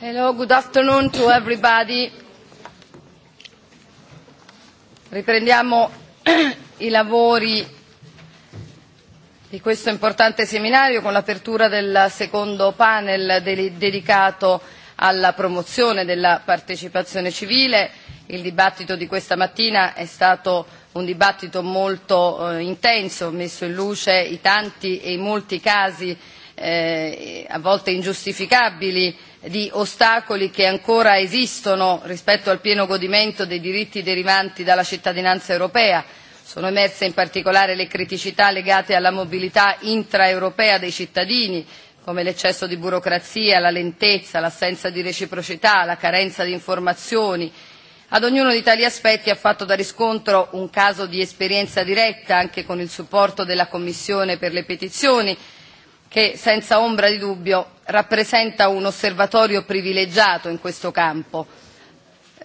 Hello, good afternoon to everybody. Riprendiamo i lavori di questo importante seminario con l'apertura del secondo panel dedicato alla promozione della partecipazione civile. Il dibattito di questa mattina è stato un dibattito molto eh, intenso, messo in luce i tanti e i molti casi eh, a volte ingiustificabili eh, di ostacoli che ancora esistono rispetto al pieno godimento dei diritti derivanti dalla cittadinanza europea. Sono emerse in particolare le criticità legate alla mobilità intraeuropea dei cittadini, come l'eccesso di burocrazia, la lentezza, l'assenza di reciprocità, la carenza di informazioni. Ad ognuno di tali aspetti ha fatto da riscontro un caso di esperienza diretta, anche con il supporto della Commissione per le petizioni, che senza ombra di dubbio rappresenta un osservatorio privilegiato in questo campo.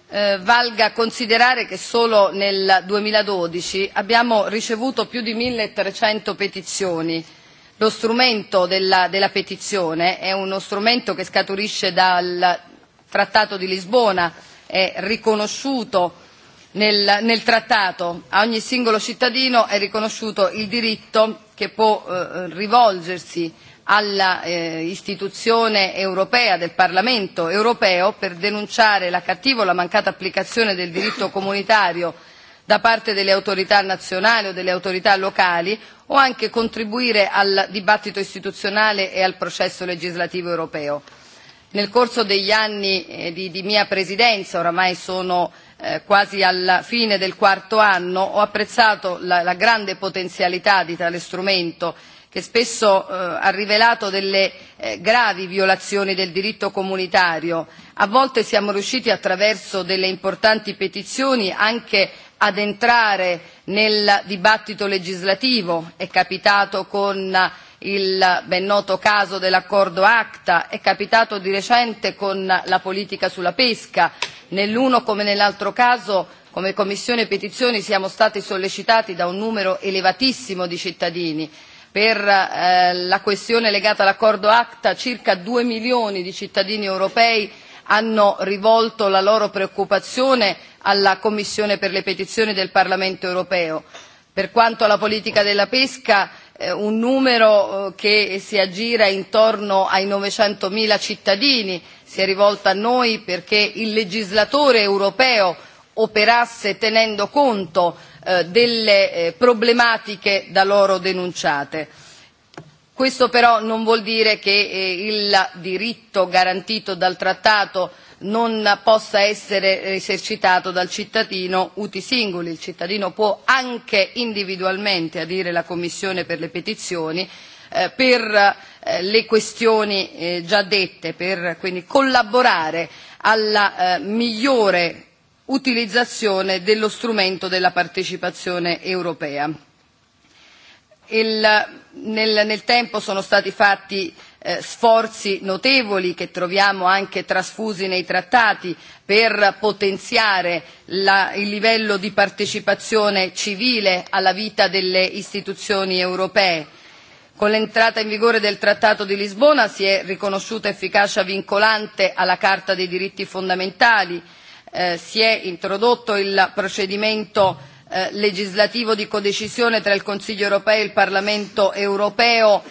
Eh, valga considerare che solo nel 2012 abbiamo ricevuto più di 1300 petizioni. Lo strumento della, della petizione è uno strumento che scaturisce dal Trattato di Lisbona, è riconosciuto nel, nel trattato a ogni singolo cittadino è riconosciuto il diritto che può eh, rivolgersi all'istituzione eh, europea del Parlamento europeo per denunciare la cattiva o la mancata applicazione del diritto comunitario da parte delle autorità nazionali o delle autorità locali o anche contribuire al dibattito istituzionale e al processo legislativo europeo. Nel corso degli anni eh, di, di mia presidenza, oramai sono Eh, quasi alla fine del quarto anno, ho apprezzato la, la grande potenzialità di tale strumento che spesso eh, ha rivelato delle eh, gravi violazioni del diritto comunitario. A volte siamo riusciti attraverso delle importanti petizioni anche ad entrare nel dibattito legislativo, è capitato con il ben noto caso dell'accordo ACTA, è capitato di recente con la politica sulla pesca, Nell'uno come nell'altro caso, come Commissione e Petizioni, siamo stati sollecitati da un numero elevatissimo di cittadini. Per eh, la questione legata all'accordo ACTA circa due milioni di cittadini europei hanno rivolto la loro preoccupazione alla Commissione per le petizioni del Parlamento europeo. Per quanto alla politica della pesca, eh, un numero eh, che si aggira intorno ai 900.000 cittadini si è rivolto a noi perché il legislatore europeo operasse tenendo conto eh, delle eh, problematiche da loro denunciate. Questo però non vuol dire che eh, il diritto garantito dal trattato non possa essere esercitato dal cittadino uti singoli. Il cittadino può anche individualmente, a dire la Commissione per le petizioni, eh, per Eh, le questioni eh, già dette per quindi collaborare alla eh, migliore utilizzazione dello strumento della partecipazione europea. Il, nel, nel tempo sono stati fatti eh, sforzi notevoli che troviamo anche trasfusi nei trattati per potenziare la, il livello di partecipazione civile alla vita delle istituzioni europee Con l'entrata in vigore del Trattato di Lisbona si è riconosciuta efficacia vincolante alla Carta dei diritti fondamentali, eh, si è introdotto il procedimento eh, legislativo di codecisione tra il Consiglio europeo e il Parlamento europeo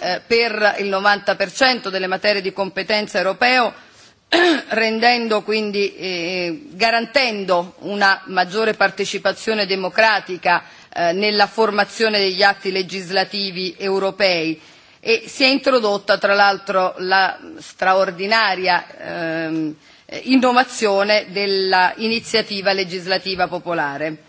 eh, per il 90% delle materie di competenza europeo, rendendo quindi, eh, garantendo una maggiore partecipazione democratica eh, nella formazione degli atti legislativi europei e si è introdotta tra l'altro la straordinaria ehm, eh, innovazione dell'iniziativa legislativa popolare.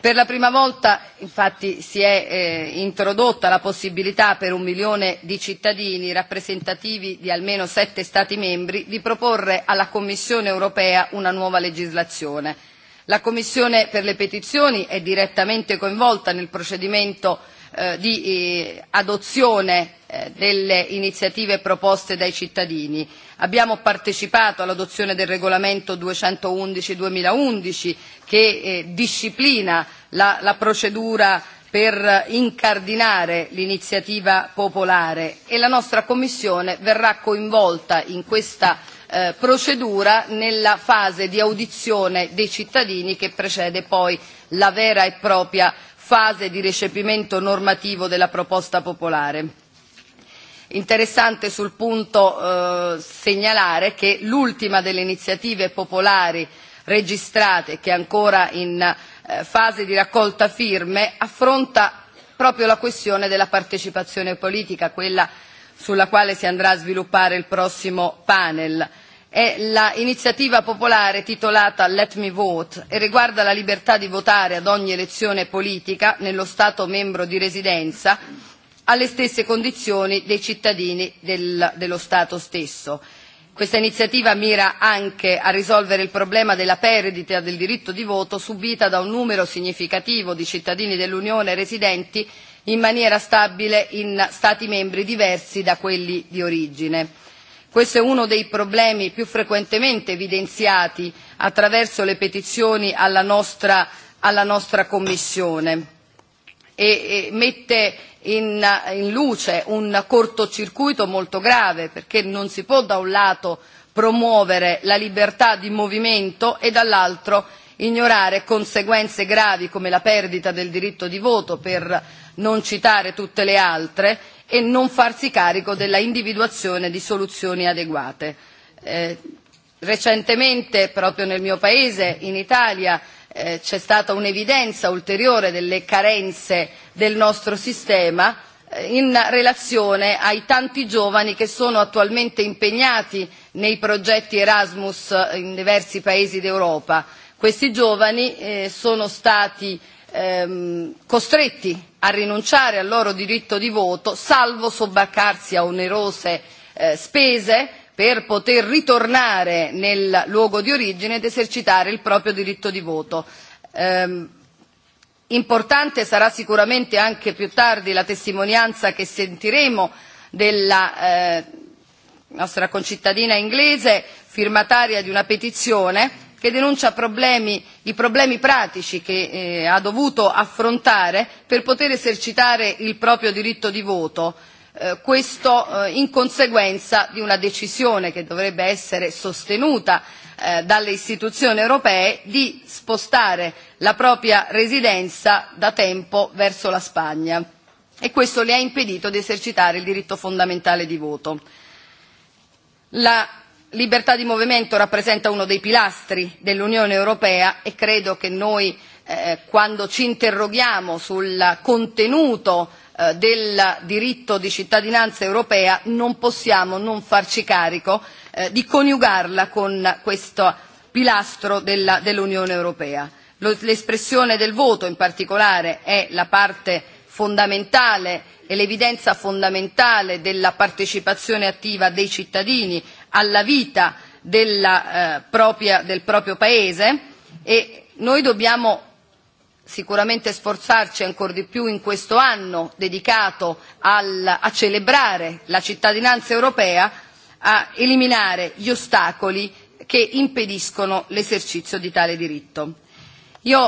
Per la prima volta infatti si è eh, introdotta la possibilità per un milione di cittadini rappresentativi di almeno sette Stati membri di proporre alla Commissione europea una nuova legislazione La Commissione per le petizioni è direttamente coinvolta nel procedimento eh, di eh, adozione eh, delle iniziative proposte dai cittadini. Abbiamo partecipato all'adozione del regolamento 211-2011 che eh, disciplina la, la procedura per incardinare l'iniziativa popolare e la nostra Commissione verrà coinvolta in questa Eh, procedura nella fase di audizione dei cittadini che precede poi la vera e propria fase di recepimento normativo della proposta popolare. Interessante sul punto eh, segnalare che l'ultima delle iniziative popolari registrate, che è ancora in eh, fase di raccolta firme, affronta proprio la questione della partecipazione politica, quella sulla quale si andrà a sviluppare il prossimo panel è l'iniziativa popolare titolata Let Me Vote e riguarda la libertà di votare ad ogni elezione politica nello Stato membro di residenza alle stesse condizioni dei cittadini del, dello Stato stesso. Questa iniziativa mira anche a risolvere il problema della perdita del diritto di voto subita da un numero significativo di cittadini dell'Unione residenti in maniera stabile in Stati membri diversi da quelli di origine. Questo è uno dei problemi più frequentemente evidenziati attraverso le petizioni alla nostra, alla nostra Commissione e, e mette in, in luce un cortocircuito molto grave perché non si può da un lato promuovere la libertà di movimento e dall'altro ignorare conseguenze gravi come la perdita del diritto di voto per non citare tutte le altre e non farsi carico della individuazione di soluzioni adeguate. Eh, recentemente, proprio nel mio paese, in Italia, eh, c'è stata un'evidenza ulteriore delle carenze del nostro sistema eh, in relazione ai tanti giovani che sono attualmente impegnati nei progetti Erasmus eh, in diversi paesi d'Europa. Questi giovani eh, sono stati ehm, costretti a rinunciare al loro diritto di voto, salvo sobbarcarsi a onerose eh, spese per poter ritornare nel luogo di origine ed esercitare il proprio diritto di voto. Ehm, importante sarà sicuramente anche più tardi la testimonianza che sentiremo della eh, nostra concittadina inglese firmataria di una petizione che denuncia problemi i problemi pratici che eh, ha dovuto affrontare per poter esercitare il proprio diritto di voto, eh, questo eh, in conseguenza di una decisione che dovrebbe essere sostenuta dalle istituzioni europee di spostare la propria residenza da tempo verso la Spagna e questo le ha impedito di esercitare il diritto fondamentale di voto. La libertà di movimento rappresenta uno dei pilastri dell'Unione Europea e credo che noi eh, quando ci interroghiamo sul contenuto eh, del diritto di cittadinanza europea non possiamo non farci carico eh, di coniugarla con questo pilastro della, dell'Unione Europea. L'espressione del voto in particolare è la parte fondamentale e l'evidenza fondamentale della partecipazione attiva dei cittadini alla vita della, eh, propria, del proprio paese e noi dobbiamo sicuramente sforzarci ancora di più in questo anno dedicato al, a celebrare la cittadinanza europea, a eliminare gli ostacoli che impediscono l'esercizio di tale diritto. Io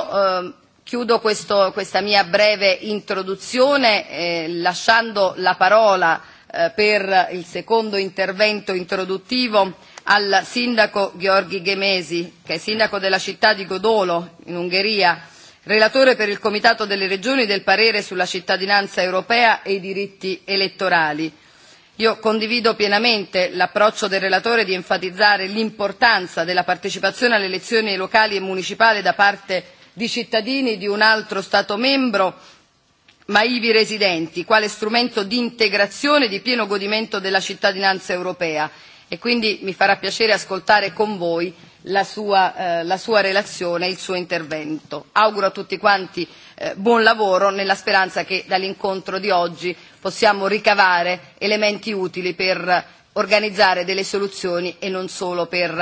eh, chiudo questo, questa mia breve introduzione eh, lasciando la parola Eh, per il secondo intervento introduttivo al sindaco Gheorghi Ghemesi, che è sindaco della città di Godolo in Ungheria, relatore per il Comitato delle Regioni del parere sulla cittadinanza europea e i diritti elettorali. Io condivido pienamente l'approccio del relatore di enfatizzare l'importanza della partecipazione alle elezioni locali e municipali da parte di cittadini di un altro Stato membro ma ivi residenti, quale strumento di integrazione e di pieno godimento della cittadinanza europea. E quindi mi farà piacere ascoltare con voi la sua, eh, la sua relazione e il suo intervento. Auguro a tutti quanti eh, buon lavoro nella speranza che dall'incontro di oggi possiamo ricavare elementi utili per organizzare delle soluzioni e non solo per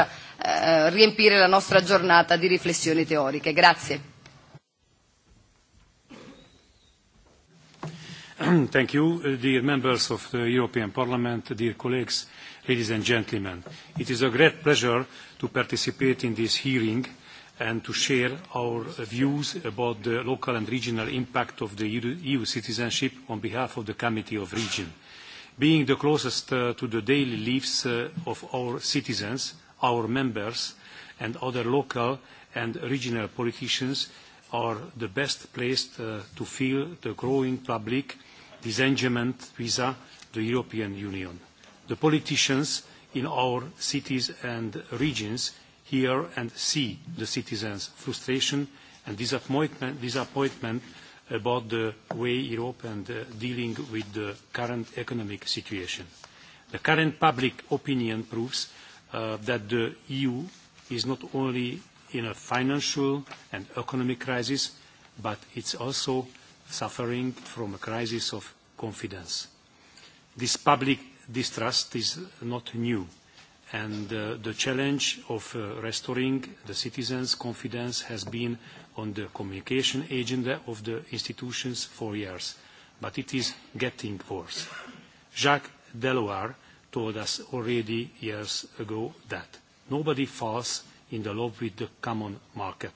eh, riempire la nostra giornata di riflessioni teoriche. Grazie. Thank you, uh, dear members of the European Parliament, dear colleagues, ladies and gentlemen. It is a great pleasure to participate in this hearing and to share our views about the local and regional impact of the EU e citizenship on behalf of the Committee of Regions. Being the closest uh, to the daily lives uh, of our citizens, our members, and other local and regional politicians are the best placed to feel the growing public disengagement visa the European Union. The politicians in our cities and regions hear and see the citizens' frustration and disappointment, disappointment about the way Europe and uh, dealing with the current economic situation. The current public opinion proves uh, that the EU is not only in a financial and economic crisis, but it's also suffering from a crisis of confidence. This public distrust is not new, and uh, the challenge of uh, restoring the citizens' confidence has been on the communication agenda of the institutions for years, but it is getting worse. Jacques Delors told us already years ago that nobody falls in the love with the common market.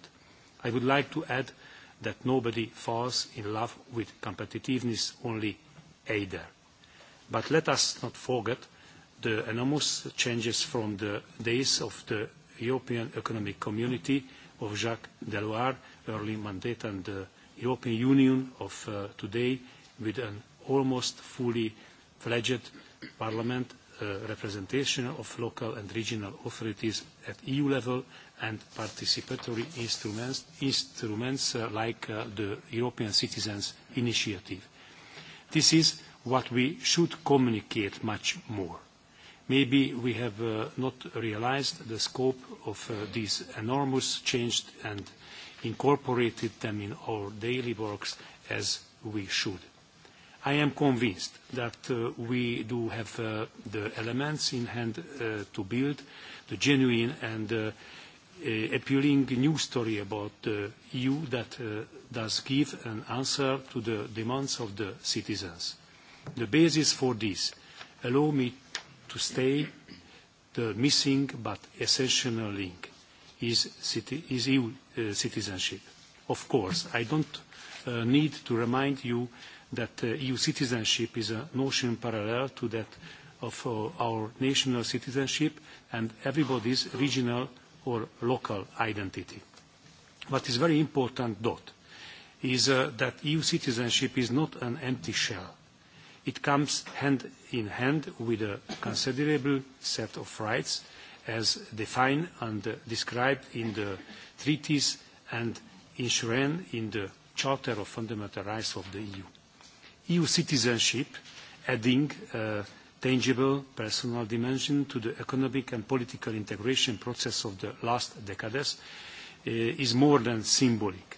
I would like to add that nobody falls in love with competitiveness only either. But let us not forget the enormous changes from the days of the European Economic Community of Jacques Delors, early mandate, and the European Union of uh, today with an almost fully fledged parliament Uh, representation of local and regional authorities at EU level and participatory instruments, instruments uh, like uh, the European Citizens Initiative. This is what we should communicate much more. Maybe we have uh, not realized the scope of uh, these enormous changes and incorporated them in our daily works as we should. I am convinced that uh, we do have uh, the elements in hand uh, to build the genuine and uh, uh, appealing new story about the uh, EU that does give an answer to the demands of the citizens. The basis for this, allow me to state the missing but essential link is, city, is EU citizenship. Of course, I don't need to remind you that uh, EU citizenship is a notion parallel to that of uh, our national citizenship and everybody's regional or local identity. What is very important, dot, is uh, that EU citizenship is not an empty shell. It comes hand in hand with a considerable set of rights as defined and uh, described in the treaties and enshrined in the Charter of Fundamental Rights of the EU. EU citizenship, adding a tangible personal dimension to the economic and political integration process of the last decades, eh, is more than symbolic.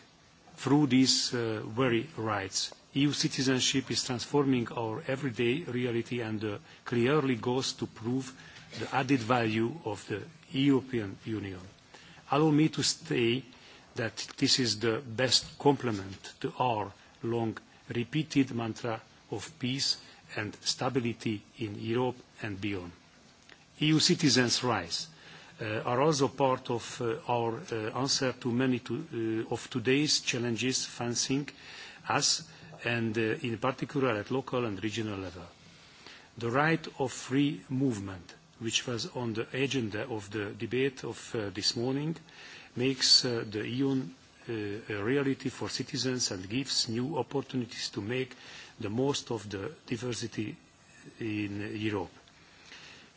Through these uh, very rights, EU citizenship is transforming our everyday reality and uh, clearly goes to prove the added value of the European Union. Allow me to say that this is the best complement to our long repeated mantra of peace and stability in Europe and beyond. EU citizens' rights uh, are also part of uh, our uh, answer to many to, uh, of today's challenges facing us, and uh, in particular at local and regional level. The right of free movement, which was on the agenda of the debate of uh, this morning, makes uh, the EU Uh, a reality for citizens and gives new opportunities to make the most of the diversity in Europe.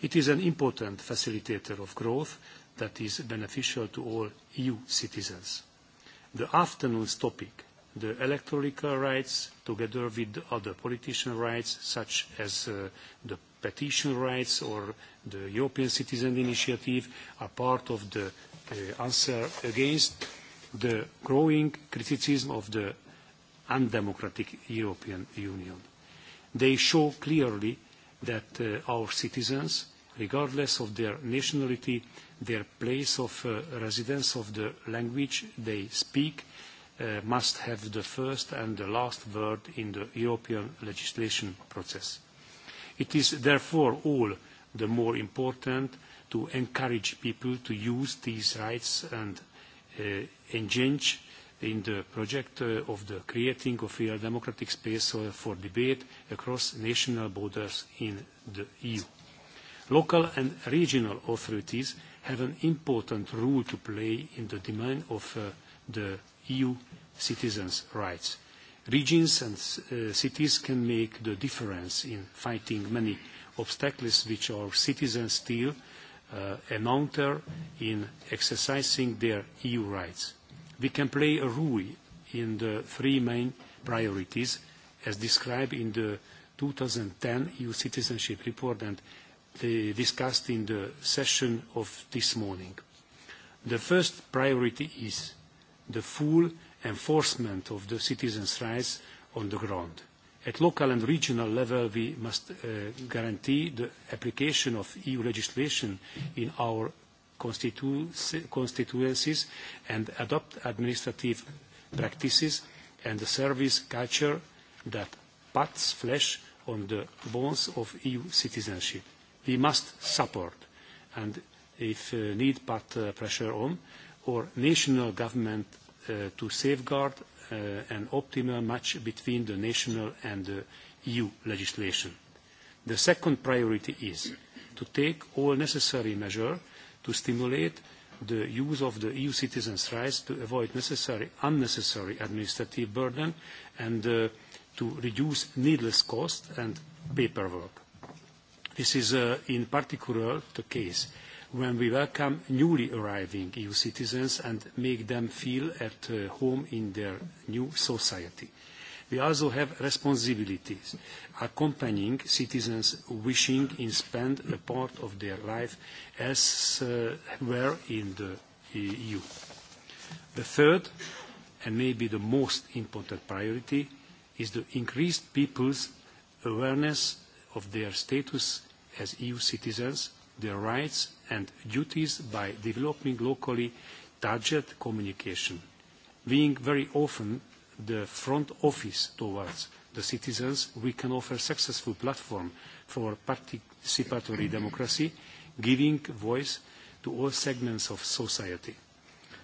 It is an important facilitator of growth that is beneficial to all EU citizens. The afternoon's topic, the electoral rights, together with other politician rights, such as uh, the petition rights or the European Citizen Initiative, are part of the uh, answer against the growing criticism of the undemocratic European Union. They show clearly that uh, our citizens, regardless of their nationality, their place of uh, residence, of the language they speak, uh, must have the first and the last word in the European legislation process. It is therefore all the more important to encourage people to use these rights and Uh, engage in the project uh, of the creating of a democratic space uh, for debate across national borders in the EU. Local and regional authorities have an important role to play in the demand of the EU citizens' rights. Regions and uh, cities can make the difference in fighting many obstacles which our citizens still uh, an in exercising their EU rights. We can play a role in the three main priorities as described in the 2010 EU citizenship report and uh, discussed in the session of this morning. The first priority is the full enforcement of the citizens' rights on the ground At local and regional level, we must uh, guarantee the application of EU legislation in our constitu constituencies and adopt administrative practices and the service culture that puts flesh on the bones of EU citizenship. We must support and, if uh, need, put uh, pressure on or national government uh, to safeguard Uh, an optimal match between the national and the EU legislation. The second priority is to take all necessary measures to stimulate the use of the EU citizens' rights to avoid necessary, unnecessary administrative burden and uh, to reduce needless costs and paperwork. This is uh, in particular the case when we welcome newly arriving EU citizens and make them feel at uh, home in their new society. We also have responsibilities accompanying citizens wishing to spend a part of their life as were in the EU. The third, and maybe the most important priority, is the increased people's awareness of their status as EU citizens their rights and duties by developing locally targeted communication, being very often the front office towards the citizens, we can offer successful platform for participatory democracy, giving voice to all segments of society.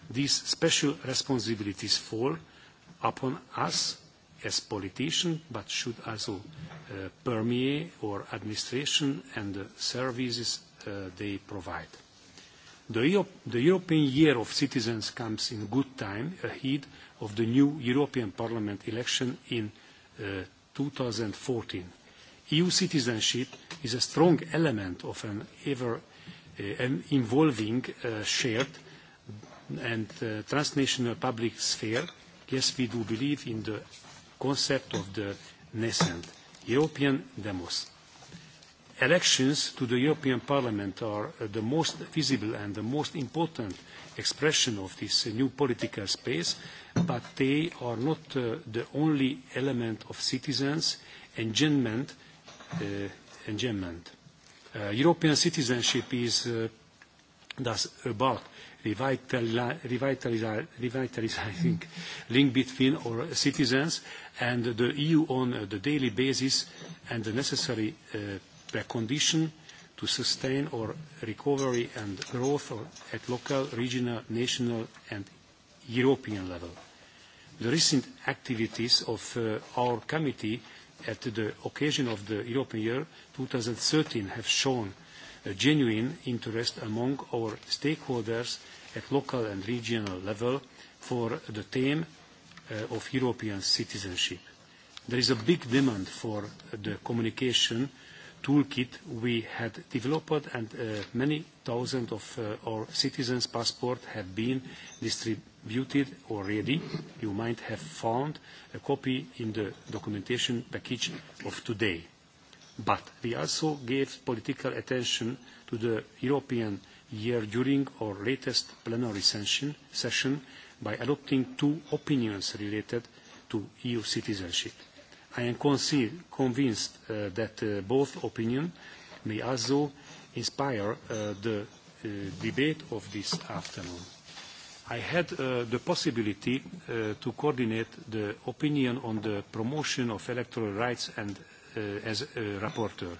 These special responsibilities fall upon us as politicians, but should also uh, permeate our administration and the uh, services Uh, they provide. The, Euro the European Year of Citizens comes in good time ahead of the new European Parliament election in 2014. Uh, EU citizenship is a strong element of an ever uh, an involving uh, shared and uh, transnational public sphere, yes, we do believe in the concept of the nascent European demos elections to the European Parliament are uh, the most visible and the most important expression of this uh, new political space, but they are not uh, the only element of citizens' engendment. Uh, engendment. Uh, European citizenship is uh, thus about revitalizing link between our citizens and the EU on the daily basis and the necessary uh, precondition to sustain our recovery and growth at local, regional, national, and European level. The recent activities of uh, our committee at the occasion of the European Year 2013 have shown a genuine interest among our stakeholders at local and regional level for the theme uh, of European citizenship. There is a big demand for the communication toolkit we had developed, and uh, many thousands of uh, our citizens' passports have been distributed already. You might have found a copy in the documentation package of today. But we also gave political attention to the European year during our latest plenary session, session by adopting two opinions related to EU citizenship I am convinced uh, that uh, both opinions may also inspire uh, the uh, debate of this afternoon. I had uh, the possibility uh, to coordinate the opinion on the promotion of electoral rights and as a rapporteur.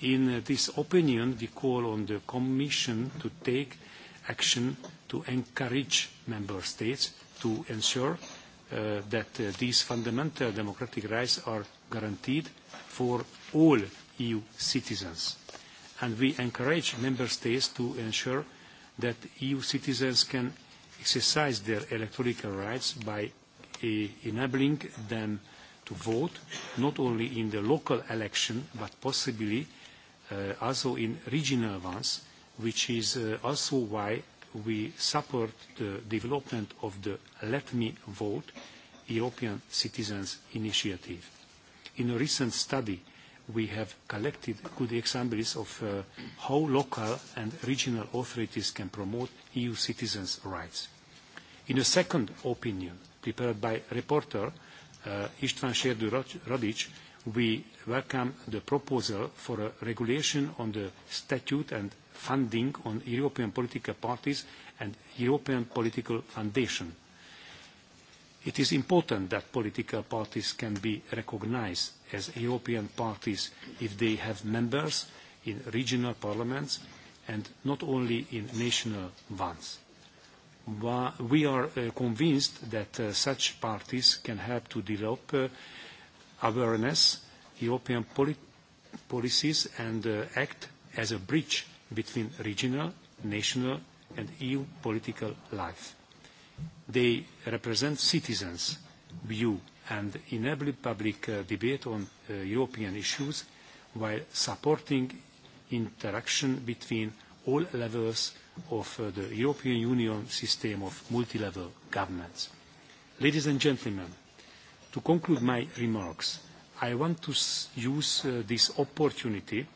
In this opinion, we call on the Commission to take action to encourage member states to ensure uh, eh, that uh, eh, these fundamental democratic rights are guaranteed for all EU citizens. And we encourage member states to ensure that EU citizens can exercise their electoral rights by uh, enabling them to vote not only in the local election but possibly uh, also in regional ones, which is uh, also why we support the development of the Let Me Vote European Citizens Initiative. In a recent study, we have collected good examples of uh, how local and regional authorities can promote EU citizens' rights. In a second opinion, prepared by reporter uh, István Serdő radics we welcome the proposal for a regulation on the statute and funding on European political parties and European political foundation. It is important that political parties can be recognized as European parties if they have members in regional parliaments and not only in national ones. We are uh, convinced that uh, such parties can help to develop uh, awareness, European policies, and act as a bridge between regional, national and EU political life. They represent citizens' view and enable public uh, debate on uh, European issues while supporting interaction between all levels of uh, the European Union system of multi-level governance. Ladies and gentlemen, to conclude my remarks, I want to use uh, this opportunity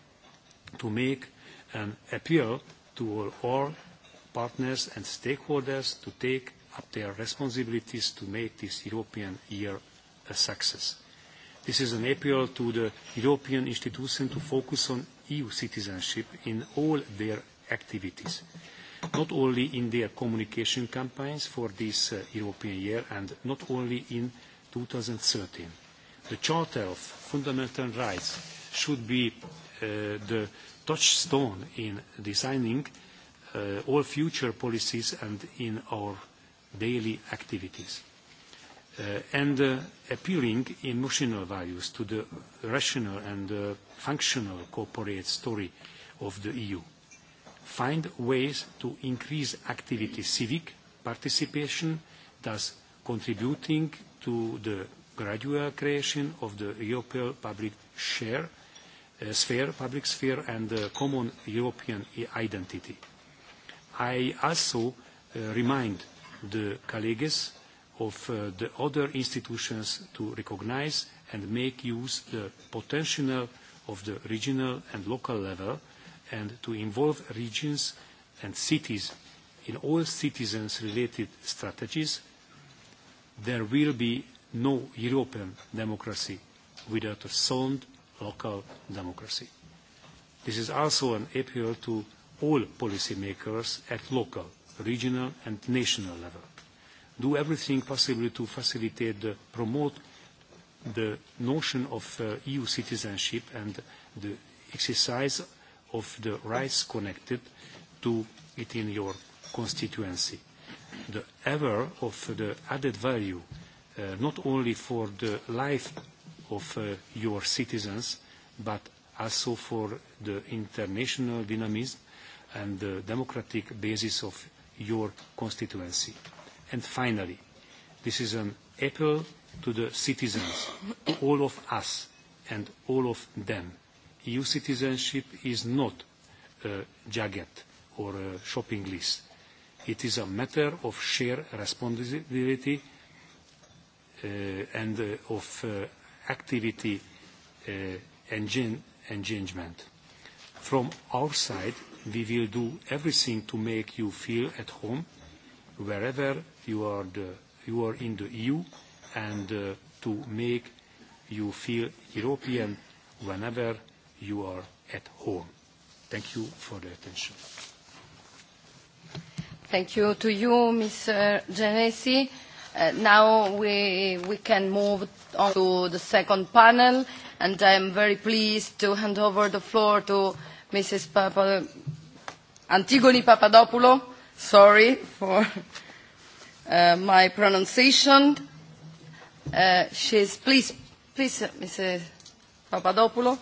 to make an appeal to all partners and stakeholders to take up their responsibilities to make this European year a success. This is an appeal to the European institutions to focus on EU citizenship in all their activities, not only in their communication campaigns for this uh, European year and not only in 2013. The Charter of Fundamental Rights should be Eh, the touchstone in designing eh, all future policies and in our daily activities. Uh, and uh, appealing emotional values to the rational and uh, functional corporate story of the EU. Find ways to increase activity civic participation, thus contributing to the gradual creation of the European public share Uh, sphere, public sphere, and the uh, common European identity. I also uh, remind the colleagues of uh, the other institutions to recognize and make use the potential of the regional and local level and to involve regions and cities in all citizens-related strategies, there will be no European democracy without a sound local democracy. This is also an appeal to all policymakers at local, regional and national level. Do everything possible to facilitate, the, promote the notion of uh, EU citizenship and the exercise of the rights connected to it in your constituency. The ever of the added value, uh, not only for the life of uh, your citizens, but also for the international dynamism and the democratic basis of your constituency. And finally, this is an appeal to the citizens, all of us and all of them. EU citizenship is not a jacket or a shopping list. It is a matter of shared responsibility uh, and uh, of uh, activity uh, engagement. From our side, we will do everything to make you feel at home wherever you are, the, you are in the EU and uh, to make you feel European whenever you are at home. Thank you for the attention. Thank you to you, Mr. Genesi. Uh, now we, can move on to the second panel, and I'm very pleased to hand over the floor to Mrs. Antigone Papadopoulo. Sorry for uh, my pronunciation. Uh, she's please, please, Mrs. Papadopoulo.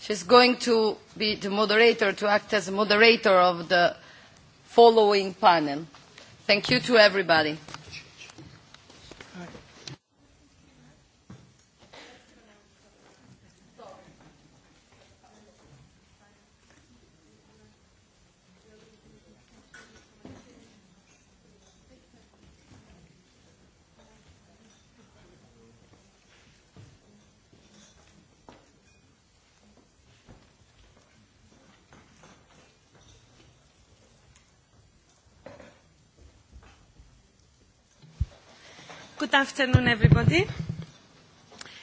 She's going to be the moderator, to act as moderator of the following panel. Thank you to everybody. Good afternoon, everybody.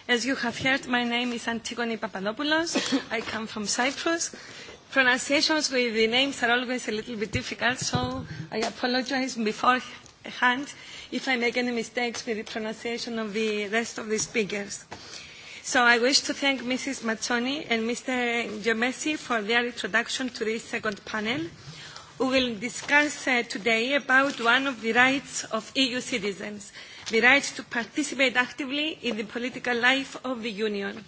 As you have heard, my name is Antigone Papadopoulos. I come from Cyprus. Pronunciations with the names are always a little bit difficult, so I apologize beforehand if I make any mistakes with the pronunciation of the rest of the speakers. So I wish to thank Mrs. Mazzoni and Mr. Gemesi for their introduction to this second panel. We will discuss uh, today about one of the rights of EU citizens – the right to participate actively in the political life of the Union.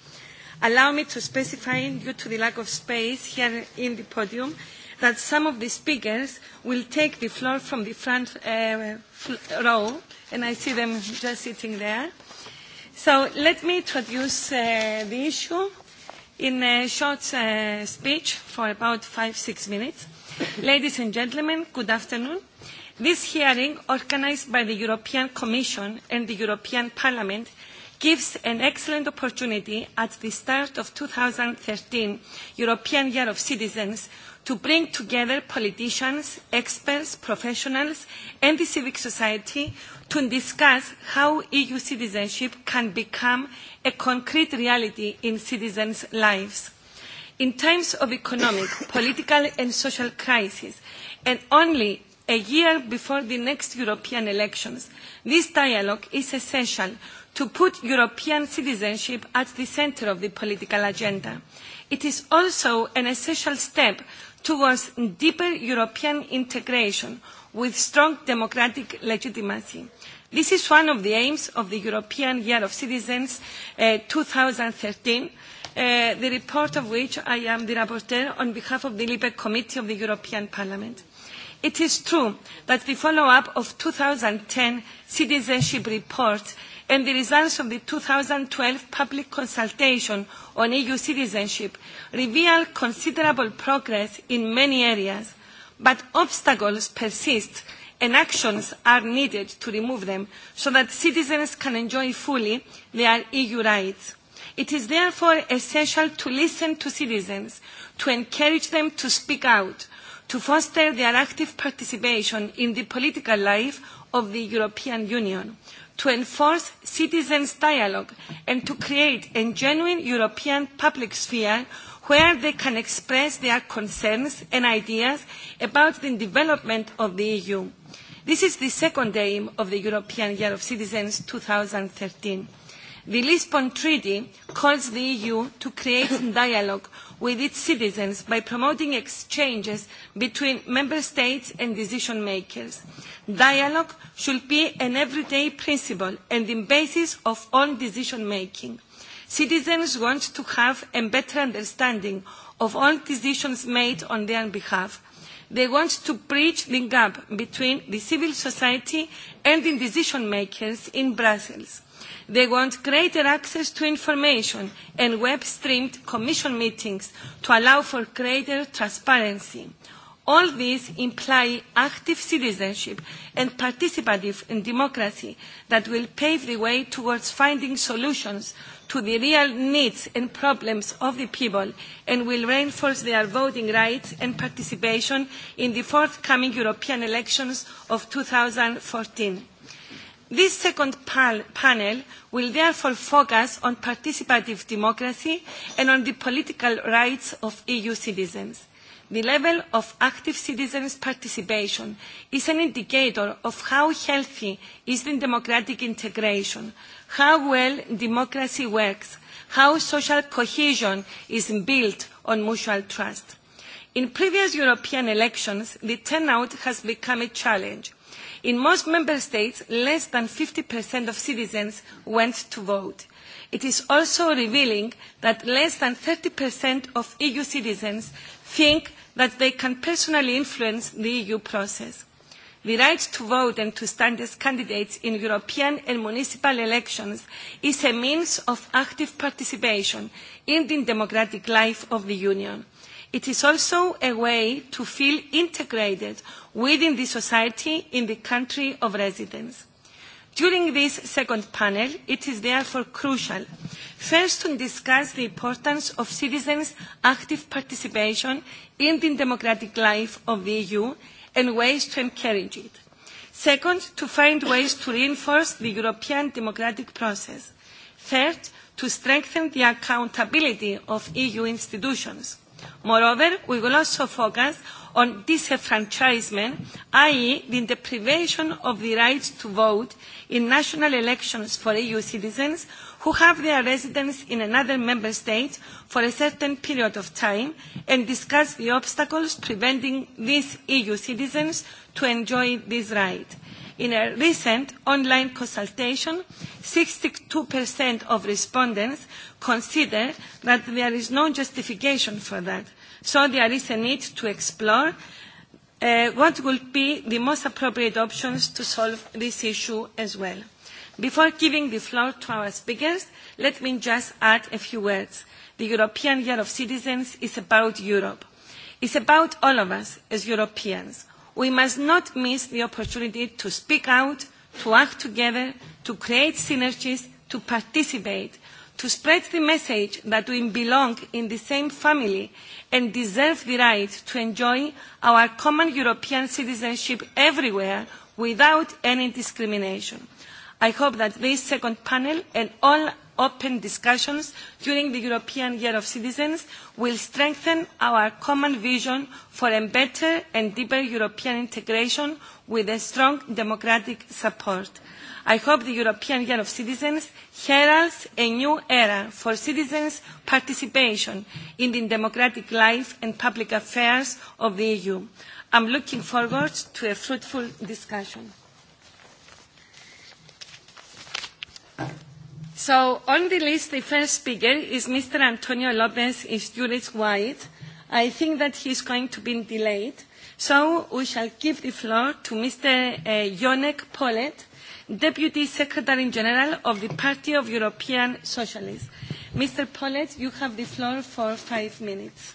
Allow me to specify, due to the lack of space here in the podium, that some of the speakers will take the floor from the front uh, row, and I see them just sitting there. So let me introduce uh, the issue in a short uh, speech for about five, six minutes. Ladies and gentlemen, good afternoon. This hearing, organized by the European Commission and the European Parliament, gives an excellent opportunity at the start of 2013 European Year of Citizens to bring together politicians, experts, professionals and the civic society to discuss how EU citizenship can become a concrete reality in citizens' lives. In times of economic, political and social crisis, and only a year before the next European elections. This dialogue is essential to put European citizenship at the centre of the political agenda. It is also an essential step towards deeper European integration with strong democratic legitimacy. This is one of the aims of the European Year of Citizens uh, 2013, uh, the report of which I am the rapporteur on behalf of the LIPE Committee of the European Parliament. It is true that the follow-up of 2010 citizenship report and the results of the 2012 public consultation on EU citizenship reveal considerable progress in many areas, but obstacles persist and actions are needed to remove them so that citizens can enjoy fully their EU rights. It is therefore essential to listen to citizens, to encourage them to speak out, to foster their active participation in the political life of the European Union, to enforce citizens' dialogue, and to create a genuine European public sphere where they can express their concerns and ideas about the development of the EU. This is the second aim of the European Year of Citizens 2013. The Lisbon Treaty calls the EU to create dialogue with its citizens by promoting exchanges between member states and decision makers. Dialogue should be an everyday principle and the basis of all decision making. Citizens want to have a better understanding of all decisions made on their behalf. They want to bridge the gap between the civil society and the decision makers in Brussels. They want greater access to information and web-streamed Commission meetings to allow for greater transparency. All these imply active citizenship and participative in democracy that will pave the way towards finding solutions to the real needs and problems of the people and will reinforce their voting rights and participation in the forthcoming European elections of 2014. This second pan panel will therefore focus on participative democracy and on the political rights of EU citizens. The level of active citizens' participation is an indicator of how healthy is the democratic integration, how well democracy works, how social cohesion is built on mutual trust. In previous European elections, the turnout has become a challenge In most member states, less than 50% of citizens went to vote. It is also revealing that less than 30% of EU citizens think that they can personally influence the EU process. The right to vote and to stand as candidates in European and municipal elections is a means of active participation in the democratic life of the Union. It is also a way to feel integrated within the society in the country of residence. During this second panel, it is therefore crucial first to discuss the importance of citizens' active participation in the democratic life of the EU and ways to encourage it. Second, to find ways to reinforce the European democratic process. Third, to strengthen the accountability of EU institutions. Moreover, we will also focus on disenfranchisement, i.e. the deprivation of the right to vote in national elections for EU citizens who have their residence in another member state for a certain period of time and discuss the obstacles preventing these EU citizens to enjoy this right. In a recent online consultation, 62% of respondents consider that there is no justification for that. So there is a need to explore uh, what would be the most appropriate options to solve this issue as well. Before giving the floor to our speakers, let me just add a few words. The European Year of Citizens is about Europe. It's about all of us as Europeans. We must not miss the opportunity to speak out, to act together, to create synergies, to participate, to spread the message that we belong in the same family and deserve the right to enjoy our common European citizenship everywhere without any discrimination. I hope that this second panel and all open discussions during the European Year of Citizens will strengthen our common vision for a better and deeper European integration with a strong democratic support. I hope the European Year of Citizens heralds a new era for citizens' participation in the democratic life and public affairs of the EU. I'm looking forward to a fruitful discussion. So on the list, the first speaker is Mr. Antonio Lopez Isturiz White. I think that he's going to be delayed. So we shall give the floor to Mr. Uh, Jonek Deputy Secretary General of the Party of European Socialists. Mr. Pollet, you have the floor for five minutes.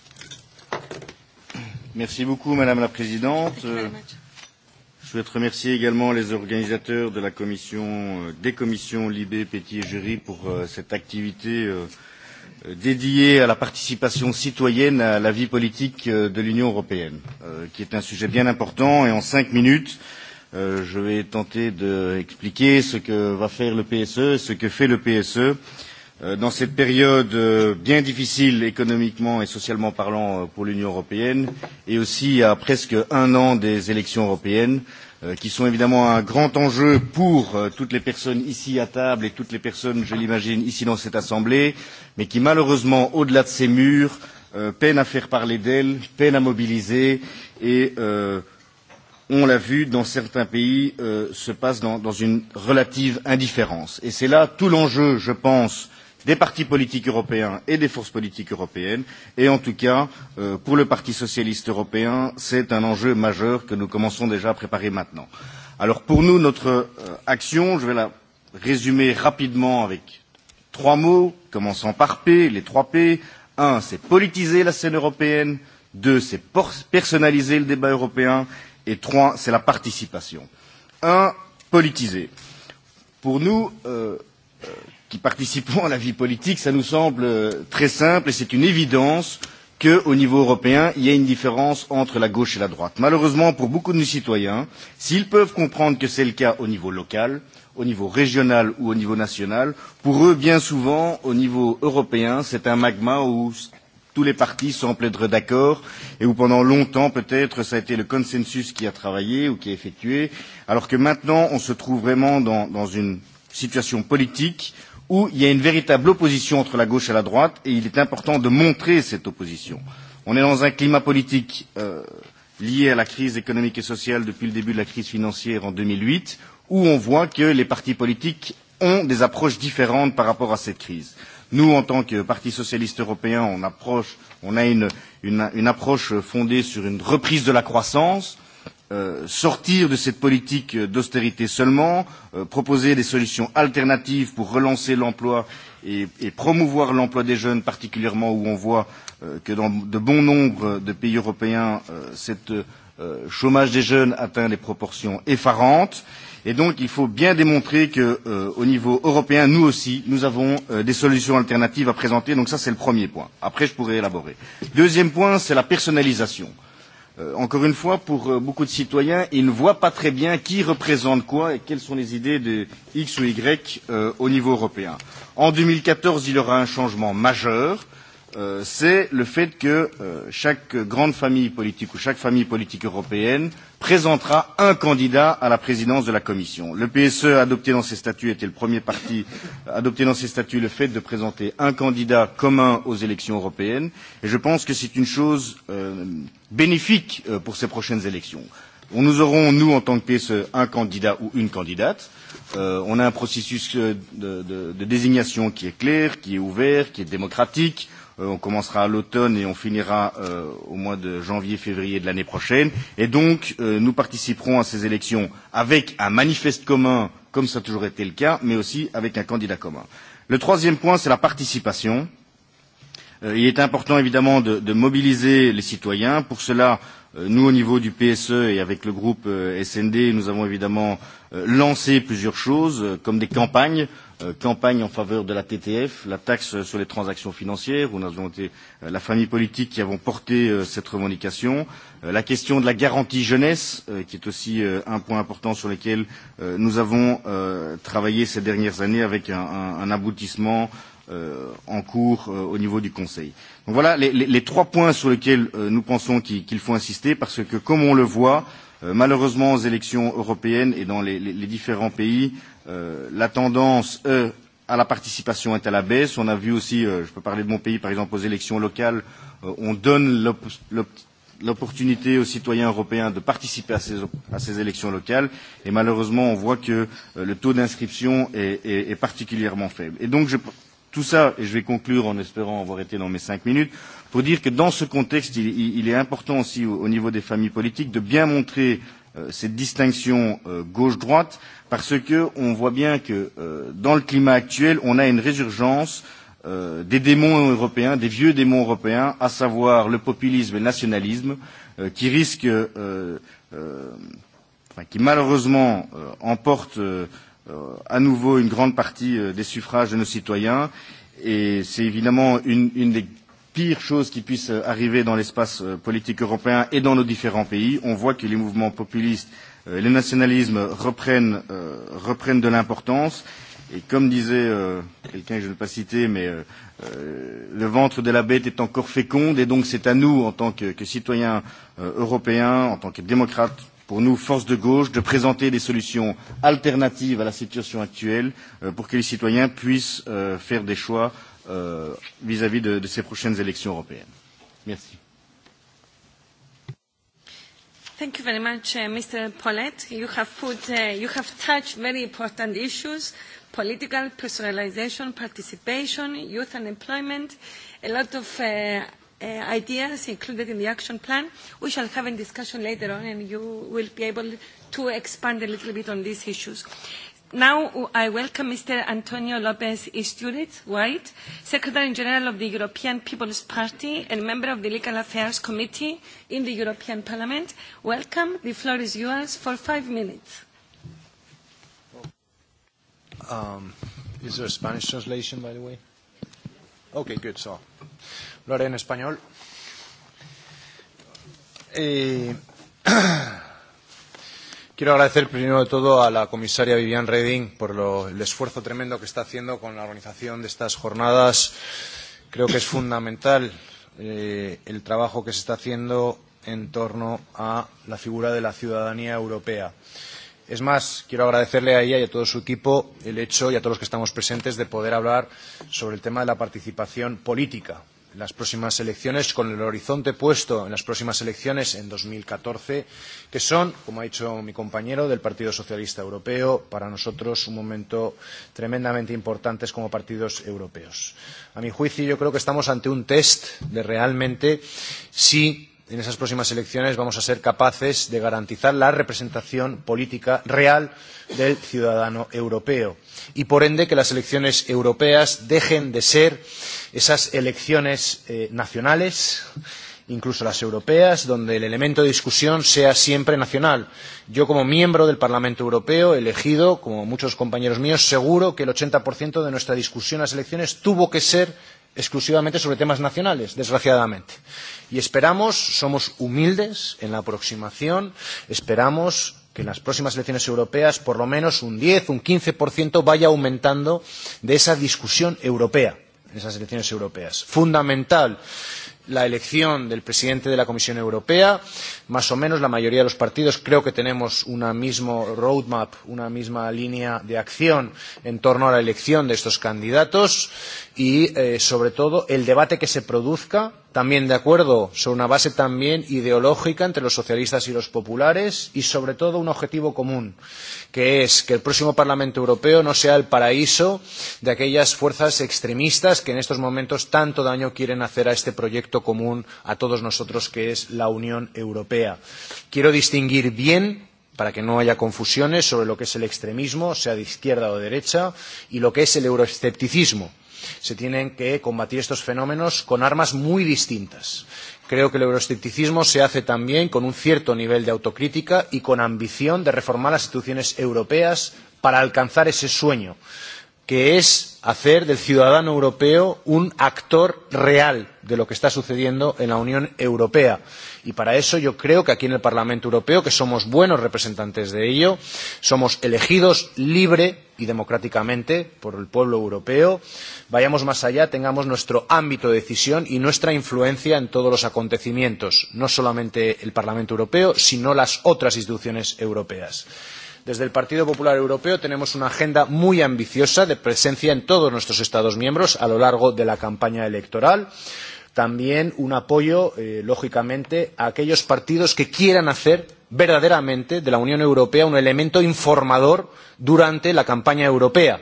Merci beaucoup, Madame la Présidente. Je souhaite remercier également les organisateurs de la commission, euh, des commissions Libé, Petit et Jury pour euh, cette activité euh, dédiée à la participation citoyenne à la vie politique de l'Union européenne, qui est un sujet bien important. Et en cinq minutes, Euh, je vais tenter d'expliquer de ce que va faire le PSE, ce que fait le PSE euh, dans cette période euh, bien difficile économiquement et socialement parlant euh, pour l'Union européenne et aussi à presque un an des élections européennes euh, qui sont évidemment un grand enjeu pour euh, toutes les personnes ici à table et toutes les personnes, je l'imagine, ici dans cette Assemblée, mais qui malheureusement, au-delà de ces murs, peinent à faire parler d'elles, peinent à mobiliser et euh, on l'a vu dans certains pays, euh, se passe dans, dans une relative indifférence. Et c'est là tout l'enjeu, je pense, des partis politiques européens et des forces politiques européennes. Et en tout cas, euh, pour le Parti socialiste européen, c'est un enjeu majeur que nous commençons déjà à préparer maintenant. Alors pour nous, notre euh, action, je vais la résumer rapidement avec trois mots, commençant par P, les trois P. Un, c'est politiser la scène européenne. Deux, c'est personnaliser le débat européen et trois, c'est la participation. Un, politiser. Pour nous, euh, euh qui participons à la vie politique, ça nous semble euh, très simple et c'est une évidence qu'au niveau européen, il y a une différence entre la gauche et la droite. Malheureusement, pour beaucoup de nos citoyens, s'ils peuvent comprendre que c'est le cas au niveau local, au niveau régional ou au niveau national, pour eux, bien souvent, au niveau européen, c'est un magma où tous les partis semblent être d'accord et où pendant longtemps peut-être ça a été le consensus qui a travaillé ou qui a effectué, alors que maintenant on se trouve vraiment dans, dans une situation politique où il y a une véritable opposition entre la gauche et la droite et il est important de montrer cette opposition. On est dans un climat politique euh, lié à la crise économique et sociale depuis le début de la crise financière en 2008 où on voit que les partis politiques ont des approches différentes par rapport à cette crise. Nous, en tant que Parti socialiste européen, on, approche, on a une, une, une approche fondée sur une reprise de la croissance, euh, sortir de cette politique d'austérité seulement, euh, proposer des solutions alternatives pour relancer l'emploi et, et promouvoir l'emploi des jeunes, particulièrement où on voit euh, que dans de bon nombre de pays européens, euh, cette euh, chômage des jeunes atteint des proportions effarantes. Euh, et donc, il faut bien démontrer que, euh, au niveau européen, nous aussi, nous avons euh, des solutions alternatives à présenter. Donc ça, c'est le premier point. Après, je pourrais élaborer. Deuxième point, c'est la personnalisation. Euh, encore une fois, pour euh, beaucoup de citoyens, ils ne voient pas très bien qui représente quoi et quelles sont les idées de X ou Y euh, au niveau européen. En 2014, il y aura un changement majeur. Euh, Euh, c'est le fait que euh, chaque grande famille politique ou chaque famille politique européenne présentera un candidat à la présidence de la Commission. Le PSE a adopté dans ses statuts était le premier parti adopté dans ses statuts le fait de présenter un candidat commun aux élections européennes et je pense que c'est une chose euh, bénéfique euh, pour ces prochaines élections. nous aurons, nous, en tant que PSE, un candidat ou une candidate. Euh, on a un processus euh, de, de, de désignation qui est clair, qui est ouvert, qui est démocratique. Euh, on commencera à l'automne et on finira euh, au mois de janvier-février de l'année prochaine. Et donc, euh, nous participerons à ces élections avec un manifeste commun, comme ça a toujours été le cas, mais aussi avec un candidat commun. Le troisième point, c'est la participation. Euh, il est important évidemment de, de mobiliser les citoyens. Pour cela, euh, Nous, au niveau du PSE et avec le groupe euh, SND, nous avons évidemment euh, lancé plusieurs choses, comme des campagnes Euh, campagne en faveur de la TTF, la taxe sur les transactions financières, où nous avons été euh, la famille politique qui avons porté euh, cette revendication, la question de la garantie jeunesse, qui est aussi un point important sur lequel nous avons travaillé ces dernières années avec un, un, un aboutissement en cours au niveau du Conseil. Donc voilà les, les, les trois points sur lesquels nous pensons qu'il qu faut insister, parce que comme on le voit, Euh, malheureusement, aux élections européennes et dans les, les, les différents pays, euh, la tendance euh, à la participation est à la baisse. On a vu aussi, euh, je peux parler de mon pays, par exemple, aux élections locales, euh, on donne l'opportunité aux citoyens européens de participer à ces, à ces élections locales. Et malheureusement, on voit que euh, le taux d'inscription est, est, est particulièrement faible. Et donc, je, tout ça, et je vais conclure en espérant avoir été dans mes cinq minutes, euh, pour dire que dans ce contexte, il, il il est important aussi au, au niveau des familles politiques de bien montrer euh, cette distinction euh, gauche-droite, parce qu'on voit bien que euh, dans le climat actuel, on a une résurgence euh, des démons européens, des vieux démons européens, à savoir le populisme et le nationalisme, euh, qui risquent, euh, euh, enfin, qui malheureusement euh, emportent euh, à nouveau une grande partie euh, des suffrages de nos citoyens, et c'est évidemment une, une des pire chose qui puisse euh, arriver dans l'espace euh, politique européen et dans nos différents pays. On voit que les mouvements populistes, euh, les nationalismes reprennent, euh, reprennent de l'importance. Et comme disait euh, quelqu'un que je ne vais pas citer, mais euh, euh, le ventre de la bête est encore féconde, et donc c'est à nous, en tant que, que citoyens euh, européens, en tant que démocrates, pour nous, force de gauche, de présenter des solutions alternatives à la situation actuelle euh, pour que les citoyens puissent euh, faire des choix Euh, vis-à-vis euh, -vis de, de ces prochaines élections européennes. Merci. Thank you very much, uh, Mr. Paulette. You have put, uh, you have touched very important issues: political personalization, participation, youth unemployment, a lot of uh, uh, ideas included in the action plan. We shall have a discussion later on, and you will be able to expand a little bit on these issues. Uh, Now I welcome Mr. Antonio Lopez Isturiz White, Secretary General of the European People's Party and member of the Legal Affairs Committee in the European Parliament. Welcome. The floor is yours for five minutes. Um, is there a Spanish translation, by the way? Okay, good. So, lo haré en español. Eh, Quiero agradecer primero de todo a la comisaria Viviane Reding por lo, el esfuerzo tremendo que está haciendo con la organización de estas jornadas. Creo que es fundamental eh, el trabajo que se está haciendo en torno a la figura de la ciudadanía europea. Es más, quiero agradecerle a ella y a todo su equipo el hecho y a todos los que estamos presentes de poder hablar sobre el tema de la participación política, las próximas elecciones, con el horizonte puesto en las próximas elecciones en 2014, que son, como ha dicho mi compañero del Partido Socialista Europeo, para nosotros un momento tremendamente importante como partidos europeos. A mi juicio, yo creo que estamos ante un test de realmente si en esas próximas elecciones vamos a ser capaces de garantizar la representación política real del ciudadano europeo y, por ende, que las elecciones europeas dejen de ser esas elecciones eh, nacionales incluso las europeas, donde el elemento de discusión sea siempre nacional. Yo, como miembro del Parlamento Europeo, elegido, como muchos compañeros míos, seguro que el 80% de nuestra discusión en las elecciones tuvo que ser exclusivamente sobre temas nacionales, desgraciadamente. Y esperamos, somos humildes en la aproximación, esperamos que en las próximas elecciones europeas por lo menos un 10, un 15% vaya aumentando de esa discusión europea en esas elecciones europeas. Fundamental la elección del presidente de la Comisión Europea. Más o menos la mayoría de los partidos creo que tenemos una misma roadmap, una misma línea de acción en torno a la elección de estos candidatos y, eh, sobre todo, el debate que se produzca, también de acuerdo, sobre una base también ideológica entre los socialistas y los populares, y, sobre todo, un objetivo común, que es que el próximo Parlamento Europeo no sea el paraíso de aquellas fuerzas extremistas que en estos momentos tanto daño quieren hacer a este proyecto común a todos nosotros, que es la Unión Europea. Quiero distinguir bien para que no haya confusiones sobre lo que es el extremismo, sea de izquierda o de derecha, y lo que es el euroescepticismo se tienen que combatir estos fenómenos con armas muy distintas. Creo que el euroescepticismo se hace también con un cierto nivel de autocrítica y con ambición de reformar las instituciones europeas para alcanzar ese sueño, que es hacer del ciudadano europeo un actor real de lo que está sucediendo en la Unión Europea Y para eso yo creo que aquí en el Parlamento Europeo, que somos buenos representantes de ello, somos elegidos libre y democráticamente por el pueblo europeo, vayamos más allá, tengamos nuestro ámbito de decisión y nuestra influencia en todos los acontecimientos, no solamente el Parlamento Europeo, sino las otras instituciones europeas. Desde el Partido Popular Europeo tenemos una agenda muy ambiciosa de presencia en todos nuestros Estados miembros a lo largo de la campaña electoral también un apoyo, eh, lógicamente, a aquellos partidos que quieran hacer verdaderamente de la Unión Europea un elemento informador durante la campaña europea.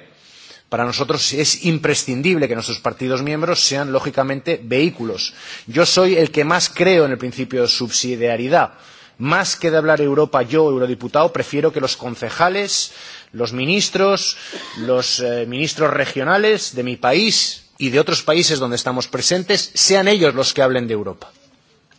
Para nosotros es imprescindible que nuestros partidos miembros sean, lógicamente, vehículos. Yo soy el que más creo en el principio de subsidiariedad. Más que de hablar Europa, yo, eurodiputado, prefiero que los concejales, los ministros, los eh, ministros regionales de mi país, y de otros países donde estamos presentes sean ellos los que hablen de Europa.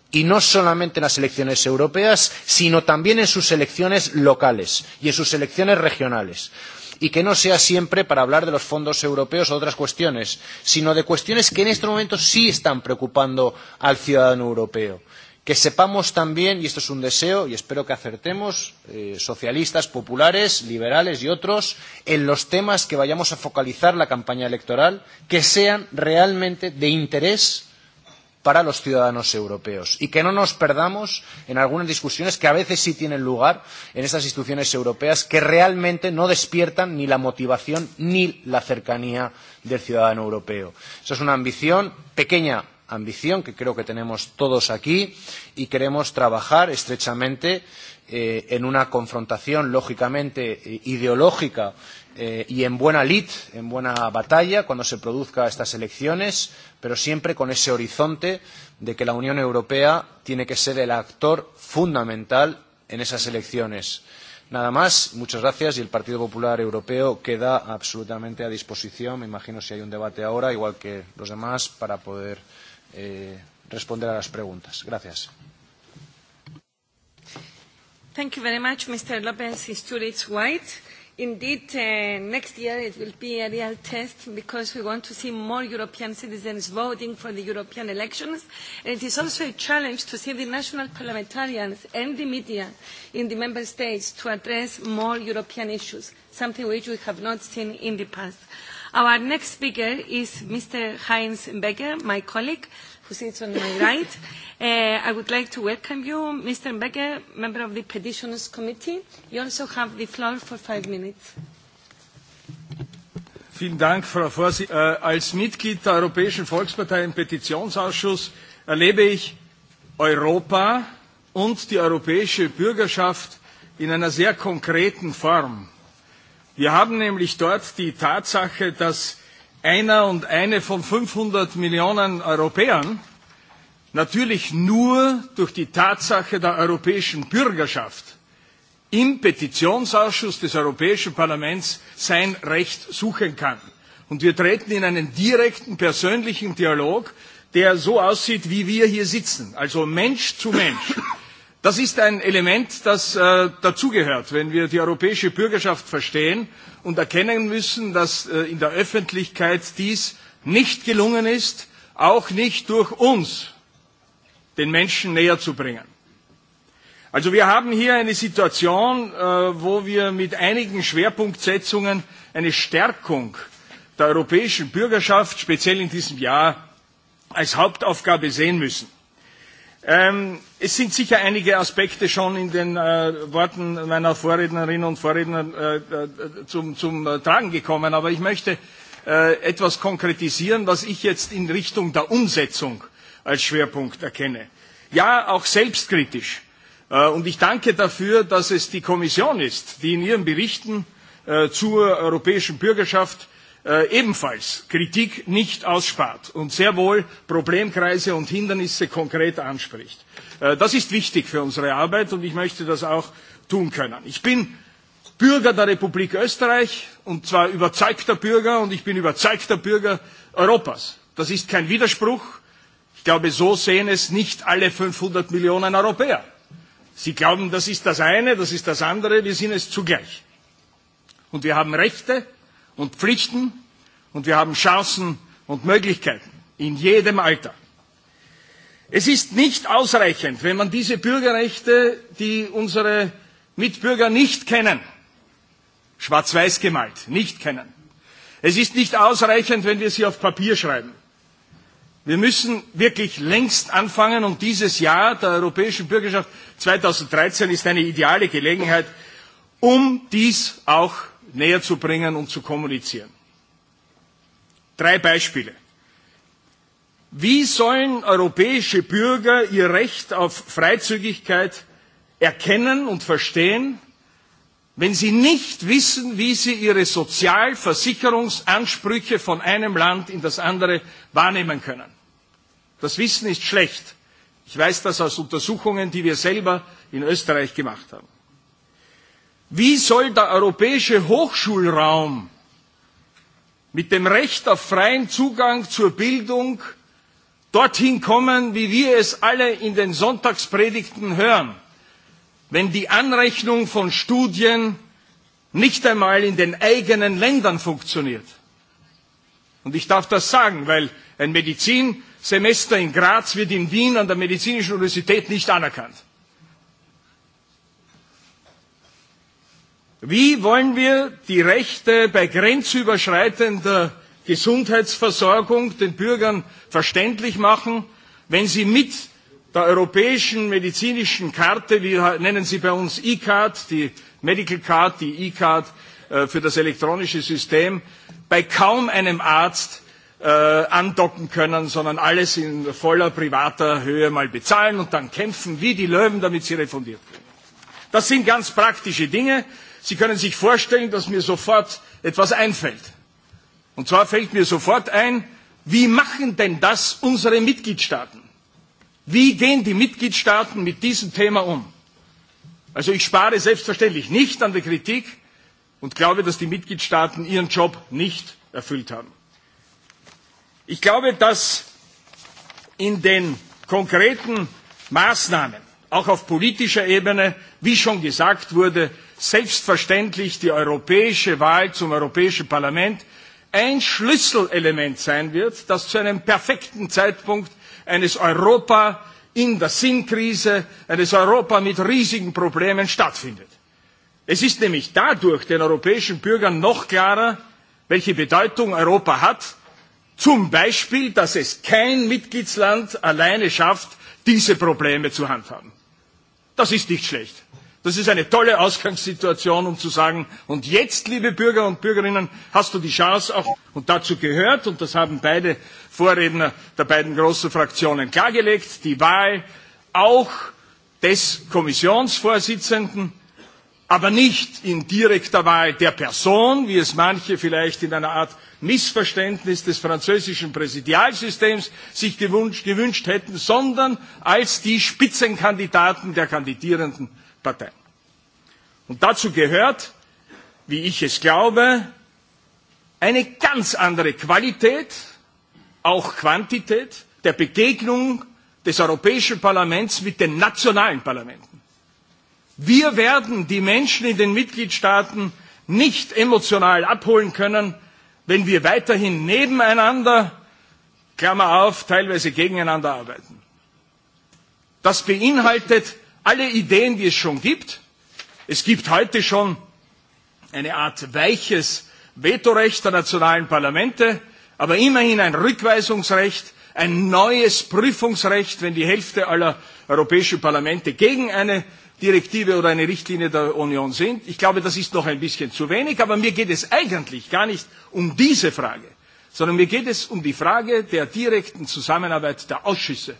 Y no solamente en las elecciones europeas, sino también en sus elecciones locales y en sus elecciones regionales. Y que no sea siempre para hablar de los fondos europeos o otras cuestiones, sino de cuestiones que en estos momentos sí están preocupando al ciudadano europeo que sepamos también, y esto es un deseo y espero que acertemos, eh, socialistas, populares, liberales y otros, en los temas que vayamos a focalizar la campaña electoral, que sean realmente de interés para los ciudadanos europeos y que no nos perdamos en algunas discusiones que a veces sí tienen lugar en estas instituciones europeas que realmente no despiertan ni la motivación ni la cercanía del ciudadano europeo. Esa es una ambición pequeña ambición que creo que tenemos todos aquí y queremos trabajar estrechamente eh, en una confrontación lógicamente eh, ideológica eh, y en buena lid, en buena batalla cuando se produzcan estas elecciones, pero siempre con ese horizonte de que la Unión Europea tiene que ser el actor fundamental en esas elecciones. Nada más, muchas gracias y el Partido Popular Europeo queda absolutamente a disposición, me imagino si hay un debate ahora, igual que los demás, para poder eh, responder a las preguntas. Gracias. Thank you very much, Mr. Lopez Isturiz White. Indeed, uh, next year it will be a real test because we want to see more European citizens voting for the European elections. And it is also a challenge to see the national parliamentarians and the media in the member states to address more European issues, something which we have not seen in the past. Our next speaker is Mr. Heinz Becker, my colleague, who sits on my right. Uh, I would like to welcome you, Mr. Becker, member of the Petitions Committee. You also have the floor for five minutes. Vielen Dank, Frau Vorsitzende. Äh, als Mitglied der Europäischen Volkspartei im Petitionsausschuss erlebe ich Europa und die europäische Bürgerschaft in einer sehr konkreten Form. Wir haben nämlich dort die Tatsache, dass einer und eine von 500 Millionen Europäern natürlich nur durch die Tatsache der europäischen Bürgerschaft im Petitionsausschuss des Europäischen Parlaments sein Recht suchen kann. Und wir treten in einen direkten persönlichen Dialog, der so aussieht, wie wir hier sitzen, also Mensch zu Mensch. Das ist ein Element, das äh, dazugehört. Wenn wir die europäische Bürgerschaft verstehen und erkennen müssen, dass äh, in der Öffentlichkeit dies nicht gelungen ist, auch nicht durch uns den Menschen näher zu bringen. Also wir haben hier eine Situation, äh, wo wir mit einigen Schwerpunktsetzungen eine Stärkung der europäischen Bürgerschaft, speziell in diesem Jahr, als Hauptaufgabe sehen müssen. Ähm, Es sind sicher einige Aspekte schon in den äh, Worten meiner Vorrednerinnen und Vorredner äh, äh, zum, zum äh, Tragen gekommen, aber ich möchte äh, etwas konkretisieren, was ich jetzt in Richtung der Umsetzung als Schwerpunkt erkenne. Ja, auch selbstkritisch. Äh, und ich danke dafür, dass es die Kommission ist, die in ihren Berichten äh, zur europäischen Bürgerschaft äh, ebenfalls Kritik nicht ausspart und sehr wohl Problemkreise und Hindernisse konkret anspricht. Äh, das ist wichtig für unsere Arbeit und ich möchte das auch tun können. Ich bin Bürger der Republik Österreich und zwar überzeugter Bürger und ich bin überzeugter Bürger Europas. Das ist kein Widerspruch. Ich glaube, so sehen es nicht alle 500 Millionen Europäer. Sie glauben, das ist das eine, das ist das andere, wir sind es zugleich. Und wir haben Rechte und Pflichten und wir haben Chancen und Möglichkeiten in jedem Alter. Es ist nicht ausreichend, wenn man diese Bürgerrechte, die unsere Mitbürger nicht kennen, schwarz-weiß gemalt, nicht kennen. Es ist nicht ausreichend, wenn wir sie auf Papier schreiben. Wir müssen wirklich längst anfangen und dieses Jahr der europäischen Bürgerschaft 2013 ist eine ideale Gelegenheit, um dies auch näher zu bringen und zu kommunizieren. Drei Beispiele. Wie sollen europäische Bürger ihr Recht auf Freizügigkeit erkennen und verstehen, wenn sie nicht wissen, wie sie ihre Sozialversicherungsansprüche von einem Land in das andere wahrnehmen können? Das Wissen ist schlecht. Ich weiß das aus Untersuchungen, die wir selber in Österreich gemacht haben. Wie soll der europäische Hochschulraum mit dem Recht auf freien Zugang zur Bildung dorthin kommen, wie wir es alle in den Sonntagspredigten hören, wenn die Anrechnung von Studien nicht einmal in den eigenen Ländern funktioniert. Und ich darf das sagen, weil ein Medizinsemester in Graz wird in Wien an der Medizinischen Universität nicht anerkannt. Wie wollen wir die Rechte bei grenzüberschreitender Gesundheitsversorgung den Bürgern verständlich machen, wenn sie mit der europäischen medizinischen Karte, wir nennen sie bei uns E-Card, die Medical Card, die E-Card äh, für das elektronische System, bei kaum einem Arzt äh, andocken können, sondern alles in voller privater Höhe mal bezahlen und dann kämpfen wie die Löwen, damit sie refundiert werden. Das sind ganz praktische Dinge. Sie können sich vorstellen, dass mir sofort etwas einfällt. Und zwar fällt mir sofort ein, wie machen denn das unsere Mitgliedstaaten? Wie gehen die Mitgliedstaaten mit diesem Thema um? Also ich spare selbstverständlich nicht an der Kritik und glaube, dass die Mitgliedstaaten ihren Job nicht erfüllt haben. Ich glaube, dass in den konkreten Maßnahmen, auch auf politischer Ebene, wie schon gesagt wurde, selbstverständlich die europäische Wahl zum Europäischen Parlament ein Schlüsselelement sein wird, das zu einem perfekten Zeitpunkt eines Europa in der Sinnkrise, eines Europa mit riesigen Problemen stattfindet. Es ist nämlich dadurch den europäischen Bürgern noch klarer, welche Bedeutung Europa hat, zum Beispiel, dass es kein Mitgliedsland alleine schafft, diese Probleme zu handhaben. Das ist nicht schlecht. Das ist eine tolle Ausgangssituation, um zu sagen, und jetzt, liebe Bürger und Bürgerinnen, hast du die Chance auch, und dazu gehört, und das haben beide Vorredner der beiden großen Fraktionen klargelegt, die Wahl auch des Kommissionsvorsitzenden, aber nicht in direkter Wahl der Person, wie es manche vielleicht in einer Art Missverständnis des französischen Präsidialsystems sich gewünscht, gewünscht hätten, sondern als die Spitzenkandidaten der kandidierenden Partei. Und dazu gehört, wie ich es glaube, eine ganz andere Qualität, auch Quantität der Begegnung des Europäischen Parlaments mit den nationalen Parlamenten. Wir werden die Menschen in den Mitgliedstaaten nicht emotional abholen können, wenn wir weiterhin nebeneinander, Klammer auf, teilweise gegeneinander arbeiten. Das beinhaltet alle Ideen, die es schon gibt. Es gibt heute schon eine Art weiches Vetorecht der nationalen Parlamente, aber immerhin ein Rückweisungsrecht, ein neues Prüfungsrecht, wenn die Hälfte aller europäischen Parlamente gegen eine Direktive oder eine Richtlinie der Union sind. Ich glaube, das ist noch ein bisschen zu wenig, aber mir geht es eigentlich gar nicht um diese Frage, sondern mir geht es um die Frage der direkten Zusammenarbeit der Ausschüsse.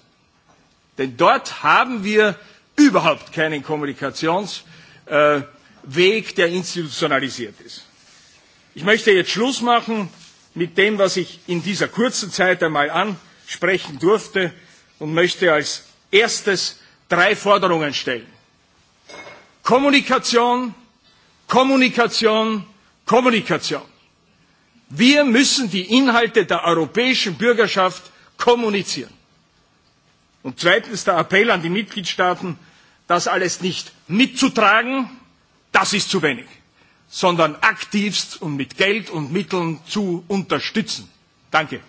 Denn dort haben wir überhaupt keinen Kommunikationsweg, äh, der institutionalisiert ist. Ich möchte jetzt Schluss machen mit dem, was ich in dieser kurzen Zeit einmal ansprechen durfte und möchte als erstes drei Forderungen stellen. Kommunikation, Kommunikation, Kommunikation. Wir müssen die Inhalte der europäischen Bürgerschaft kommunizieren. Und zweitens der Appell an die Mitgliedstaaten, das alles nicht mitzutragen, das ist zu wenig, sondern aktivst und mit Geld und Mitteln zu unterstützen. Danke.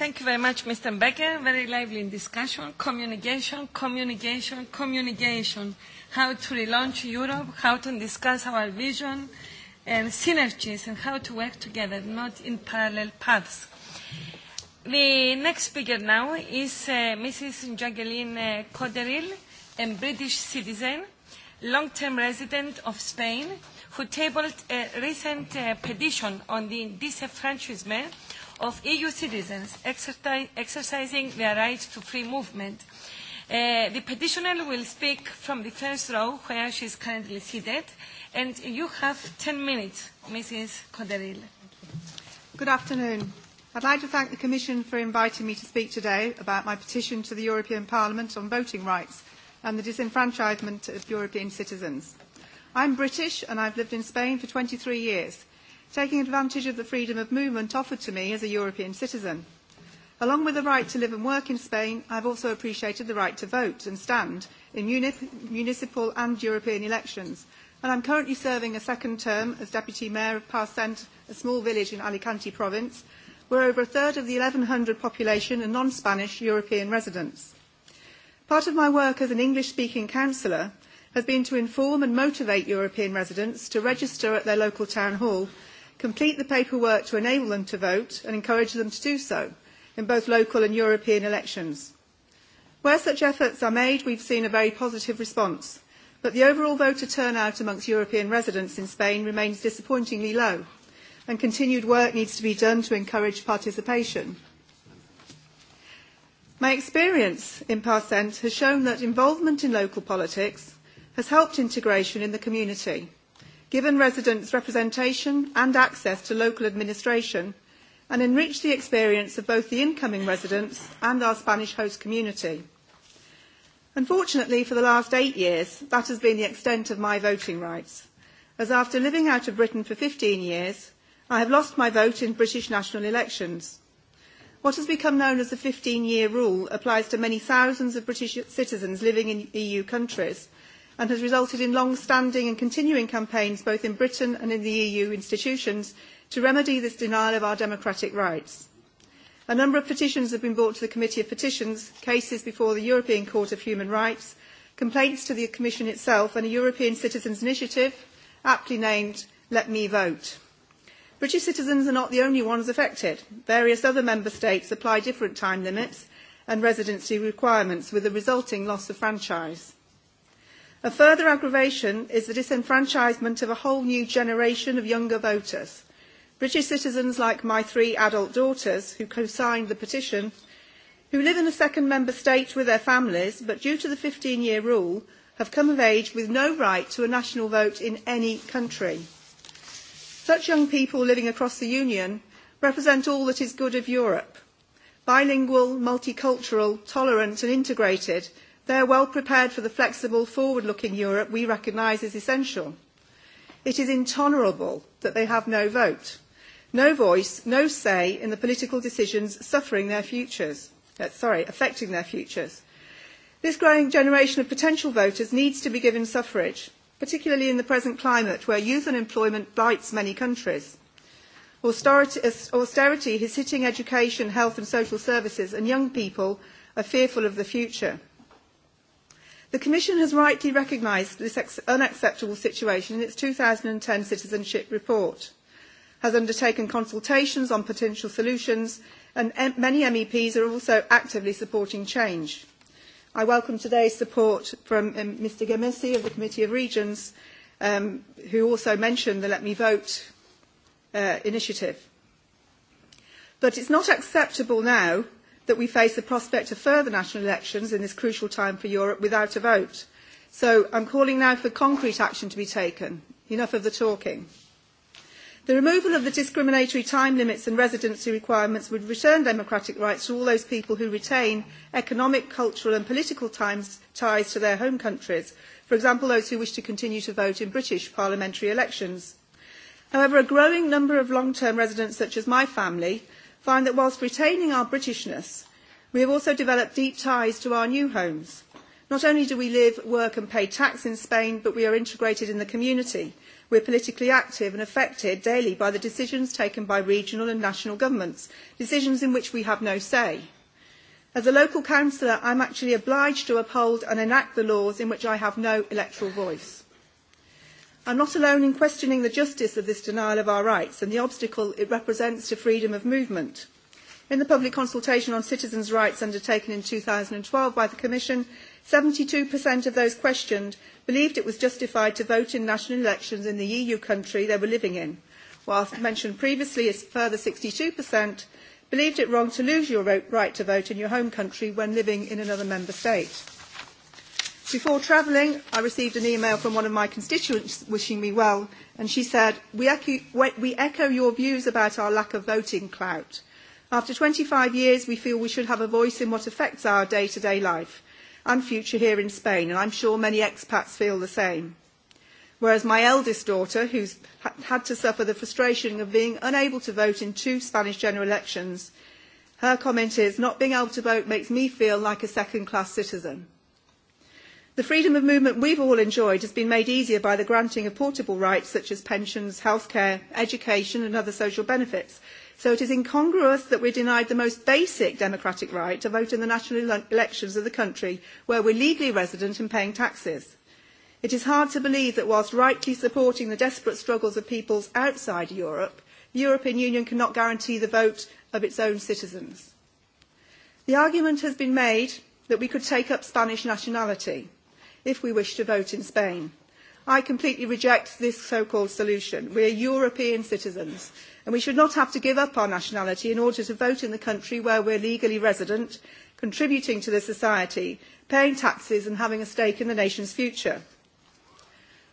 Thank you very much, Mr. Becker. Very lively discussion. Communication, communication, communication. How to relaunch Europe, how to discuss our vision and synergies and how to work together, not in parallel paths. The next speaker now is uh, Mrs. Jacqueline uh, Coderil, a British citizen, long-term resident of Spain, who tabled a recent uh, petition on the disenfranchisement of EU citizens exercise, exercising their right to free movement. Uh, the petitioner will speak from the first row where she is currently seated, and you have 10 minutes, Mrs. Coderil. Good afternoon. I'd like to thank the Commission for inviting me to speak today about my petition to the European Parliament on voting rights and the disenfranchisement of European citizens. I'm British and I've lived in Spain for 23 years, taking advantage of the freedom of movement offered to me as a European citizen. Along with the right to live and work in Spain, I've also appreciated the right to vote and stand in muni municipal and European elections, and I'm currently serving a second term as Deputy Mayor of Parcent, a small village in Alicante province, where over a third of the 1,100 population are non-Spanish European residents. Part of my work as an English-speaking councillor has been to inform and motivate European residents to register at their local town hall, complete the paperwork to enable them to vote and encourage them to do so in both local and European elections. Where such efforts are made, we've seen a very positive response, but the overall voter turnout amongst European residents in Spain remains disappointingly low and continued work needs to be done to encourage participation. My experience in Parcent has shown that involvement in local politics has helped integration in the community, given residents representation and access to local administration, and enriched the experience of both the incoming residents and our Spanish host community. Unfortunately, for the last eight years, that has been the extent of my voting rights, as after living out of Britain for 15 years, I have lost my vote in British national elections. What has become known as the 15-year rule applies to many thousands of British citizens living in EU countries and has resulted in long-standing and continuing campaigns both in Britain and in the EU institutions to remedy this denial of our democratic rights. A number of petitions have been brought to the Committee of Petitions, cases before the European Court of Human Rights, complaints to the Commission itself and a European Citizens Initiative, aptly named Let Me Vote. British citizens are not the only ones affected. Various other member states apply different time limits and residency requirements with the resulting loss of franchise. A further aggravation is the disenfranchisement of a whole new generation of younger voters. British citizens like my three adult daughters who co-signed the petition, who live in a second member state with their families, but due to the 15-year rule, have come of age with no right to a national vote in any country. Such young people living across the Union represent all that is good of Europe. Bilingual, multicultural, tolerant and integrated, they are well prepared for the flexible, forward-looking Europe we recognise as essential. It is intolerable that they have no vote, no voice, no say in the political decisions suffering their futures, uh, sorry, affecting their futures. This growing generation of potential voters needs to be given suffrage particularly in the present climate where youth unemployment bites many countries. Austerity, is hitting education, health and social services, and young people are fearful of the future. The Commission has rightly recognised this unacceptable situation in its 2010 citizenship report, has undertaken consultations on potential solutions, and many MEPs are also actively supporting change. I welcome today's support from um, Mr Gemesi of the Committee of Regions, um, who also mentioned the Let Me Vote uh, initiative. But it's not acceptable now that we face the prospect of further national elections in this crucial time for Europe without a vote. So I'm calling now for concrete action to be taken. Enough of the talking. The removal of the discriminatory time limits and residency requirements would return democratic rights to all those people who retain economic, cultural and political times, ties to their home countries, for example those who wish to continue to vote in British parliamentary elections. However, a growing number of long-term residents such as my family find that whilst retaining our Britishness, we have also developed deep ties to our new homes. Not only do we live, work and pay tax in Spain, but we are integrated in the community – we are politically active and affected daily by the decisions taken by regional and national governments, decisions in which we have no say. As a local councillor, I'm actually obliged to uphold and enact the laws in which I have no electoral voice. I'm not alone in questioning the justice of this denial of our rights and the obstacle it represents to freedom of movement. In the public consultation on citizens' rights undertaken in 2012 by the Commission, 72% of those questioned believed it was justified to vote in national elections in the EU country they were living in, whilst mentioned previously a further 62% believed it wrong to lose your right to vote in your home country when living in another member state. Before travelling, I received an email from one of my constituents wishing me well, and she said, we echo, we echo your views about our lack of voting clout. After 25 years, we feel we should have a voice in what affects our day-to-day -day life and future here in Spain, and I'm sure many expats feel the same. Whereas my eldest daughter, who's had to suffer the frustration of being unable to vote in two Spanish general elections, her comment is, not being able to vote makes me feel like a second-class citizen. The freedom of movement we've all enjoyed has been made easier by the granting of portable rights such as pensions, healthcare, education and other social benefits, So it is incongruous that we're denied the most basic democratic right to vote in the national elections of the country where we're legally resident and paying taxes. It is hard to believe that whilst rightly supporting the desperate struggles of peoples outside Europe, the European Union cannot guarantee the vote of its own citizens. The argument has been made that we could take up Spanish nationality if we wish to vote in Spain. I completely reject this so-called solution. We are European citizens and we should not have to give up our nationality in order to vote in the country where we're legally resident, contributing to the society, paying taxes and having a stake in the nation's future.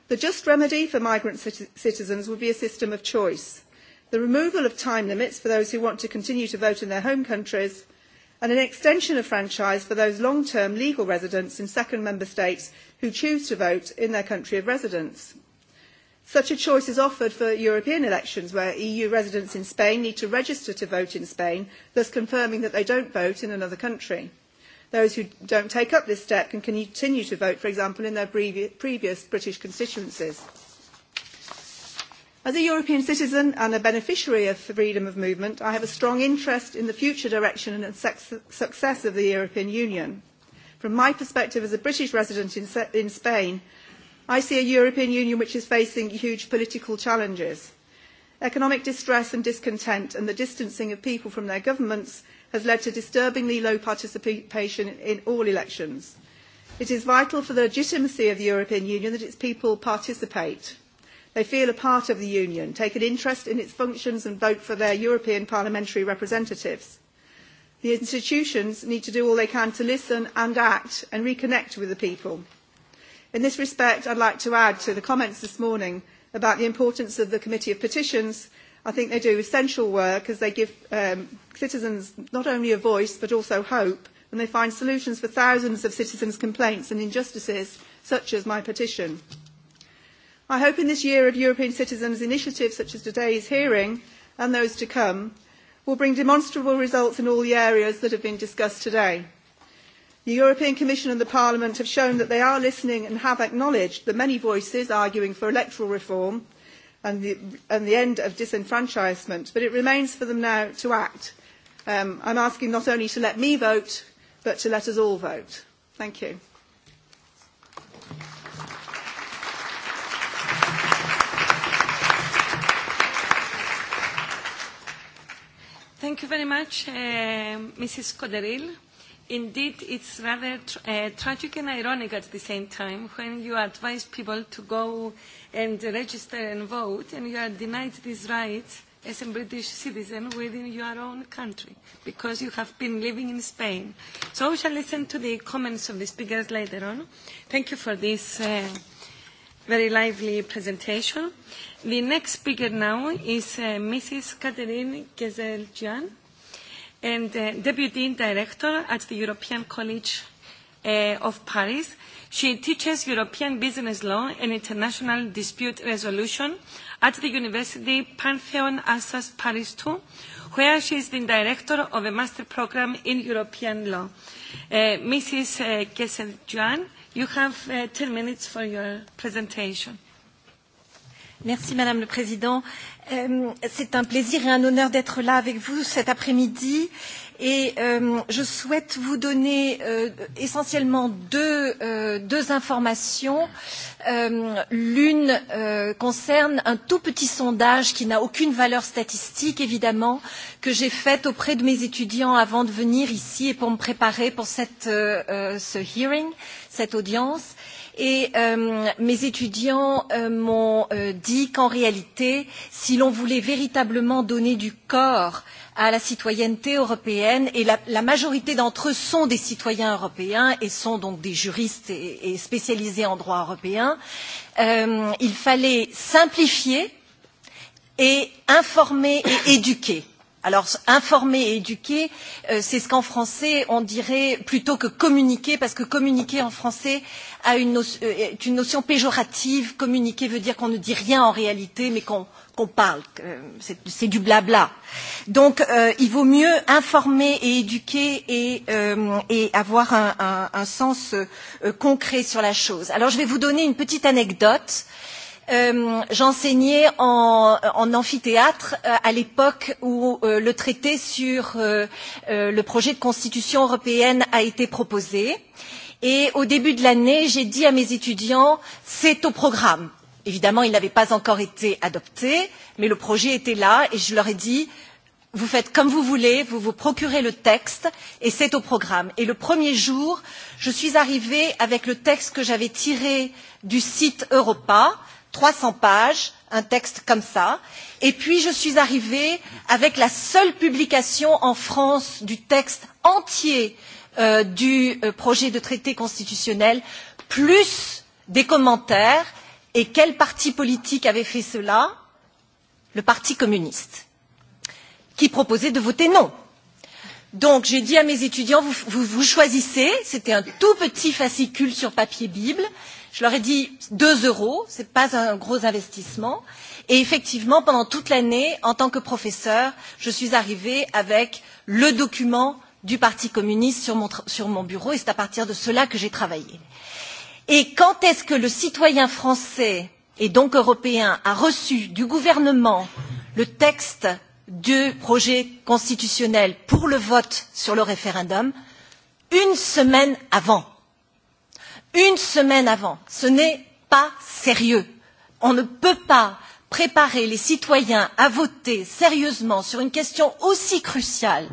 The just remedy for migrant citizens would be a system of choice. The removal of time limits for those who want to continue to vote in their home countries, and an extension of franchise for those long-term legal residents in second member states who choose to vote in their country of residence. Such a choice is offered for European elections where EU residents in Spain need to register to vote in Spain, thus confirming that they don't vote in another country. Those who don't take up this step can continue to vote, for example, in their previous British constituencies. As a European citizen and a beneficiary of freedom of movement, I have a strong interest in the future direction and success of the European Union. From my perspective as a British resident in Spain, I see a European Union which is facing huge political challenges. Economic distress and discontent and the distancing of people from their governments has led to disturbingly low participation in all elections. It is vital for the legitimacy of the European Union that its people participate. They feel a part of the Union, take an interest in its functions and vote for their European parliamentary representatives. The institutions need to do all they can to listen and act and reconnect with the people. In this respect, I'd like to add to the comments this morning about the importance of the Committee of Petitions. I think they do essential work as they give um, citizens not only a voice but also hope, and they find solutions for thousands of citizens' complaints and injustices, such as my petition. I hope in this year of European citizens initiatives such as today's hearing and those to come will bring demonstrable results in all the areas that have been discussed today. The European Commission and the Parliament have shown that they are listening and have acknowledged the many voices arguing for electoral reform and the, and the end of disenfranchisement, but it remains for them now to act. Um, I'm asking not only to let me vote, but to let us all vote. Thank you. Thank you very much, uh, Mrs. Coderil. Indeed, it's rather tr uh, tragic and ironic at the same time when you advise people to go and register and vote, and you are denied this right as a British citizen within your own country because you have been living in Spain. So we shall listen to the comments of the speakers later on. Thank you for this. Uh, very lively presentation. The next speaker now is uh, Mrs. Catherine Gezeljian, and uh, Deputy Director at the European College uh, of Paris. She teaches European business law and international dispute resolution at the University Pantheon Assas Paris II, where she is the director of a master program in European law. Uh, Mrs. Uh, Gezeljian You have uh, 10 minutes for your presentation. Merci Madame le Président. Euh, c'est un plaisir et un honneur d'être là avec vous cet après-midi et euh, je souhaite vous donner euh, essentiellement deux, deux informations. L'une concerne un tout petit sondage qui n'a aucune valeur statistique évidemment que j'ai fait auprès de mes étudiants avant de venir ici et pour me préparer pour cette, ce hearing cette audience et euh, mes étudiants euh, m'ont euh, dit qu'en réalité, si l'on voulait véritablement donner du corps à la citoyenneté européenne et la, la majorité d'entre eux sont des citoyens européens et sont donc des juristes et, et spécialisés en droit européen, euh, il fallait simplifier et informer et éduquer Alors informer et éduquer, euh, c'est ce qu'en français on dirait plutôt que communiquer, parce que communiquer en français a une no euh, est une notion péjorative. Communiquer veut dire qu'on ne dit rien en réalité, mais qu'on qu parle, euh, c'est du blabla. Donc euh, il vaut mieux informer et éduquer et, euh, et avoir un, un, un sens euh, concret sur la chose. Alors je vais vous donner une petite anecdote. Euh, Euh, j'enseignais en, en amphithéâtre euh, à l'époque où euh, le traité sur euh, euh, le projet de constitution européenne a été proposé. Et au début de l'année, j'ai dit à mes étudiants, c'est au programme. Évidemment, il n'avait pas encore été adopté, mais le projet était là et je leur ai dit, vous faites comme vous voulez, vous vous procurez le texte et c'est au programme. Et le premier jour, je suis arrivée avec le texte que j'avais tiré du site Europa, trois cents pages un texte comme ça et puis je suis arrivée avec la seule publication en france du texte entier euh, du euh, projet de traité constitutionnel plus des commentaires et quel parti politique avait fait cela le parti communiste qui proposait de voter non. Donc j'ai dit à mes étudiants, vous, vous, vous choisissez, c'était un tout petit fascicule sur papier Bible, Je leur ai dit deux euros, ce n'est pas un gros investissement. Et effectivement, pendant toute l'année, en tant que professeur, je suis arrivée avec le document du Parti communiste sur mon, sur mon bureau et c'est à partir de cela que j'ai travaillé. Et quand est-ce que le citoyen français et donc européen a reçu du gouvernement le texte du projet constitutionnel pour le vote sur le référendum une semaine avant une semaine avant. Ce n'est pas sérieux. On ne peut pas préparer les citoyens à voter sérieusement sur une question aussi cruciale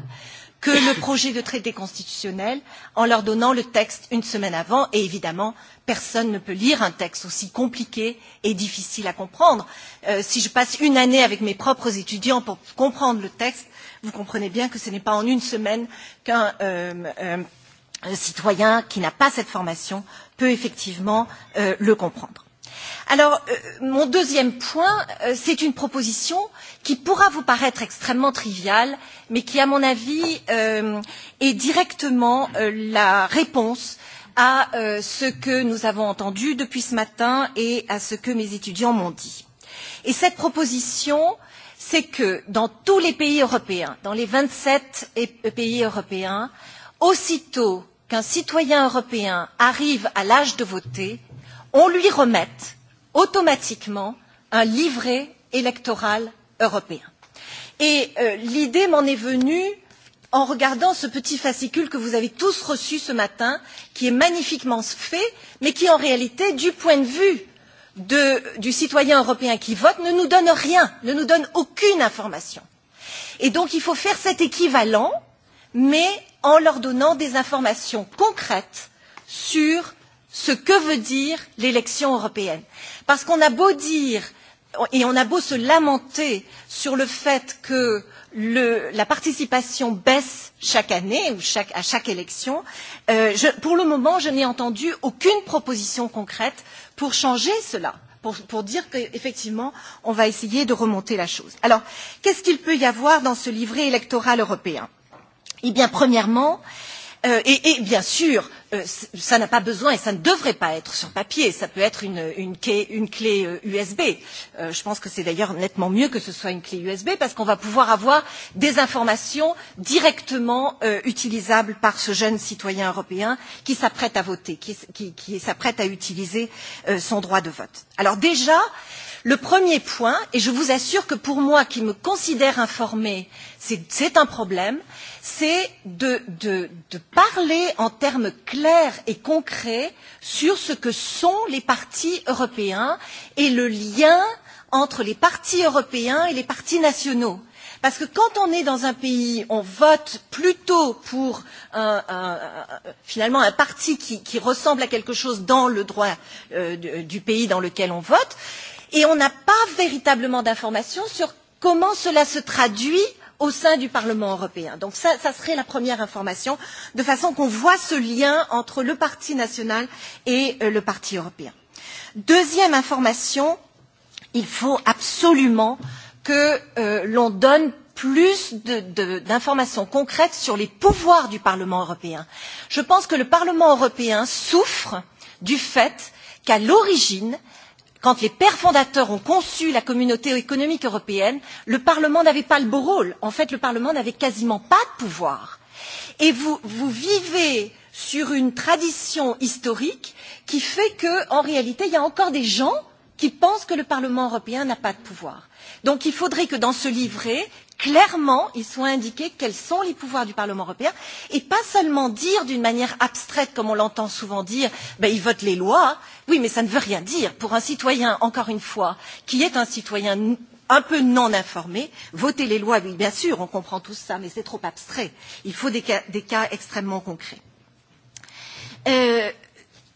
que le projet de traité constitutionnel en leur donnant le texte une semaine avant et évidemment personne ne peut lire un texte aussi compliqué et difficile à comprendre. Euh, si je passe une année avec mes propres étudiants pour comprendre le texte, vous comprenez bien que ce n'est pas en une semaine qu'un euh, euh, citoyen qui n'a pas cette formation peut effectivement euh, le comprendre. Alors, euh, mon deuxième point, euh, c'est une proposition qui pourra vous paraître extrêmement triviale, mais qui, à mon avis, euh, est directement euh, la réponse à euh, ce que nous avons entendu depuis ce matin et à ce que mes étudiants m'ont dit. Et cette proposition, c'est que dans tous les pays européens, dans les 27 euh, pays européens, aussitôt qu'un citoyen européen arrive à l'âge de voter, on lui remette automatiquement un livret électoral européen. Et euh, l'idée m'en est venue en regardant ce petit fascicule que vous avez tous reçu ce matin, qui est magnifiquement fait, mais qui en réalité, du point de vue de, du citoyen européen qui vote, ne nous donne rien, ne nous donne aucune information. Et donc il faut faire cet équivalent, mais en leur donnant des informations concrètes sur ce que veut dire l'élection européenne. Parce qu'on a beau dire et on a beau se lamenter sur le fait que le, la participation baisse chaque année ou chaque, à chaque élection, euh, je, pour le moment, je n'ai entendu aucune proposition concrète pour changer cela, pour, pour dire qu'effectivement, on va essayer de remonter la chose. Alors, qu'est-ce qu'il peut y avoir dans ce livret électoral européen Eh bien, premièrement, euh, et, et bien sûr, euh, ça n'a pas besoin et ça ne devrait pas être sur papier, ça peut être une, une, clé, une clé USB. Euh, euh, je pense que c'est d'ailleurs nettement mieux que ce soit une clé USB parce qu'on va pouvoir avoir des informations directement euh, utilisables par ce jeune citoyen européen qui s'apprête à voter, qui, qui, qui s'apprête à utiliser euh, son droit de vote. Alors déjà, euh, Le premier point, et je vous assure que pour moi qui me considère informée, c'est un problème, c'est de, de, de parler en termes clairs et concrets sur ce que sont les partis européens et le lien entre les partis européens et les partis nationaux. Parce que quand on est dans un pays, on vote plutôt pour un, un, finalement un parti qui, qui ressemble à quelque chose dans le droit euh, du pays dans lequel on vote et on n'a pas véritablement d'informations sur comment cela se traduit au sein du Parlement européen. Donc ça, ça serait la première information, de façon qu'on voit ce lien entre le Parti national et euh, le Parti européen. Deuxième information, il faut absolument que euh, l'on donne plus d'informations concrètes sur les pouvoirs du Parlement européen. Je pense que le Parlement européen souffre du fait qu'à l'origine, quand les pères fondateurs ont conçu la communauté économique européenne, le Parlement n'avait pas le beau rôle. En fait, le Parlement n'avait quasiment pas de pouvoir. Et vous, vous vivez sur une tradition historique qui fait qu'en réalité, il y a encore des gens qui pensent que le Parlement européen n'a pas de pouvoir. Donc il faudrait que dans ce livret, clairement, il soit indiqué quels sont les pouvoirs du Parlement européen et pas seulement dire d'une manière abstraite, comme on l'entend souvent dire, ben, ils votent les lois, Oui, mais ça ne veut rien dire pour un citoyen, encore une fois, qui est un citoyen un peu non informé. Voter les lois, oui, bien sûr, on comprend tout ça, mais c'est trop abstrait. Il faut des cas, des cas extrêmement concrets. Euh,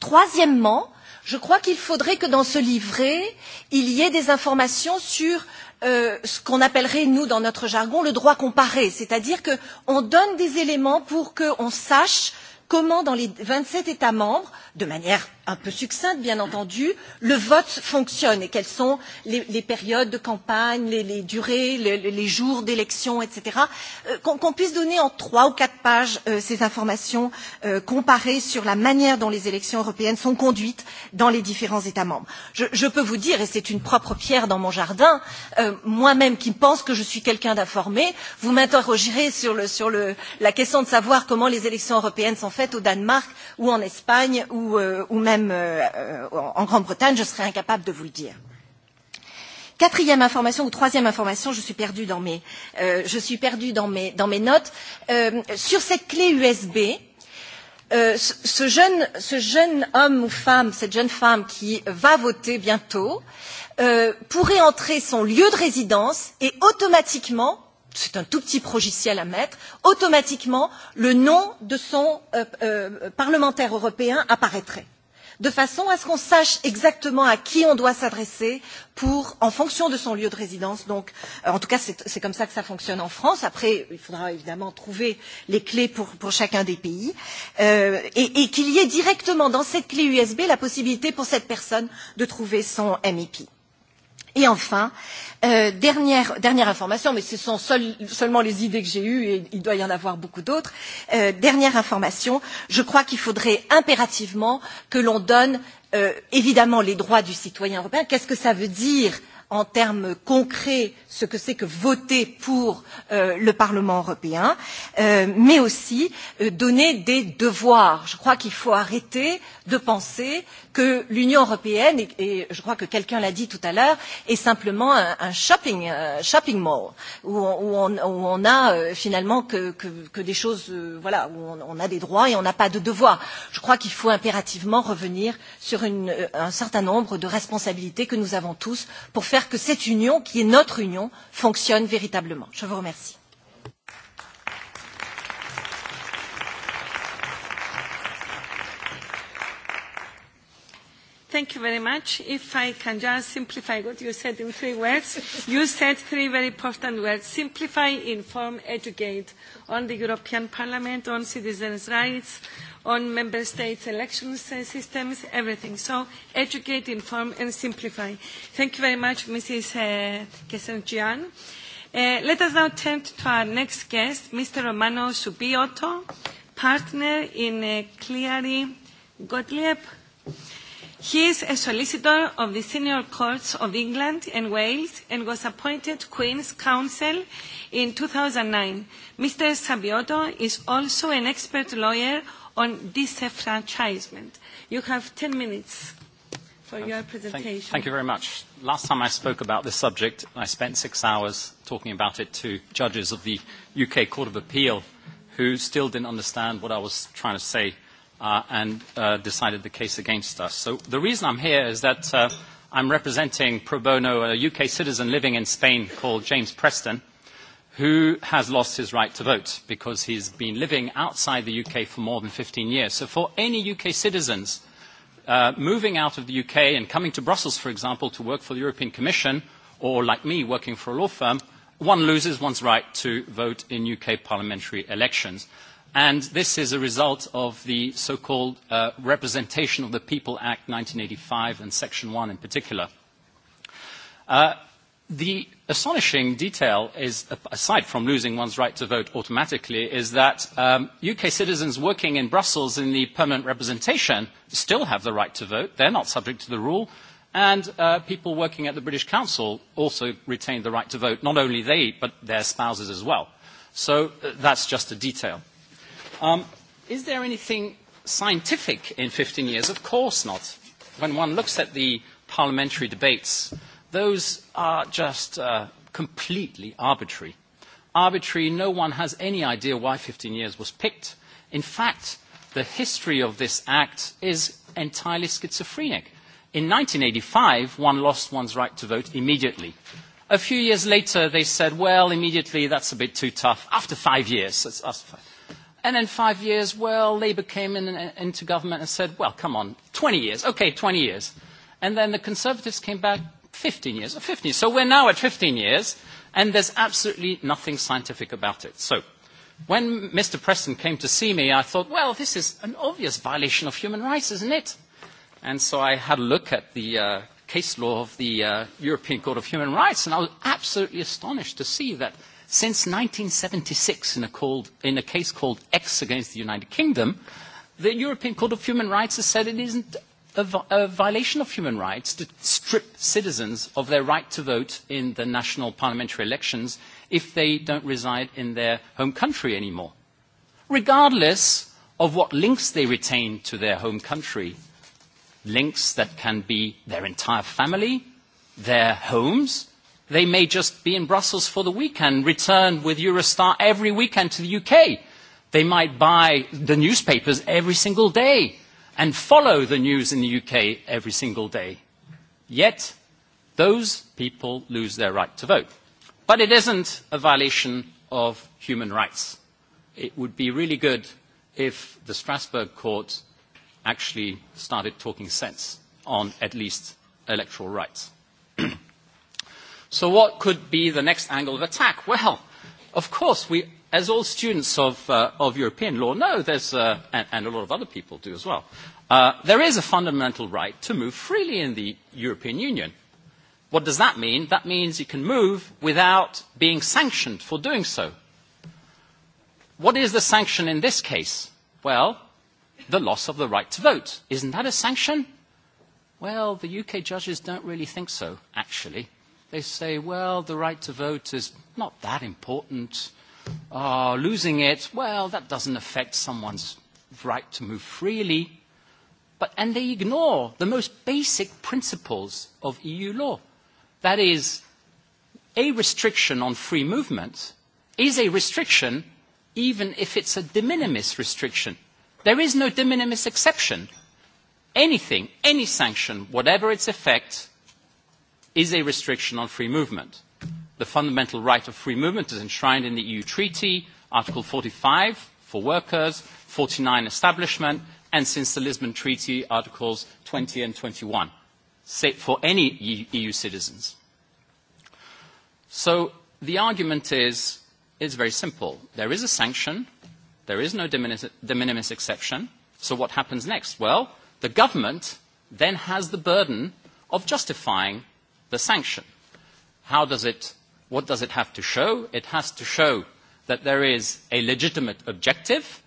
troisièmement, je crois qu'il faudrait que dans ce livret, il y ait des informations sur euh, ce qu'on appellerait, nous, dans notre jargon, le droit comparé, c'est-à-dire qu'on donne des éléments pour qu'on sache comment, dans les 27 États membres, de manière un peu succincte, bien entendu, le vote fonctionne et quelles sont les, les périodes de campagne, les, les durées, les, les jours d'élection, etc. Euh, qu'on qu puisse donner en trois ou quatre pages euh, ces informations euh, comparées sur la manière dont les élections européennes sont conduites dans les différents États membres. Je, je peux vous dire, et c'est une propre pierre dans mon jardin, euh, moi-même qui pense que je suis quelqu'un d'informé, vous m'interrogerez sur, le, sur le, la question de savoir comment les élections européennes sont faites au Danemark ou en Espagne ou Euh, ou, même euh, en Grande-Bretagne, je serais incapable de vous le dire. Quatrième information ou troisième information, je suis perdue dans mes, euh, je suis perdue dans mes, dans mes notes. Euh, sur cette clé USB, euh, Euh, ce, jeune, ce jeune homme ou femme, cette jeune femme qui va voter bientôt, euh, pourrait entrer son lieu de résidence et automatiquement c'est un tout petit logiciel à mettre, automatiquement le nom de son euh, euh, parlementaire européen apparaîtrait de façon à ce qu'on sache exactement à qui on doit s'adresser pour, en fonction de son lieu de résidence. Donc, euh, en tout cas, c'est comme ça que ça fonctionne en France. Après, il faudra évidemment trouver les clés pour, pour chacun des pays euh, et, et qu'il y ait directement dans cette clé USB la possibilité pour cette personne de trouver son MEP. Et enfin, euh, dernière, dernière information, mais ce sont seul, seulement les idées que j'ai eues et il doit y en avoir beaucoup d'autres. Euh, dernière information, je crois qu'il faudrait impérativement que l'on donne euh, évidemment les droits du citoyen européen. Qu'est-ce que ça veut dire en termes concrets ce que c'est que voter pour euh, le Parlement européen, euh, mais aussi euh, donner des devoirs. Je crois qu'il faut arrêter de penser que l'Union européenne, et, et je crois que quelqu'un l'a dit tout à l'heure, est simplement un, un shopping, euh, shopping mall, où on, où on, où on a euh, finalement que, que, que des choses, euh, voilà, où on, on a des droits et on n'a pas de devoirs. Je crois qu'il faut impérativement revenir sur une, euh, un certain nombre de responsabilités que nous avons tous pour faire que cette union, qui est notre union, fonctionne véritablement. Je vous remercie. Thank you very much. If I can just simplify what you said in three words. You said three very important words, simplify, inform, educate, on the European Parliament, on citizens' rights, on member states' election systems, everything. So educate, inform, and simplify. Thank you very much, Mrs. Eh, Kesenjian. Uh, let us now turn to our next guest, Mr. Romano Subioto, partner in uh, Cleary Gottlieb. He is a solicitor of the senior courts of England and Wales and was appointed Queen's Counsel in 2009. Mr. Sabioto is also an expert lawyer on disenfranchisement. You have 10 minutes for your presentation. Thank, thank you very much. Last time I spoke about this subject, I spent six hours talking about it to judges of the UK Court of Appeal who still didn't understand what I was trying to say uh, and uh, decided the case against us. So the reason I'm here is that uh, I'm representing pro bono a UK citizen living in Spain called James Preston, who has lost his right to vote because he's been living outside the UK for more than 15 years. So for any UK citizens uh, moving out of the UK and coming to Brussels, for example, to work for the European Commission, or like me, working for a law firm, one loses one's right to vote in UK parliamentary elections. And this is a result of the so-called uh, Representation of the People Act 1985 and Section 1 in particular. Uh, the astonishing detail is, aside from losing one's right to vote automatically, is that um, UK citizens working in Brussels in the permanent representation still have the right to vote. They're not subject to the rule. And uh, people working at the British Council also retain the right to vote, not only they, but their spouses as well. So uh, that's just a detail. Um, is there anything scientific in 15 years? Of course not. When one looks at the parliamentary debates, those are just uh, completely arbitrary. Arbitrary, no one has any idea why 15 years was picked. In fact, the history of this act is entirely schizophrenic. In 1985, one lost one's right to vote immediately. A few years later, they said, well, immediately, that's a bit too tough. After five years, that's after five And then five years, well, Labour came in, and, uh, into government and said, well, come on, 20 years. Okay, 20 years. And then the Conservatives came back 15 years, or 15. So we're now at 15 years, and there's absolutely nothing scientific about it. So when Mr. Preston came to see me, I thought, well, this is an obvious violation of human rights, isn't it? And so I had a look at the uh, case law of the uh, European Court of Human Rights, and I was absolutely astonished to see that – Since 1976, in a, called, in a case called X against the United Kingdom, the European Court of Human Rights has said it isn't a, a violation of human rights to strip citizens of their right to vote in the national parliamentary elections if they don't reside in their home country anymore, regardless of what links they retain to their home country. Links that can be their entire family, their homes, They may just be in Brussels for the weekend, return with Eurostar every weekend to the UK. They might buy the newspapers every single day and follow the news in the UK every single day. Yet, those people lose their right to vote. But it isn't a violation of human rights. It would be really good if the Strasbourg court actually started talking sense on at least electoral rights. So what could be the next angle of attack? Well, of course, we, as all students of, uh, of European law know, there's, uh, and, and a lot of other people do as well, uh, there is a fundamental right to move freely in the European Union. What does that mean? That means you can move without being sanctioned for doing so. What is the sanction in this case? Well, the loss of the right to vote. Isn't that a sanction? Well, the UK judges don't really think so, actually they say, well, the right to vote is not that important. Uh, losing it, well, that doesn't affect someone's right to move freely. But, and they ignore the most basic principles of EU law. That is, a restriction on free movement is a restriction even if it's a de minimis restriction. There is no de minimis exception. Anything, any sanction, whatever its effect, is a restriction on free movement. The fundamental right of free movement is enshrined in the EU Treaty, Article 45 for workers, 49 establishment, and since the Lisbon Treaty, Articles 20 and 21 for any EU e citizens. So the argument is, is very simple. There is a sanction. There is no de minimis, de minimis exception. So what happens next? Well, the government then has the burden of justifying the sanction. How does it, what does it have to show? It has to show that there is a legitimate objective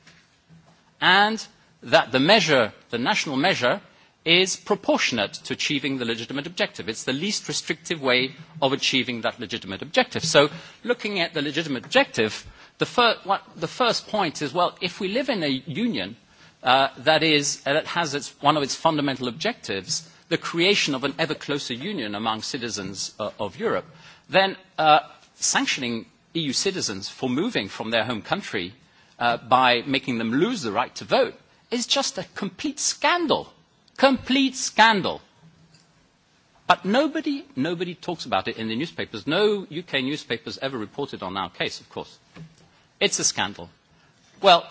and that the measure, the national measure, is proportionate to achieving the legitimate objective. It's the least restrictive way of achieving that legitimate objective. So looking at the legitimate objective, the, fir- what, the first point is, well, if we live in a union uh, that, is, uh, that has its, one of its fundamental objectives the creation of an ever closer union among citizens uh, of Europe, then uh, sanctioning EU citizens for moving from their home country uh, by making them lose the right to vote is just a complete scandal. Complete scandal. But nobody, nobody talks about it in the newspapers. No UK newspapers ever reported on our case, of course. It's a scandal. Well,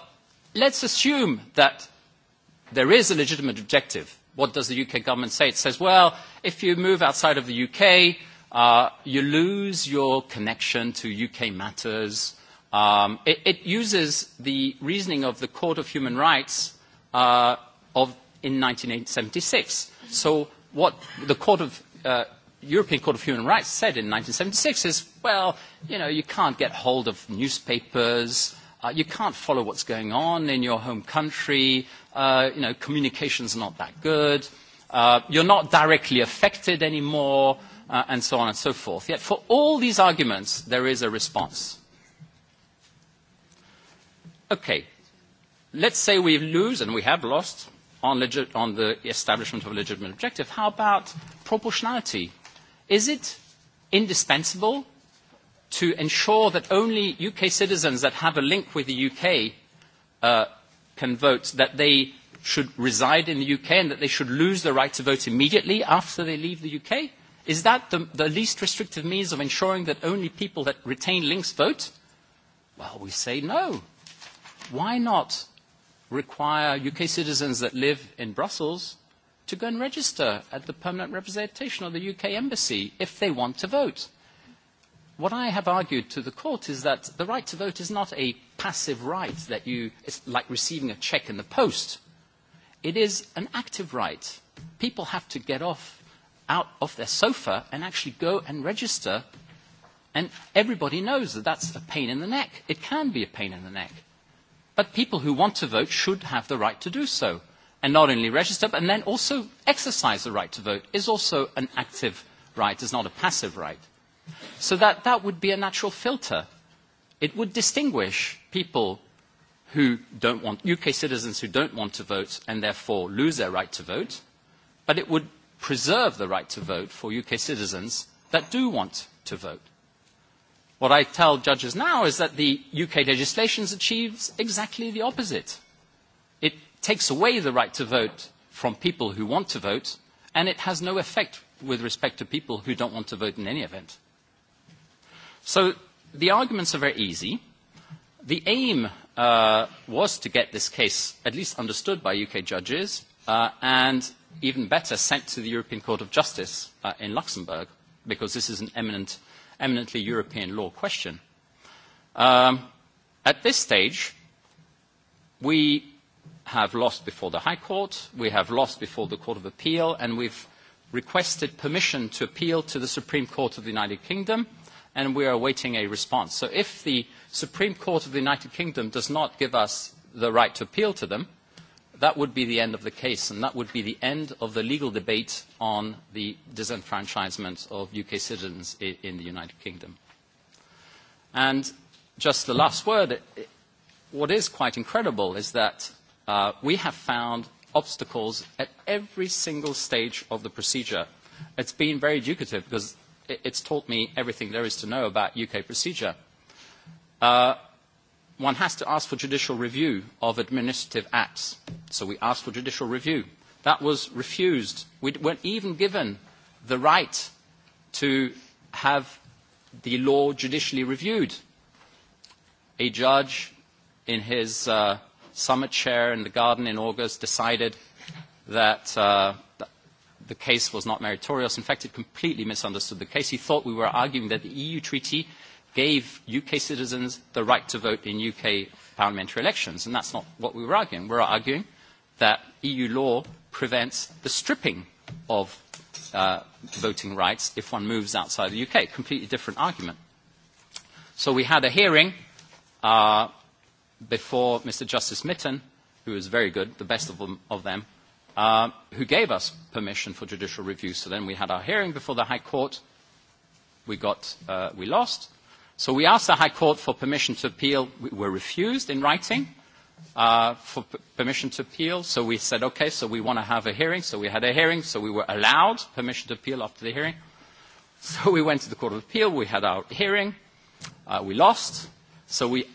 let's assume that there is a legitimate objective what does the UK government say? It says, well, if you move outside of the UK, uh, you lose your connection to UK matters. Um, it, it uses the reasoning of the Court of Human Rights uh, of, in 1976. So what the Court of uh, European Court of Human Rights said in 1976 is, well, you know, you can't get hold of newspapers, uh, you can't follow what's going on in your home country, uh, you know, communication's not that good, uh, you're not directly affected anymore, uh, and so on and so forth. Yet for all these arguments, there is a response. Okay, let's say we lose, and we have lost, on, legit, on the establishment of a legitimate objective. How about proportionality? Is it indispensable to ensure that only UK citizens that have a link with the UK uh, can vote, that they should reside in the UK and that they should lose the right to vote immediately after they leave the UK? Is that the, the least restrictive means of ensuring that only people that retain links vote? Well, we say no. Why not require UK citizens that live in Brussels to go and register at the permanent representation of the UK embassy if they want to vote? What I have argued to the court is that the right to vote is not a passive right that you, it's like receiving a check in the post. It is an active right. People have to get off, out of their sofa and actually go and register. And everybody knows that that's a pain in the neck. It can be a pain in the neck. But people who want to vote should have the right to do so. And not only register, but then also exercise the right to vote is also an active right, is not a passive right. So that, that would be a natural filter. It would distinguish people who don't want, UK citizens who don't want to vote and therefore lose their right to vote, but it would preserve the right to vote for UK citizens that do want to vote. What I tell judges now is that the UK legislation achieves exactly the opposite. It takes away the right to vote from people who want to vote, and it has no effect with respect to people who don't want to vote in any event. So the arguments are very easy. The aim uh, was to get this case at least understood by UK judges uh, and even better sent to the European Court of Justice uh, in Luxembourg because this is an eminent, eminently European law question. Um, at this stage, we have lost before the High Court, we have lost before the Court of Appeal, and we've requested permission to appeal to the Supreme Court of the United Kingdom and we are awaiting a response. So if the Supreme Court of the United Kingdom does not give us the right to appeal to them, that would be the end of the case, and that would be the end of the legal debate on the disenfranchisement of UK citizens in the United Kingdom. And just the last word, what is quite incredible is that uh, we have found obstacles at every single stage of the procedure. It's been very educative because it, it's taught me everything there is to know about UK procedure. Uh, one has to ask for judicial review of administrative acts. So we asked for judicial review. That was refused. We weren't even given the right to have the law judicially reviewed. A judge in his uh, summer chair in the garden in August decided that uh, the case was not meritorious. In fact, it completely misunderstood the case. He thought we were arguing that the EU treaty gave UK citizens the right to vote in UK parliamentary elections, and that's not what we were arguing. We We're arguing that EU law prevents the stripping of uh, voting rights if one moves outside the UK. Completely different argument. So we had a hearing uh, before Mr. Justice Mitten, who was very good, the best of them, of them uh, who gave us permission for judicial review. So then we had our hearing before the High Court. We, got, uh, we lost. So we asked the High Court for permission to appeal. We were refused in writing uh, for p- permission to appeal. So we said, okay, so we want to have a hearing. So we had a hearing. So we were allowed permission to appeal after the hearing. So we went to the Court of Appeal. We had our hearing. Uh, we lost. So we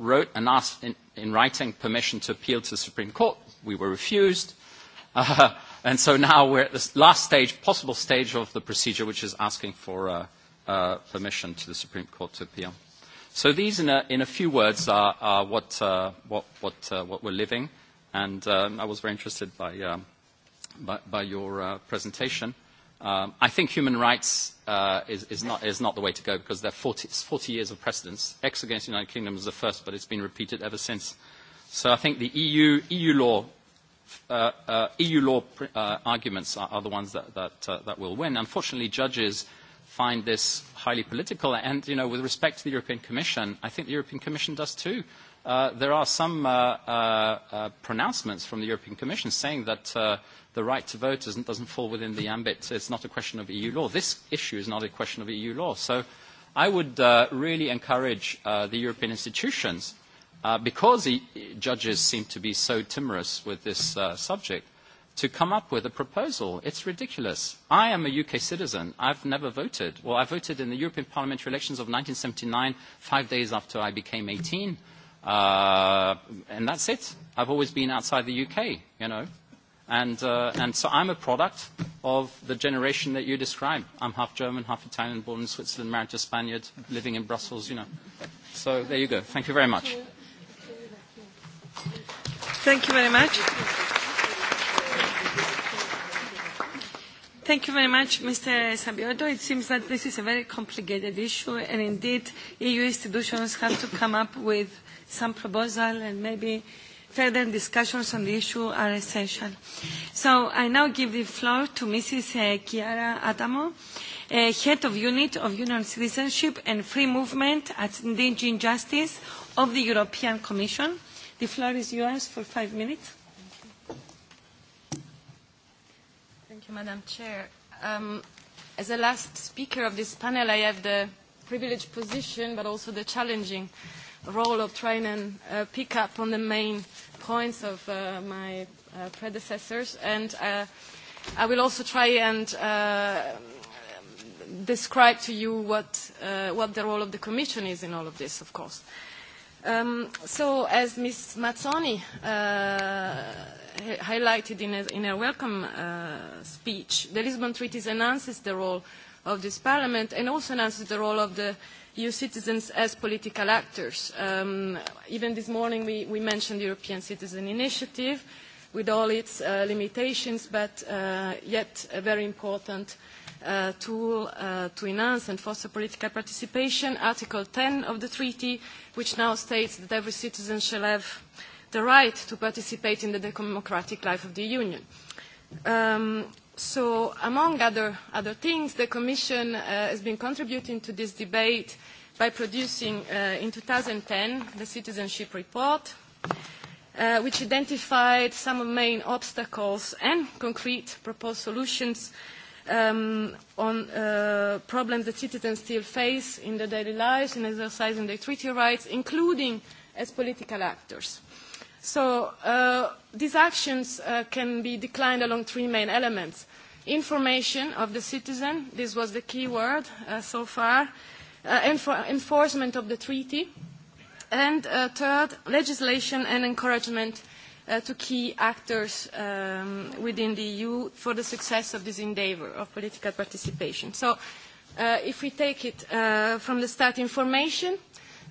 wrote and asked in, in writing permission to appeal to the Supreme Court. We were refused. Uh, and so now we're at the last stage, possible stage of the procedure, which is asking for uh, uh, permission to the Supreme Court to appeal. So these, in a, in a few words, are, are what, uh, what, what, uh, what we're living. And um, I was very interested by, um, by, by your uh, presentation. Um, I think human rights uh, is, is, not, is not the way to go because there are 40, 40 years of precedence. X against the United Kingdom is the first, but it's been repeated ever since. So I think the EU, EU law uh, uh EU law pr- uh, arguments are, are the ones that, that, uh, that will win. Unfortunately, judges find this highly political. And, you know, with respect to the European Commission, I think the European Commission does too. Uh, there are some uh, uh, uh pronouncements from the European Commission saying that uh, the right to vote doesn't, doesn't fall within the ambit. It's not a question of EU law. This issue is not a question of EU law. So I would really encourage the European institutions Uh, because judges seem to be so timorous with this uh, subject, to come up with a proposal. It's ridiculous. I am a UK citizen. I've never voted. Well, I voted in the European Parliamentary elections of 1979, five days after I became 18. Uh, and that's it. I've always been outside the UK, you know. And, uh, and so I'm a product of the generation that you describe. I'm half German, half Italian, born in Switzerland, married to a Spaniard, living in Brussels, you know. So there you go. Thank you very much. Thank you very much. Thank you very much, Mr. Sabiotto. It seems that this is a very complicated issue, and indeed, EU institutions have to come up with some proposal, and maybe further discussions on the issue are essential. So I now give the floor to Mrs. Uh, Chiara Adamo, uh, Head of Unit of Union Citizenship and Free Movement at DG Justice of the European Commission. The floor is yours for five minutes. Thank you, Madam Chair. Um, as the last speaker of this panel, I have the privileged position, but also the challenging role of trying to uh, pick up on the main points of uh, my uh, predecessors. And uh, I will also try and uh, describe to you what, uh, what the role of the Commission is in all of this, of course. Um, so as Ms. Mazzoni uh, highlighted in, a, in her welcome uh, speech, the Lisbon Treaty announces the role of this Parliament and also announces the role of the EU citizens as political actors. Um, even this morning we, we mentioned the European Citizen Initiative with all its uh, limitations, but uh, yet a very important uh, uh, tool uh, to enhance and foster political participation, Article 10 of the treaty, which now states that every citizen shall have the right to participate in the democratic life of the Union. Um, so, among other, other things, the Commission uh, has been contributing to this debate by producing uh, in 2010 the Citizenship Report, uh, which identified some main obstacles and concrete proposed solutions uh, um, on uh, problems that citizens still face in their daily lives, in exercising their treaty rights, including as political actors. So uh, these actions uh, can be declined along three main elements. Information of the citizen, this was the key word uh, so far, uh, enf enforcement of the treaty, and uh, third, legislation and encouragement uh, to key actors um, within the EU for the success of this endeavour of political participation. So uh, if we take it uh, from the start information,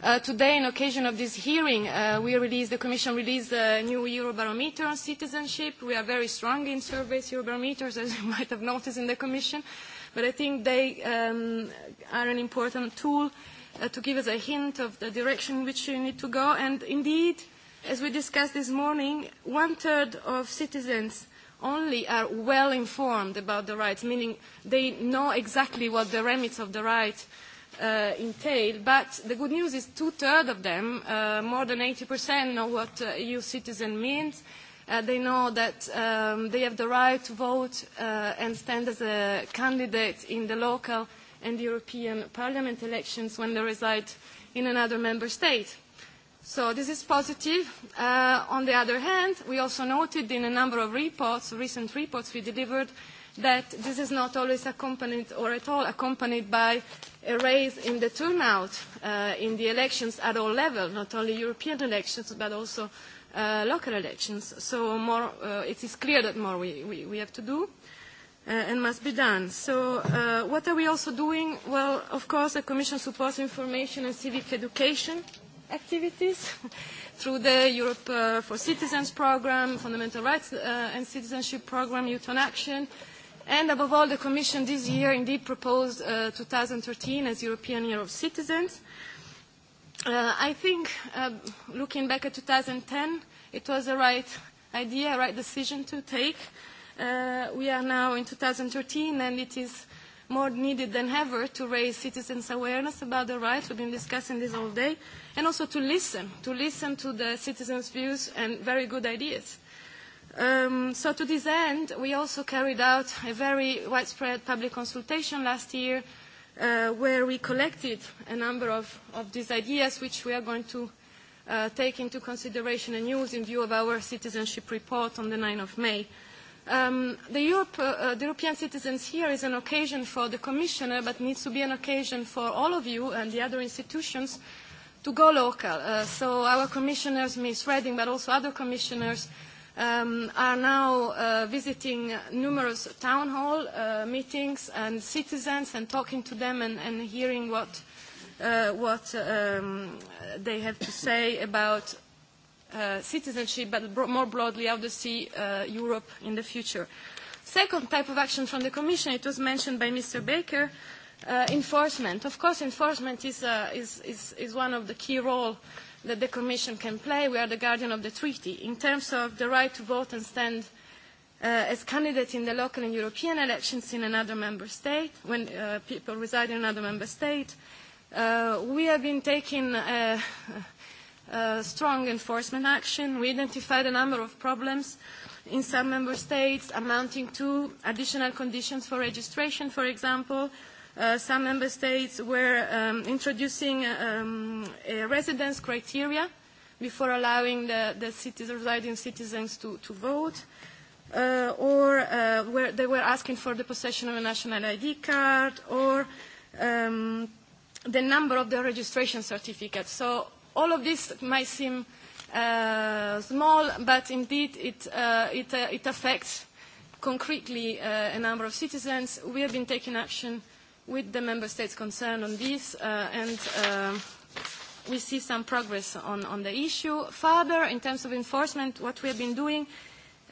uh, today, in occasion of this hearing, uh, we released, the Commission released a new Eurobarometer on citizenship. We are very strong in surveys, Eurobarometers, as you might have noticed in the Commission, but I think they um, are an important tool uh, to give us a hint of the direction in which we need to go. And indeed, as we discussed this morning, one-third of citizens only are well informed about the rights, meaning they know exactly what the remits of the right uh, entail. But the good news is two-thirds of them, uh, more than 80%, know what uh, EU citizen means. Uh, they know that um, they have the right to vote uh, and stand as a candidate in the local and European Parliament elections when they reside in another member state. So this is positive. Uh, on the other hand, we also noted in a number of reports, recent reports we delivered, that this is not always accompanied or at all accompanied by a raise in the turnout uh, in the elections at all levels, not only European elections but also uh, local elections. So more, uh, it is clear that more we, we, we have to do uh, and must be done. So uh, what are we also doing? Well, of course, the Commission supports information and civic education. Uh, activities through the Europe uh, for Citizens program, Fundamental Rights uh, and Citizenship program, Youth on Action, and above all, the Commission this year indeed proposed uh, 2013 as European Year of Citizens. Uh, I think, uh, looking back at 2010, it was the right idea, right decision to take. Uh, we are now in 2013, and it is more needed than ever to raise citizens' awareness about their rights. We've been discussing this all day. And also to listen, to listen to the citizens' views and very good ideas. Um, so to this end, we also carried out a very widespread public consultation last year uh, where we collected a number of, of these ideas which we are going to uh, take into consideration and use in view of our citizenship report on the 9th of May. Uh, Um, the, Europe, uh, uh, the European citizens here is an occasion for the Commissioner, but needs to be an occasion for all of you and the other institutions to go local. Uh, so our commissioners, Ms. Reding, but also other commissioners, um, are now uh, visiting numerous town hall uh, meetings and citizens and talking to them and, and hearing what, uh, what um, they have to say about Uh, citizenship, but more broadly how to see uh, Europe in the future. Second type of action from the Commission, it was mentioned by Mr. Baker, uh, enforcement. Of course, enforcement is, uh, is, is, is one of the key roles that the Commission can play. We are the guardian of the treaty. In terms of the right to vote and stand uh, as candidate in the local and European elections in another member state, when uh, people reside in another member state, uh, we have been taking uh, uh, strong enforcement action. We identified a number of problems in some member states amounting to additional conditions for registration, for example. Uh, some member states were um, introducing um, a residence criteria before allowing the, the citizens, residing citizens to, to vote. Uh, or uh, where they were asking for the possession of a national ID card, or um, the number of the registration certificate. So All of this might seem uh, small, but indeed it, uh, it, uh, it affects concretely uh, a number of citizens. We have been taking action with the member states concerned on this, uh, and uh, we see some progress on, on the issue. Further, in terms of enforcement, what we have been doing,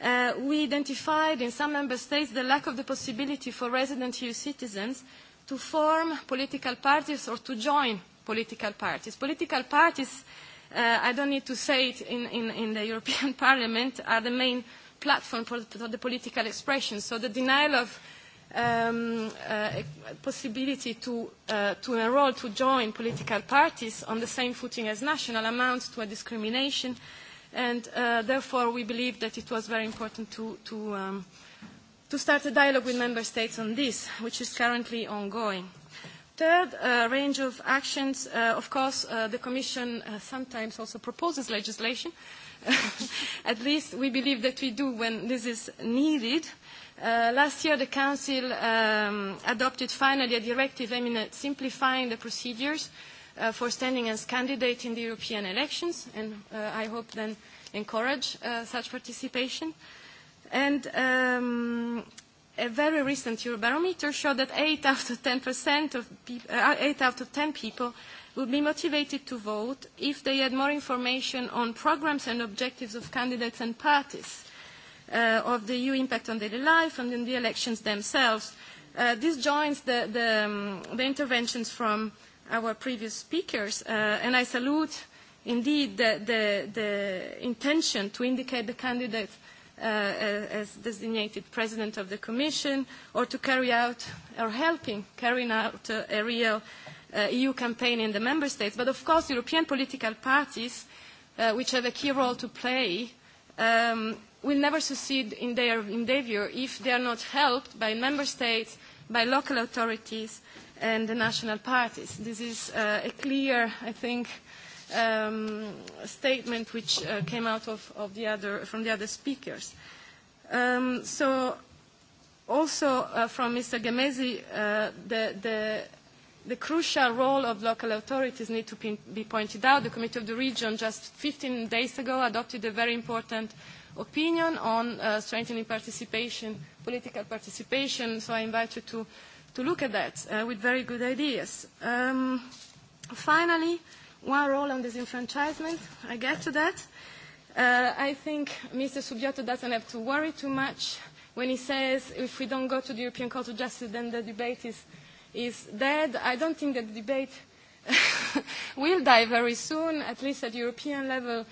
uh, we identified in some member states the lack of the possibility for resident EU citizens to form political parties or to join political parties. Political parties, uh, I don't need to say it in, in, in the European Parliament, are the main platform for, the, for the political expression. So the denial of um, uh, possibility to, uh, to enroll, to join political parties on the same footing as national amounts to a discrimination. And uh, therefore, we believe that it was very important to, to um, to start a dialogue with member states on this, which is currently ongoing. Third uh, range of actions, uh, of course, uh, the Commission uh, sometimes also proposes legislation. At least we believe that we do when this is needed. Uh, last year, the Council um, adopted finally a directive aiming at simplifying the procedures uh, for standing as candidate in the European elections, and uh, I hope then encourage uh, such participation. Uh, And um, a very recent Eurobarometer showed that 8 out of 10 percent of peop- uh, 8 out of 10 people would be motivated to vote if they had more information on programs and objectives of candidates and parties, uh, of the EU impact on daily life and in the elections themselves. Uh, this joins the, the, um, the interventions from our previous speakers, uh, and I salute indeed the, the, the intention to indicate the candidates uh, as designated president of the Commission or to carry out or helping carrying out uh, a real uh, EU campaign in the member states. But of course, European political parties, uh, which have a key role to play, um, will never succeed in their endeavour if they are not helped by member states, by local authorities, and the national parties. This is uh, a clear, I think, uh, um, statement which uh, came out of, of the other, from the other speakers. Um, so also uh, from Mr. Gemesi, uh, the, the, the crucial role of local authorities need to be pointed out. The Committee of the Region just 15 days ago adopted a very important opinion on uh, strengthening participation, political participation, so I invite you to, to look at that uh, with very good ideas. Um, finally, uh, one role on disenfranchisement. I get to that. Uh, I think Mr. Subiotto doesn't have to worry too much when he says if we don't go to the European Court of Justice, then the debate is, is dead. I don't think that the debate will die very soon, at least at European level.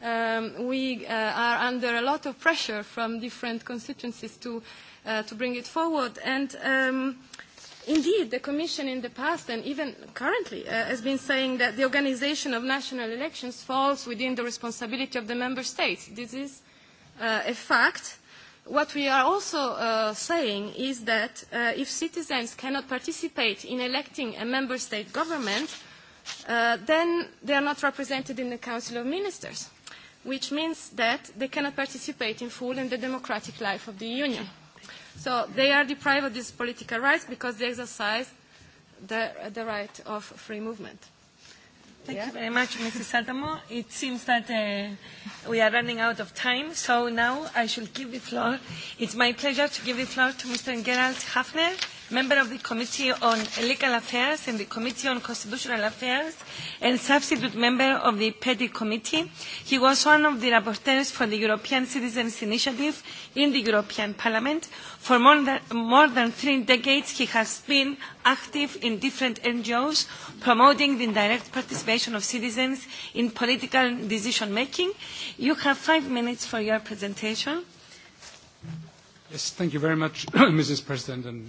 Um, we uh, are under a lot of pressure from different constituencies to, uh, to bring it forward. And um, Indeed, the Commission in the past and even currently uh, has been saying that the organization of national elections falls within the responsibility of the Member States. This is uh, a fact. What we are also uh, saying is that uh, if citizens cannot participate in electing a Member State government, uh, then they are not represented in the Council of Ministers, which means that they cannot participate in full in the democratic life of the Union. So they are deprived of these political rights because they exercise the, the right of free movement. Thank yeah. you very much, Mrs. Adamo. It seems that uh, we are running out of time, so now I should give the floor. It's my pleasure to give the floor to Mr. Gerald Hafner member of the Committee on Legal Affairs and the Committee on Constitutional Affairs, and substitute member of the Petty Committee. He was one of the rapporteurs for the European Citizens Initiative in the European Parliament. For more than, more than three decades, he has been active in different NGOs, promoting the direct participation of citizens in political decision-making. You have five minutes for your presentation. Yes, thank you very much, Mrs. President, and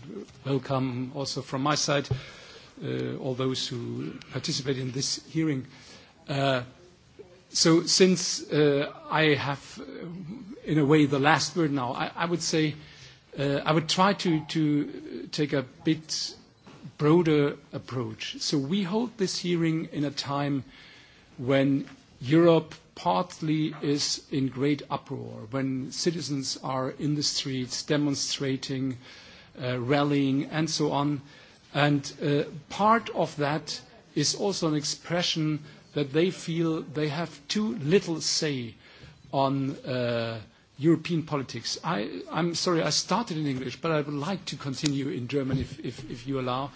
welcome also from my side, uh, all those who participate in this hearing. Uh, so since uh, I have, uh, in a way, the last word now, I, I would say uh, I would try to, to take a bit broader approach. So we hold this hearing in a time when Europe partly is in great uproar when citizens are in the streets demonstrating, uh, rallying, and so on. And uh, part of that is also an expression that they feel they have too little say on uh, European politics. I, I'm sorry, I started in English, but I would like to continue in German if, if, if you allow.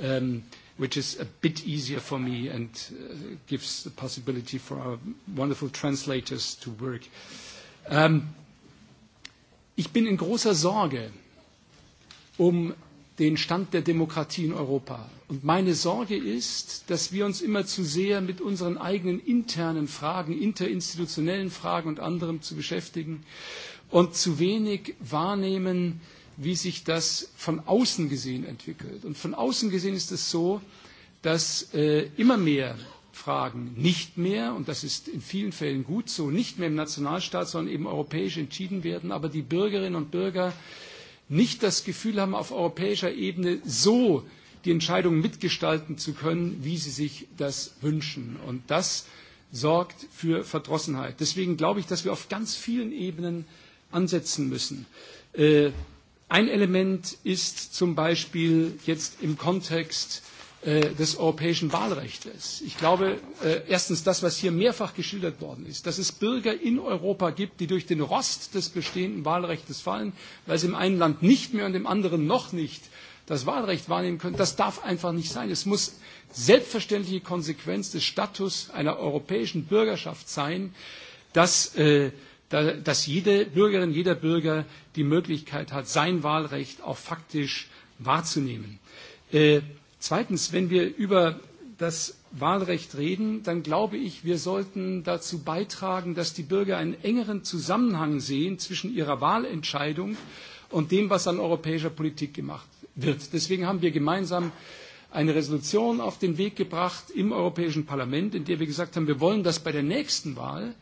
Um, which is a bit easier for me and uh, gives the possibility for our wonderful translators to work. Ähm, ich bin in großer Sorge um den Stand der Demokratie in Europa. Und meine Sorge ist, dass wir uns immer zu sehr mit unseren eigenen internen Fragen, interinstitutionellen Fragen und anderem zu beschäftigen und zu wenig wahrnehmen, äh, wie sich das von außen gesehen entwickelt. Und von außen gesehen ist es so, dass äh, immer mehr Fragen nicht mehr, und das ist in vielen Fällen gut so, nicht mehr im Nationalstaat, sondern eben europäisch entschieden werden, aber die Bürgerinnen und Bürger nicht das Gefühl haben, auf europäischer Ebene so die Entscheidungen mitgestalten zu können, wie sie sich das wünschen. Und das sorgt für Verdrossenheit. Deswegen glaube ich, dass wir auf ganz vielen Ebenen ansetzen müssen. Äh, Ein Element ist zum Beispiel jetzt im Kontext äh, des europäischen Wahlrechts. Ich glaube, äh, erstens das, was hier mehrfach geschildert worden ist, dass es Bürger in Europa gibt, die durch den Rost des bestehenden Wahlrechts fallen, weil sie im einen Land nicht mehr und im anderen noch nicht das Wahlrecht wahrnehmen können. Das darf einfach nicht sein. Es muss selbstverständliche Konsequenz des Status einer europäischen Bürgerschaft sein, dass äh, dass jede Bürgerin, jeder Bürger die Möglichkeit hat, sein Wahlrecht auch faktisch wahrzunehmen. Äh, zweitens, wenn wir über das Wahlrecht reden, dann glaube ich, wir sollten dazu beitragen, dass die Bürger einen engeren Zusammenhang sehen zwischen ihrer Wahlentscheidung und dem, was an europäischer Politik gemacht wird. Deswegen haben wir gemeinsam eine Resolution auf den Weg gebracht im Europäischen Parlament, in der wir gesagt haben, wir wollen, dass bei der nächsten Wahl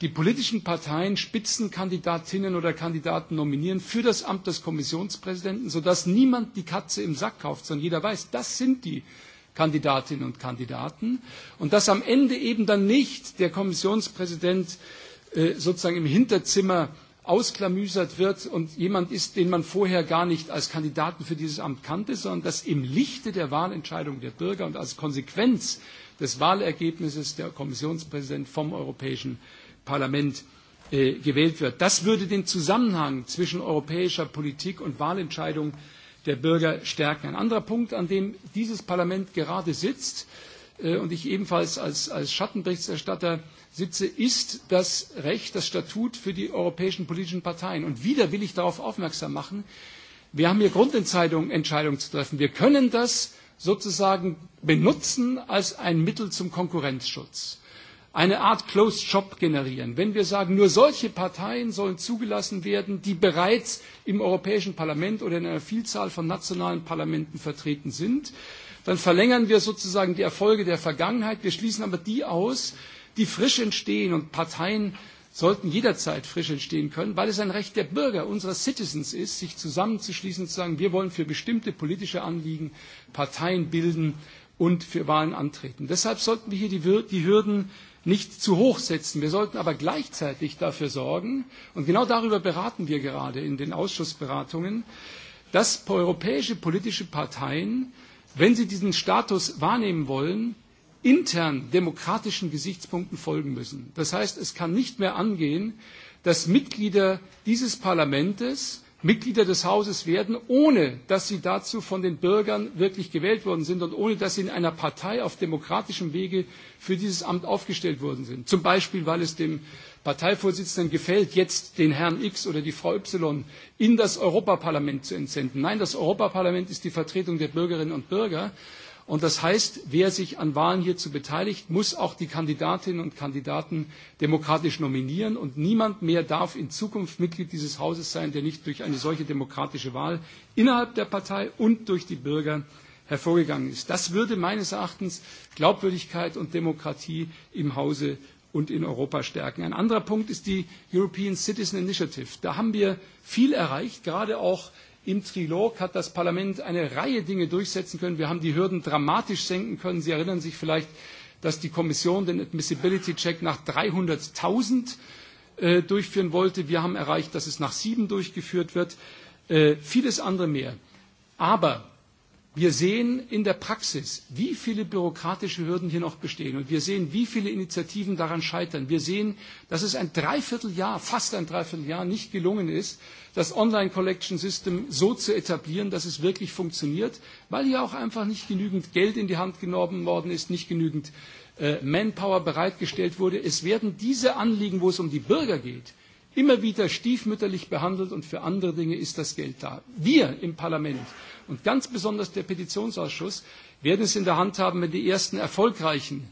die politischen Parteien Spitzenkandidatinnen oder Kandidaten nominieren für das Amt des Kommissionspräsidenten, sodass niemand die Katze im Sack kauft, sondern jeder weiß, das sind die Kandidatinnen und Kandidaten und dass am Ende eben dann nicht der Kommissionspräsident äh, sozusagen im Hinterzimmer ausklamüsert wird und jemand ist, den man vorher gar nicht als Kandidaten für dieses Amt kannte, sondern dass im Lichte der Wahlentscheidung der Bürger und als Konsequenz des Wahlergebnisses der Kommissionspräsident vom Europäischen Parlament äh, gewählt wird. Das würde den Zusammenhang zwischen europäischer Politik und Wahlentscheidung der Bürger stärken. Ein anderer Punkt, an dem dieses Parlament gerade sitzt äh, und ich ebenfalls als, als Schattenberichterstatter sitze, ist das Recht, das Statut für die europäischen politischen Parteien. Und wieder will ich darauf aufmerksam machen, wir haben hier Grundentscheidungen zu treffen. Wir können das sozusagen benutzen als ein Mittel zum Konkurrenzschutz eine Art Closed Shop generieren. Wenn wir sagen, nur solche Parteien sollen zugelassen werden, die bereits im Europäischen Parlament oder in einer Vielzahl von nationalen Parlamenten vertreten sind, dann verlängern wir sozusagen die Erfolge der Vergangenheit. Wir schließen aber die aus, die frisch entstehen und Parteien sollten jederzeit frisch entstehen können, weil es ein Recht der Bürger, unserer Citizens ist, sich zusammenzuschließen und zu sagen, wir wollen für bestimmte politische Anliegen Parteien bilden und für Wahlen antreten. Deshalb sollten wir hier die, Hürden nicht zu hoch setzen. Wir sollten aber gleichzeitig dafür sorgen, und genau darüber beraten wir gerade in den Ausschussberatungen, dass europäische politische Parteien, wenn sie diesen Status wahrnehmen wollen, intern demokratischen Gesichtspunkten folgen müssen. Das heißt, es kann nicht mehr angehen, dass Mitglieder dieses Parlaments Mitglieder des Hauses werden, ohne dass sie dazu von den Bürgern wirklich gewählt worden sind und ohne dass sie in einer Partei auf demokratischem Wege für dieses Amt aufgestellt worden sind. Zum Beispiel, weil es dem Parteivorsitzenden gefällt, jetzt den Herrn X oder die Frau Y in das Europaparlament zu entsenden. Nein, das Europaparlament ist die Vertretung der Bürgerinnen und Bürger. Und das heißt, wer sich an Wahlen hierzu beteiligt, muss auch die Kandidatinnen und Kandidaten demokratisch nominieren. Und niemand mehr darf in Zukunft Mitglied dieses Hauses sein, der nicht durch eine solche demokratische Wahl innerhalb der Partei und durch die Bürger hervorgegangen ist. Das würde meines Erachtens Glaubwürdigkeit und Demokratie im Hause und in Europa stärken. Ein anderer Punkt ist die European Citizen Initiative. Da haben wir viel erreicht, gerade auch Im Trilog hat das Parlament eine Reihe Dinge durchsetzen können. Wir haben die Hürden dramatisch senken können. Sie erinnern sich vielleicht, dass die Kommission den Admissibility Check nach 300.000 äh, durchführen wollte. Wir haben erreicht, dass es nach sieben durchgeführt wird. Äh, vieles andere mehr. Aber Wir sehen in der Praxis, wie viele bürokratische Hürden hier noch bestehen. Und wir sehen, wie viele Initiativen daran scheitern. Wir sehen, dass es ein Dreivierteljahr, fast ein Dreivierteljahr nicht gelungen ist, das Online-Collection-System so zu etablieren, dass es wirklich funktioniert, weil hier auch einfach nicht genügend Geld in die Hand genommen worden ist, nicht genügend äh, Manpower bereitgestellt wurde. Es werden diese Anliegen, wo es um die Bürger geht, immer wieder stiefmütterlich behandelt und für andere Dinge ist das Geld da. Wir im Parlament und ganz besonders der Petitionsausschuss werden es in der Hand haben, wenn die ersten erfolgreichen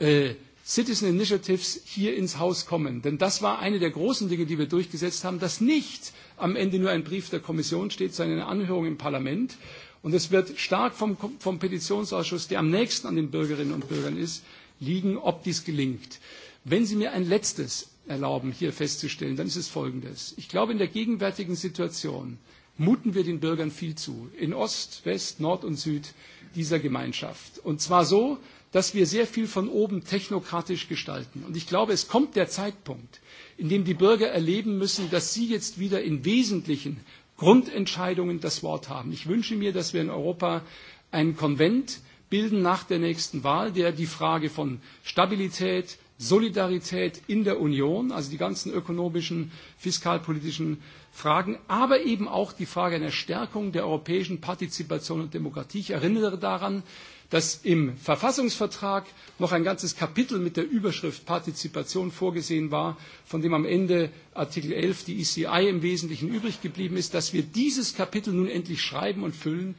äh, Citizen Initiatives hier ins Haus kommen. Denn das war eine der großen Dinge, die wir durchgesetzt haben, dass nicht am Ende nur ein Brief der Kommission steht, sondern eine Anhörung im Parlament. Und es wird stark vom, vom Petitionsausschuss, der am nächsten an den Bürgerinnen und Bürgern ist, liegen, ob dies gelingt. Wenn Sie mir ein letztes erlauben, hier festzustellen, dann ist es Folgendes. Ich glaube, in der gegenwärtigen Situation muten wir den Bürgern viel zu, in Ost, West, Nord und Süd dieser Gemeinschaft. Und zwar so, dass wir sehr viel von oben technokratisch gestalten. Und ich glaube, es kommt der Zeitpunkt, in dem die Bürger erleben müssen, dass sie jetzt wieder in wesentlichen Grundentscheidungen das Wort haben. Ich wünsche mir, dass wir in Europa einen Konvent bilden nach der nächsten Wahl, der die Frage von Stabilität, Solidarität in der Union, also die ganzen ökonomischen, fiskalpolitischen Fragen, aber eben auch die Frage einer Stärkung der europäischen Partizipation und Demokratie. Ich erinnere daran, dass im Verfassungsvertrag noch ein ganzes Kapitel mit der Überschrift Partizipation vorgesehen war, von dem am Ende Artikel 11 die ECI im Wesentlichen übrig geblieben ist, dass wir dieses Kapitel nun endlich schreiben und füllen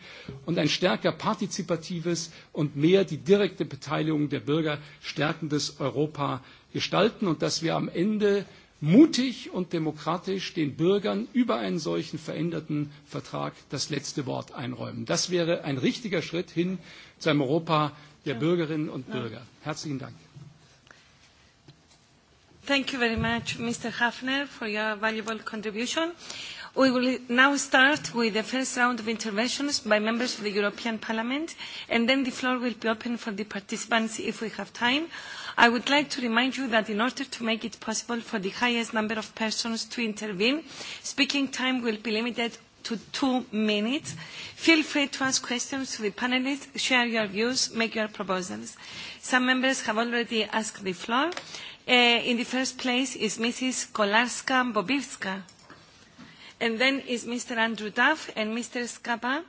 und ein stärker partizipatives und mehr die direkte Beteiligung der Bürger stärkendes Europa gestalten und dass wir am Ende mutig und demokratisch den Bürgern über einen solchen veränderten Vertrag das letzte Wort einräumen. Das wäre ein richtiger Schritt hin zu einem Europa der Bürgerinnen und Bürger. Herzlichen Dank. Thank you very much, Mr. Hafner, for your valuable contribution. We will now start with the first round of interventions by members of the European Parliament, and then the floor will be open for the participants if we have time. I would like to remind you that in order to make it possible for the highest number of persons to intervene, speaking time will be limited to two minutes. Feel free to ask questions to the panelists, share your views, make your proposals. Some members have already asked the floor. Uh, in the first place is Mrs. Kolarska-Bobivska, and then is Mr. Andrew Duff and Mr. Skapa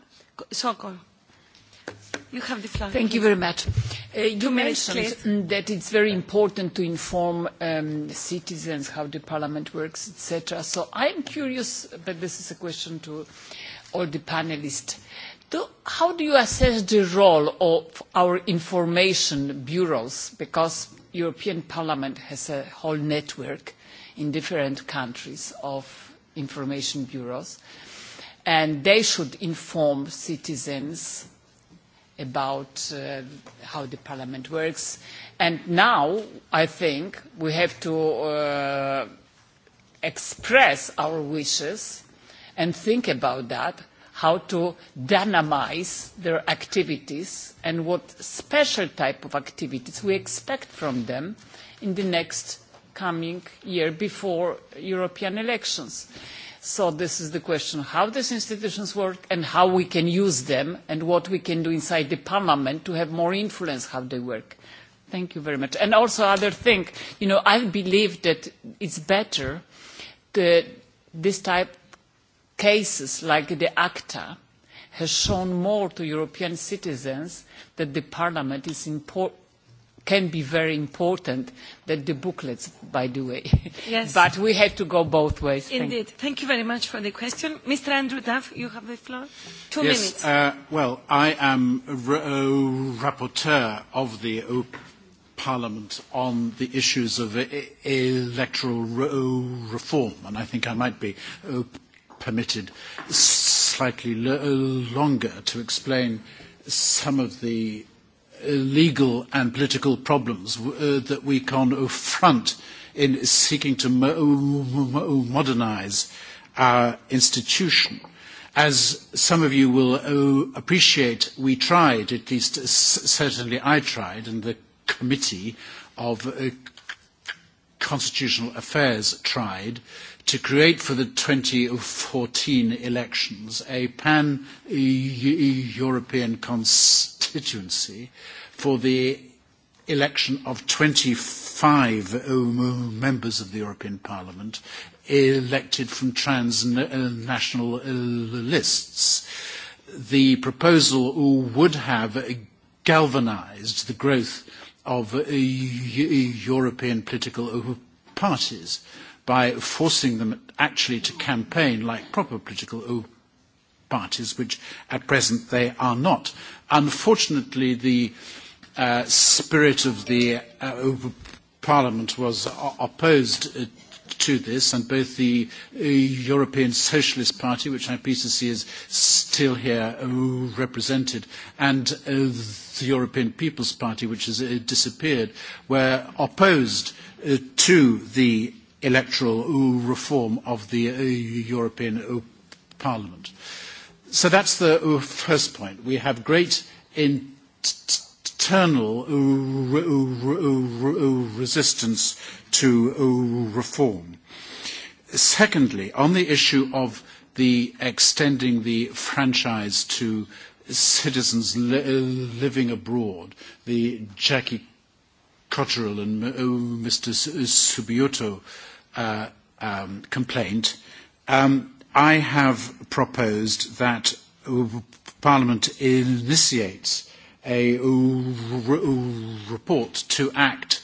Sokol. You have the floor. Thank you very much. Uh, you mentioned that it's very important to inform um, citizens how the parliament works, etc. So I'm curious, but this is a question to all the panelists. Do, how do you assess the role of our information bureaus? Because European Parliament has a whole network in different countries of information bureaus, and they should inform citizens about uh, how the parliament works. And now, I think, we have to uh, express our wishes and think about that, how to dynamize their activities and what special type of activities we expect from them in the next coming year before European elections. Uh, So this is the question, how these institutions work and how we can use them and what we can do inside the parliament to have more influence how they work. Thank you very much. And also other thing, you know, I believe that it's better that this type cases like the ACTA has shown more to European citizens that the parliament is important can be very important than the booklets, by the way. Yes. but we have to go both ways. Indeed. Thank, Thank you very much for the question. Mr. Andrew Duff, you have the floor. Two yes, minutes. Uh, well, I am r- uh, rapporteur of the uh, Parliament on the issues of uh, electoral r- uh, reform, and I think I might be uh, permitted slightly l- uh, longer to explain some of the legal and political problems uh, that we confront in seeking to modernize our institution. As some of you will uh, appreciate, we tried, at least uh, certainly I tried, and the Committee of Constitutional Affairs tried, to create for the 2014 elections a pan-European constituency for the election of 25 members of the European Parliament elected from transnational lists. The proposal would have galvanized the growth of European political parties by forcing them actually to campaign like proper political parties, which at present they are not. Unfortunately, the uh, spirit of the uh, Parliament was opposed uh, to this, and both the uh, European Socialist Party, which am pleased to see is still here uh, represented, and the European People's Party, which has disappeared, were opposed to the electoral reform of the uh, European Parliament. So that's the first point. We have great internal resistance to reform. Secondly, on the issue of the extending the franchise to citizens li uh, living abroad, the Jackie Cotterill and Mr. Subioto Uh, um, complaint, um, I have proposed that Parliament initiates a report to act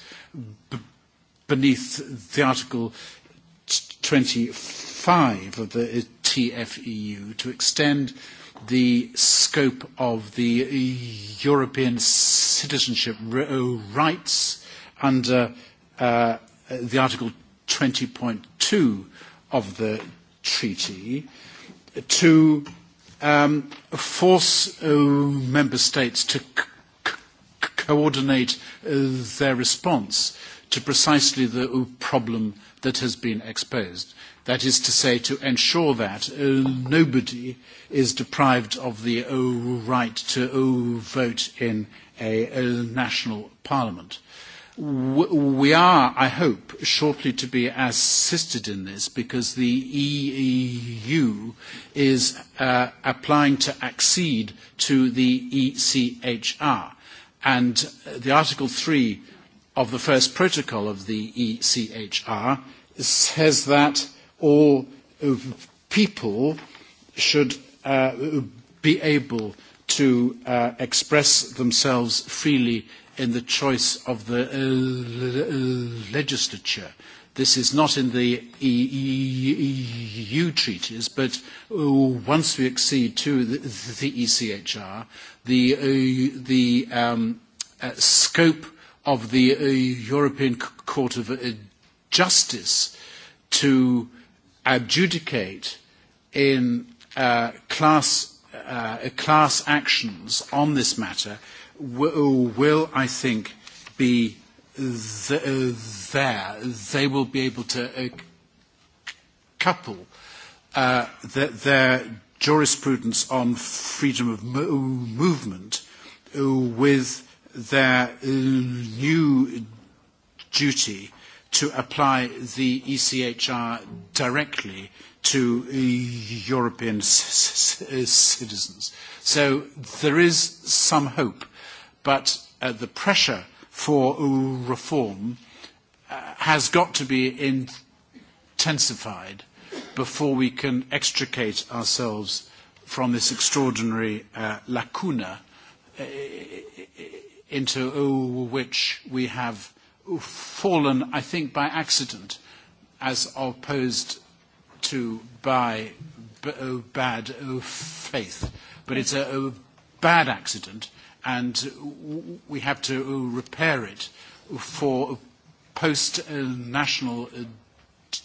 beneath the Article 25 of the TFEU to extend the scope of the European citizenship rights under uh, the Article 20.2 of the treaty to um, force uh, member states to coordinate uh, their response to precisely the uh, problem that has been exposed. That is to say, to ensure that uh, nobody is deprived of the uh, right to vote in a, a national parliament we are, I hope, shortly to be assisted in this because the EU e is uh, applying to accede to the ECHR. And uh, the Article 3 of the first protocol of the ECHR says that all uh, people should uh, be able to uh, express themselves freely in the choice of the uh, legislature. This is not in the EU e, e, e, treaties, but uh, once we accede to the, ECHR, the, uh, the um, uh, scope of the uh, European Court of uh, Justice to adjudicate in uh, class, class actions on this matter Oh, will, I think, be uh, there. They will be able to uh, couple uh, their jurisprudence on freedom of movement uh, with their new duty to apply the ECHR directly to European citizens. So there is some hope but uh, the pressure for reform uh, has got to be intensified before we can extricate ourselves from this extraordinary uh, lacuna uh, into oh, which we have fallen, I think, by accident, as opposed to by b- oh, bad oh, faith. But it's a, a bad accident and we have to repair it for post-national uh,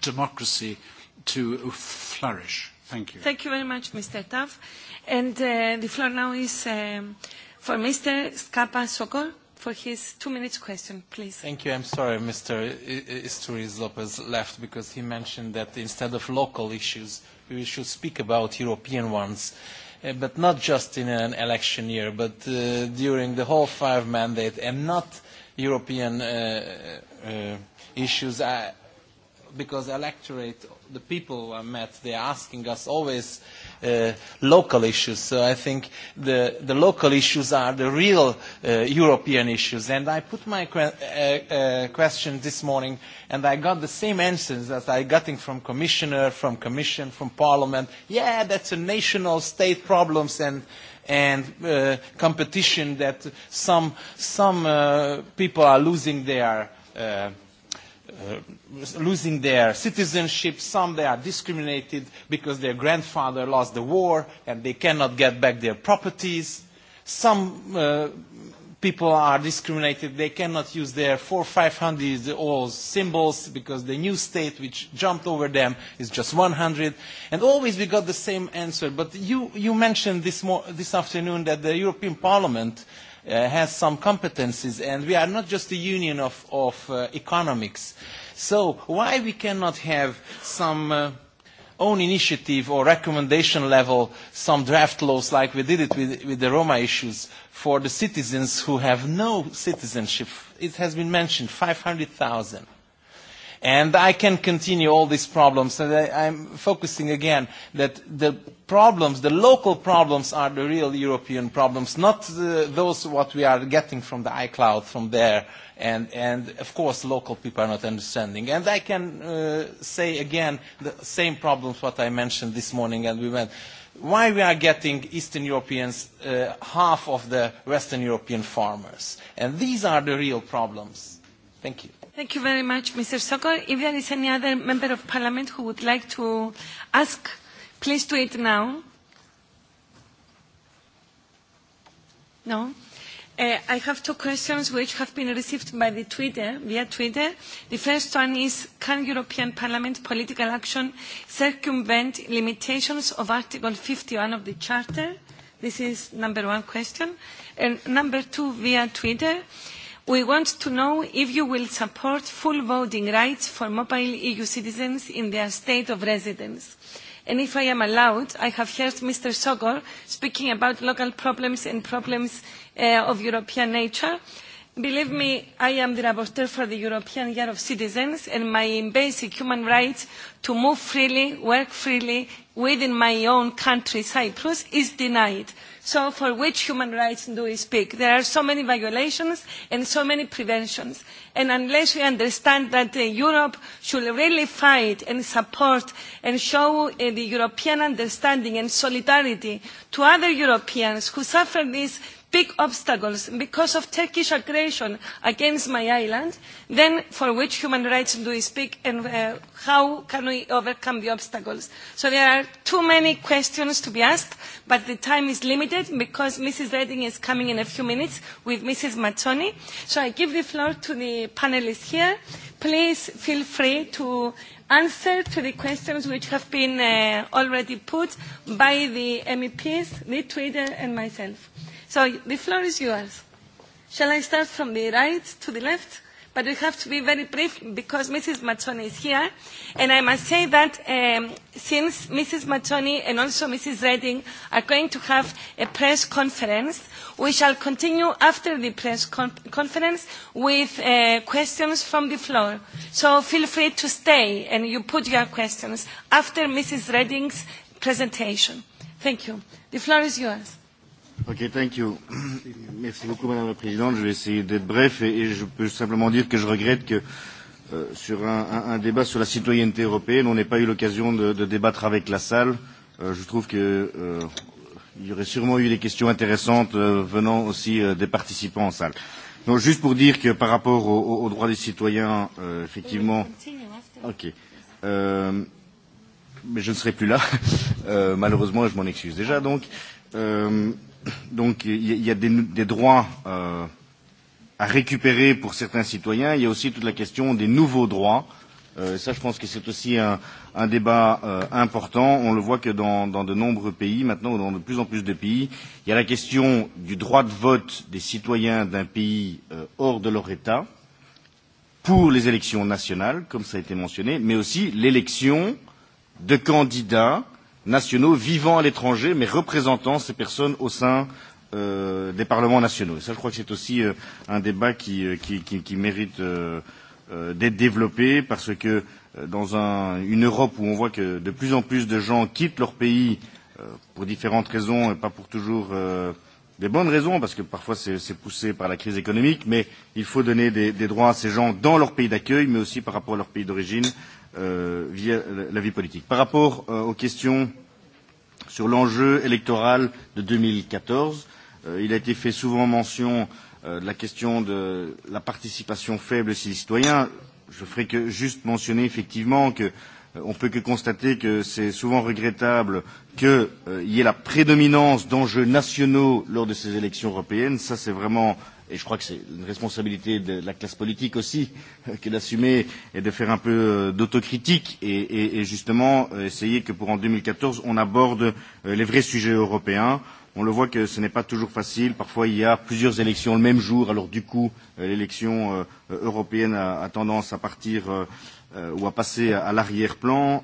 democracy to flourish. Thank you. Thank you very much, Mr. Taff. And uh, the floor now is um, for Mr. Skapa Sokol for his two minutes question, please. Thank you. I'm sorry, Mr. Isturiz Lopez left because he mentioned that instead of local issues, we should speak about European ones. Uh, Eh, but not just in an election year, but uh, during the whole five mandate and not European uh, uh, issues. I, uh, because electorate, the people I met, they are asking us always uh, Uh, local issues. So I think the, the local issues are the real uh, European issues. And I put my que- uh, uh, question this morning, and I got the same answers that I got from Commissioner, from Commission, from Parliament. Yeah, that's a national state problems and and uh, competition that some some uh, people are losing their. Uh, Uh, losing their citizenship. Some they are discriminated because their grandfather lost the war and they cannot get back their properties. Some uh, people are discriminated. They cannot use their four, five hundred old symbols because the new state which jumped over them is just 100. And always we got the same answer. But you, you mentioned this, mo- this afternoon that the European Parliament uh, uh, has some competencies, and we are not just a union of, of uh, economics. So why we cannot have some uh, own initiative or recommendation level, some draft laws like we did it with, with the Roma issues for the citizens who have no citizenship? It has been mentioned, 500,000 And I can continue all these problems. And I, I'm focusing again that the problems, the local problems are the real European problems, not the, those what we are getting from the iCloud from there. And, and of course, local people are not understanding. And I can uh, say again the same problems what I mentioned this morning and we went why we are getting Eastern Europeans uh, half of the Western European farmers. And these are the real problems. Thank you. Thank you very much, Mr. Sokol. If there is any other member of parliament who would like to ask, please do it now. No? Uh, I have two questions which have been received by the Twitter, via Twitter. The first one is, can European Parliament political action circumvent limitations of Article 51 of the Charter? This is number one question. And number two, via Twitter, uh, We want to know if you will support full voting rights for mobile EU citizens in their state of residence. And if I am allowed, I have heard Mr. Sogor speaking about local problems and problems uh, of European nature. Believe me, I am the rapporteur for the European Year of Citizens, and my basic human right to move freely, work freely within my own country, Cyprus, is denied. So for which human rights do we speak? There are so many violations and so many preventions. And unless we understand that uh, Europe should really fight and support and show uh, the European understanding and solidarity to other Europeans who suffer these big obstacles because of Turkish aggression against my island, then for which human rights do we speak and uh, how can we overcome the obstacles? So there are too many questions to be asked, but the time is limited because Mrs. Reding is coming in a few minutes with Mrs. Mazzoni. So I give the floor to the panelists here. Please feel free to answer to the questions which have been uh, already put by the MEPs, the Twitter and myself. So the floor is yours. Shall I start from the right to the left? But we have to be very brief because Mrs. Mazzoni is here. And I must say that um, since Mrs. Mazzoni and also Mrs. Redding are going to have a press conference, we shall continue after the press con- conference with uh, questions from the floor. So feel free to stay and you put your questions after Mrs. Redding's presentation. Thank you. The floor is yours. Ok, thank you. Merci beaucoup, Madame la Présidente. Je vais essayer d'être bref et, et je peux simplement dire que je regrette que euh, sur un, un, un débat sur la citoyenneté européenne, on n'ait pas eu l'occasion de, de débattre avec la salle. Euh, je trouve que euh, il y aurait sûrement eu des questions intéressantes euh, venant aussi euh, des participants en salle. Donc, juste pour dire que par rapport aux au, au droits des citoyens, euh, effectivement. Ok. Euh, mais je ne serai plus là. Euh, malheureusement, je m'en excuse déjà. Donc. Euh, donc il y, y a des, des droits euh, à récupérer pour certains citoyens. Il y a aussi toute la question des nouveaux droits. Euh, ça, je pense que c'est aussi un, un débat euh, important. On le voit que dans, dans de nombreux pays, maintenant, ou dans de plus en plus de pays, il y a la question du droit de vote des citoyens d'un pays euh, hors de leur État pour les élections nationales, comme ça a été mentionné, mais aussi l'élection de candidats nationaux vivant à l'étranger, mais représentant ces personnes au sein euh, des parlements nationaux. Et ça, je crois que c'est aussi euh, un débat qui, euh, qui, qui, qui mérite euh, euh, d'être développé, parce que euh, dans un, une Europe où on voit que de plus en plus de gens quittent leur pays euh, pour différentes raisons et pas pour toujours euh, des bonnes raisons, parce que parfois c'est poussé par la crise économique, mais il faut donner des, des droits à ces gens dans leur pays d'accueil, mais aussi par rapport à leur pays d'origine, euh, via la vie politique. Par rapport euh, aux questions sur l'enjeu électoral de 2014, euh, il a été fait souvent mention euh, de la question de la participation faible chez les citoyens. Je ne ferai que juste mentionner effectivement que euh, on peut que constater que c'est souvent regrettable qu'il euh, y ait la prédominance d'enjeux nationaux lors de ces élections européennes. Ça, c'est vraiment euh, et je crois que c'est une responsabilité de la classe politique aussi euh, que d'assumer et de faire un peu euh, d'autocritique et, et, et justement euh, essayer que pour en 2014 on aborde les vrais sujets européens. On le voit que ce n'est pas toujours facile. Parfois, il y a plusieurs élections le même jour. Alors, du coup, l'élection européenne a, tendance à partir ou à passer à l'arrière-plan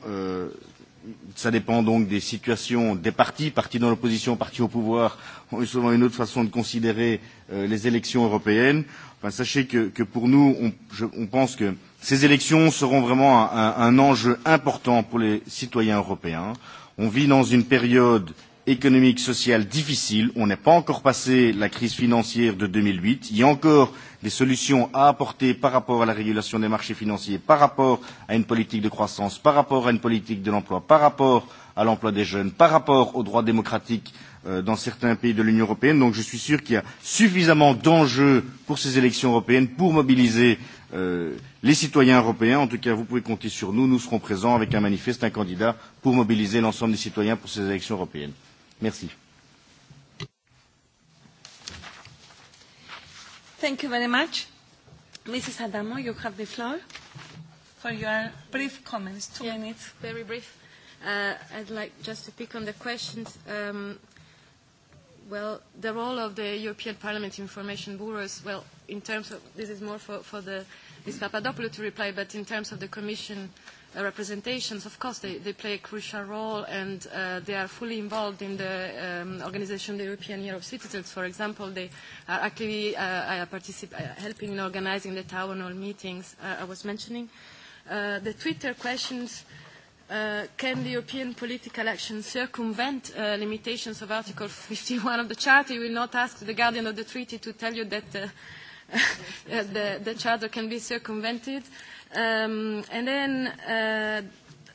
ça dépend donc des situations des partis, partis dans l'opposition, partis au pouvoir, ont souvent une autre façon de considérer euh, les élections européennes. Enfin, sachez que, que pour nous, on, je, on pense que ces élections seront vraiment un, un, un enjeu important pour les citoyens européens. On vit dans une période économique sociale difficile. On n'est pas encore passé la crise financière de 2008. Il y a encore des solutions à apporter par rapport à la régulation des marchés financiers, par rapport à une politique de croissance, par rapport à une politique de l'emploi, par rapport à l'emploi des jeunes, par rapport aux droits démocratiques euh, dans certains pays de l'Union européenne. Donc je suis sûr qu'il y a suffisamment d'enjeux pour ces élections européennes pour mobiliser euh, les citoyens européens. En tout cas, vous pouvez compter sur nous. Nous serons présents avec un manifeste, un candidat pour mobiliser l'ensemble des citoyens pour ces élections européennes. Merci. Thank you very much. Mrs. Adamo, you have the floor for your brief comments, two yeah, minutes. Very brief. Uh, I'd like just to pick on the questions. Um, well, the role of the European Parliament Information Bureaus, well, in terms of, this is more for, for the, Ms. Papadopoulou to reply, but in terms of the Commission uh, Uh, representations, of course, they, they play a crucial role and uh, they are fully involved in the um, organization the European Year of Citizens. For example, they are actively uh, particip- uh, helping in organizing the town hall meetings uh, I was mentioning. Uh, the Twitter questions, uh, can the European political action circumvent uh, limitations of Article 51 of the Charter? You will not ask the guardian of the treaty to tell you that uh, uh the, the Charter can be circumvented. Uh, Um, and then uh,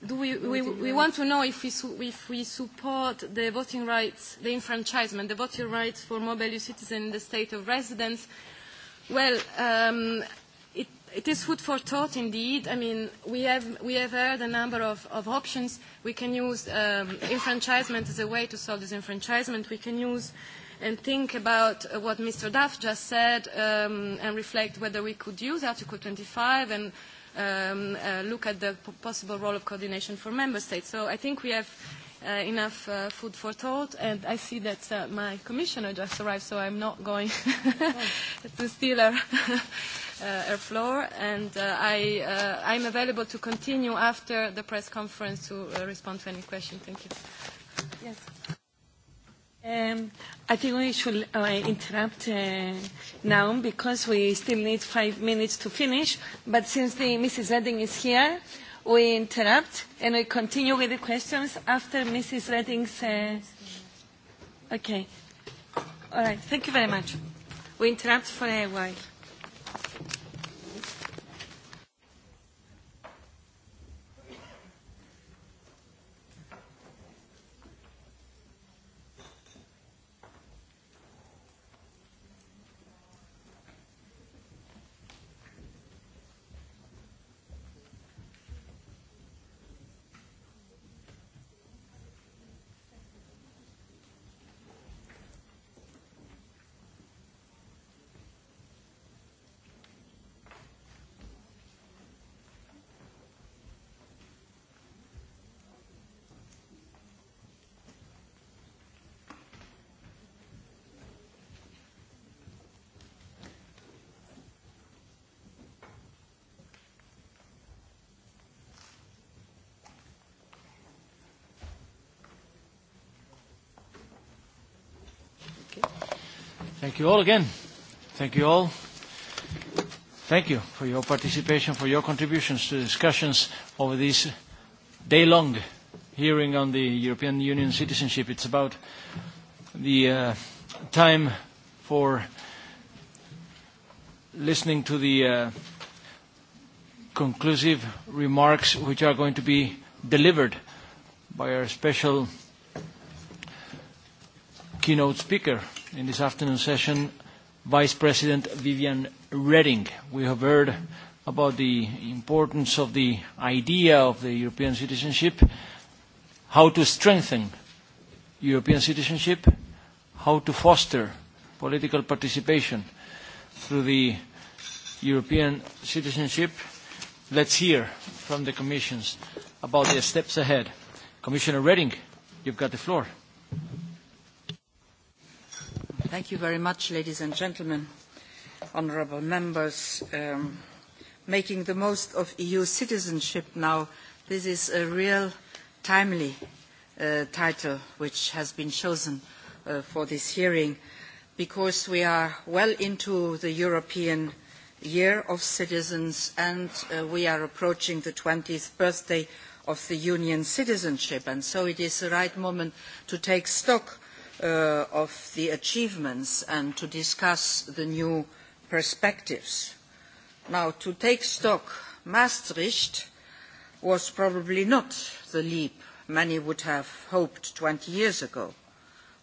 do we, we, we want to know if we, su if we support the voting rights, the enfranchisement, the voting rights for mobile EU citizens in the state of residence. Well, um, it, it is food for thought indeed. I mean, we have, we have heard a number of, of options. We can use um, enfranchisement as a way to solve this enfranchisement. We can use and think about uh, what Mr. Duff just said um, and reflect whether we could use Article 25 and um, uh, look at the possible role of coordination for member states. So I think we have uh, enough uh, food for thought, and I see that uh, my commissioner just arrived, so I'm not going to steal her, uh, her floor. And uh, I, uh, I'm available to continue after the press conference to uh, respond to any question. Thank you. Yes. Um, I think we should uh, interrupt uh, now because we still need five minutes to finish. But since the, Mrs. Redding is here, we interrupt and we continue with the questions after Mrs. Redding's. Uh, okay. All right. Thank you very much. We interrupt for a while. Thank you all again. Thank you all. Thank you for your participation, for your contributions to discussions over this day-long hearing on the European Union citizenship. It's about the uh, time for listening to the uh, conclusive remarks which are going to be delivered by our special keynote speaker in this afternoon session Vice President Vivian Redding. We have heard about the importance of the idea of the European citizenship, how to strengthen European citizenship, how to foster political participation through the European citizenship. Let's hear from the Commissions about their steps ahead. Commissioner Reding, you've got the floor. Thank you very much, ladies and gentlemen, honourable members. Um, making the most of EU citizenship now, this is a real timely uh, title which has been chosen uh, for this hearing because we are well into the European year of citizens and uh, we are approaching the 20th birthday of the Union citizenship and so it is the right moment to take stock uh, of the achievements and to discuss the new perspectives. Now, to take stock, Maastricht was probably not the leap many would have hoped 20 years ago.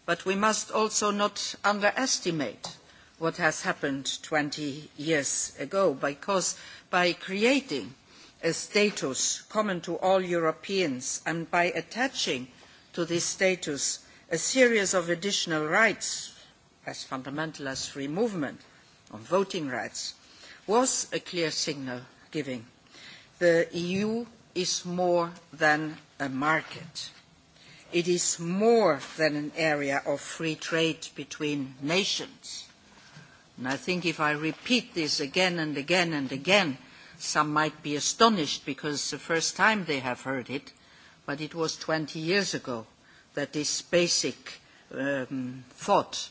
But we must also not underestimate what has happened 20 years ago, because by creating a status common to all Europeans and by attaching to this status a series of additional rights, as fundamental as free movement, on voting rights, was a clear signal giving. The EU is more than a market. It is more than an area of free trade between nations. And I think if I repeat this again and again and again, some might be astonished because the first time they have heard it, but it was 20 years ago that this basic um, thought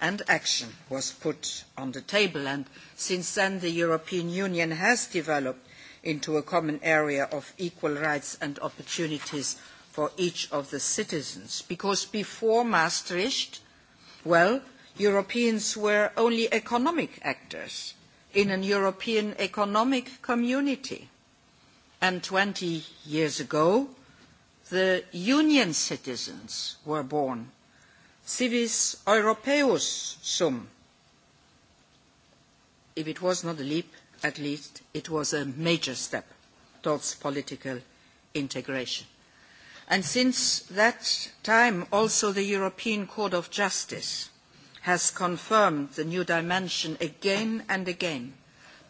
and action was put on the table. And since then, the European Union has developed into a common area of equal rights and opportunities for each of the citizens. Because before Maastricht, well, Europeans were only economic actors in an European economic community. And 20 years ago, the union citizens were born, civis europaeus sum. If it was not a leap, at least it was a major step towards political integration. And since that time, also the European Court of Justice has confirmed the new dimension again and again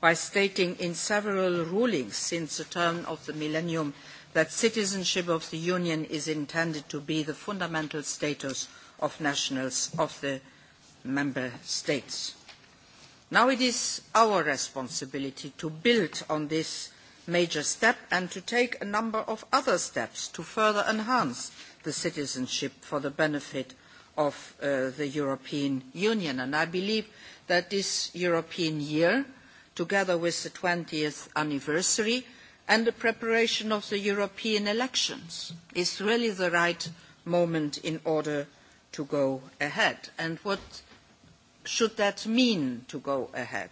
by stating in several rulings since the turn of the millennium that citizenship of the Union is intended to be the fundamental status of nationals of the member states. Now it is our responsibility to build on this major step and to take a number of other steps to further enhance the citizenship for the benefit of uh, the European Union. And I believe that this European year, together with the 20th anniversary, and the preparation of the European elections is really the right moment in order to go ahead. And what should that mean to go ahead?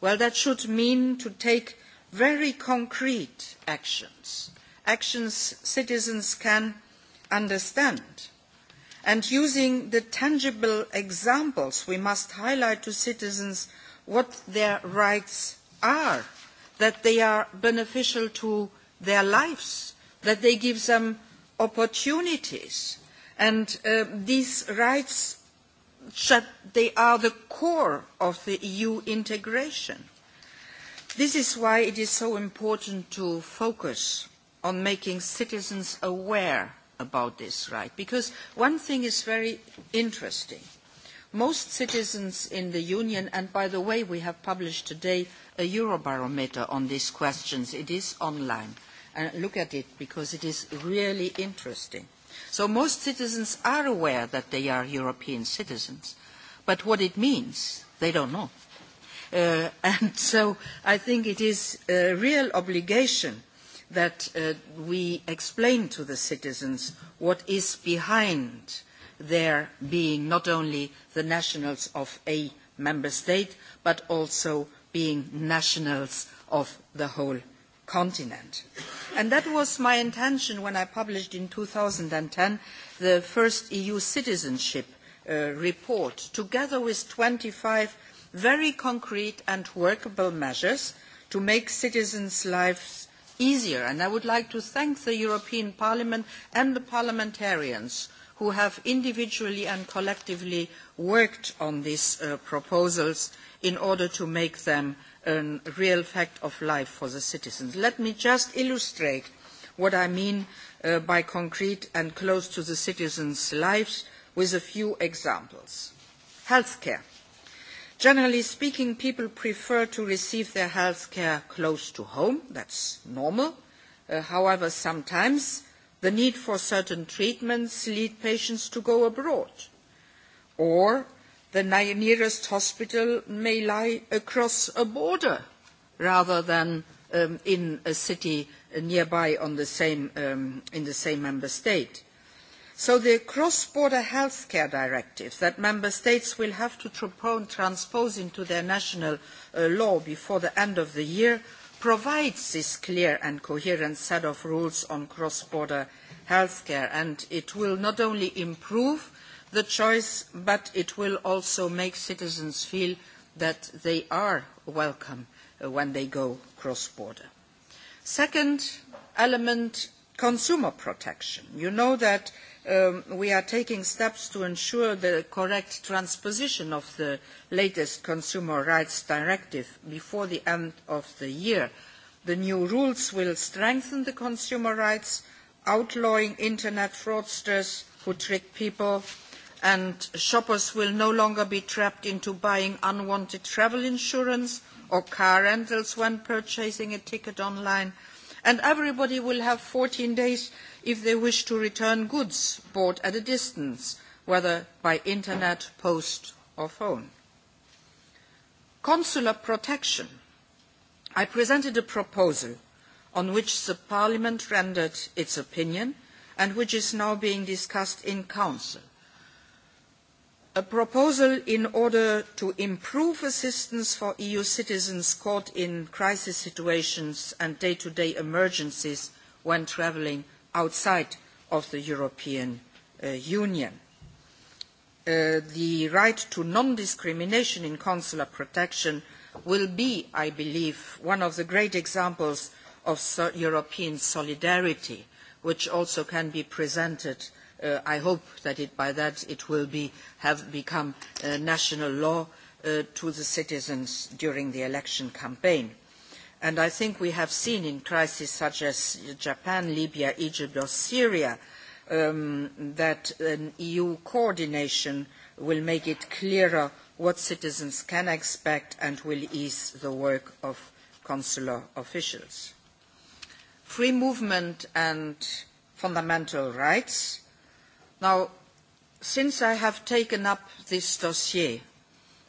Well, that should mean to take very concrete actions, actions citizens can understand. And using the tangible examples, we must highlight to citizens what their rights are that they are beneficial to their lives, that they give them opportunities. And uh, these rights, they are the core of the EU integration. This is why it is so important to focus on making citizens aware about this right, because one thing is very interesting – Most citizens in the Union, and by the way, we have published today a Eurobarometer on these questions. It is online. Uh, look at it because it is really interesting. So most citizens are aware that they are European citizens, but what it means, they don't know. Uh, and so I think it is a real obligation that uh, we explain to the citizens what is behind there being not only the nationals of a member state, but also being nationals of the whole continent. And that was my intention when I published in 2010 the first EU citizenship uh, report, together with 25 very concrete and workable measures to make citizens' lives easier. And I would like to thank the European Parliament and the parliamentarians who have individually and collectively worked on these uh, proposals in order to make them a real fact of life for the citizens. Let me just illustrate what I mean uh, by concrete and close to the citizens' lives with a few examples. Healthcare. Generally speaking, people prefer to receive their healthcare close to home. That's normal. Uh, however, sometimes the need for certain treatments lead patients to go abroad or the nearest hospital may lie across a border rather than um, in a city nearby the same, um, in the same member state. So the cross-border healthcare directive that member states will have to transpose into their national uh, law before the end of the year provides this clear and coherent set of rules on cross-border healthcare, and it will not only improve the choice, but it will also make citizens feel that they are welcome uh, when they go cross-border. Second element, consumer protection. You know that Um, we are taking steps to ensure the correct transposition of the latest Consumer Rights Directive before the end of the year. The new rules will strengthen the consumer rights, outlawing internet fraudsters who trick people, and shoppers will no longer be trapped into buying unwanted travel insurance or car rentals when purchasing a ticket online and everybody will have fourteen days if they wish to return goods bought at a distance, whether by internet, post or phone. Consular protection. I presented a proposal on which the Parliament rendered its opinion and which is now being discussed in Council a proposal in order to improve assistance for EU citizens caught in crisis situations and day-to-day emergencies when travelling outside of the European uh, Union. Uh, the right to non-discrimination in consular protection will be, I believe, one of the great examples of so European solidarity, which also can be presented Uh, I hope that it, by that it will be, have become uh, national law uh, to the citizens during the election campaign. And I think we have seen in crises such as Japan, Libya, Egypt or Syria um, that an EU coordination will make it clearer what citizens can expect and will ease the work of consular officials. Free movement and fundamental rights Now, since I have taken up this dossier,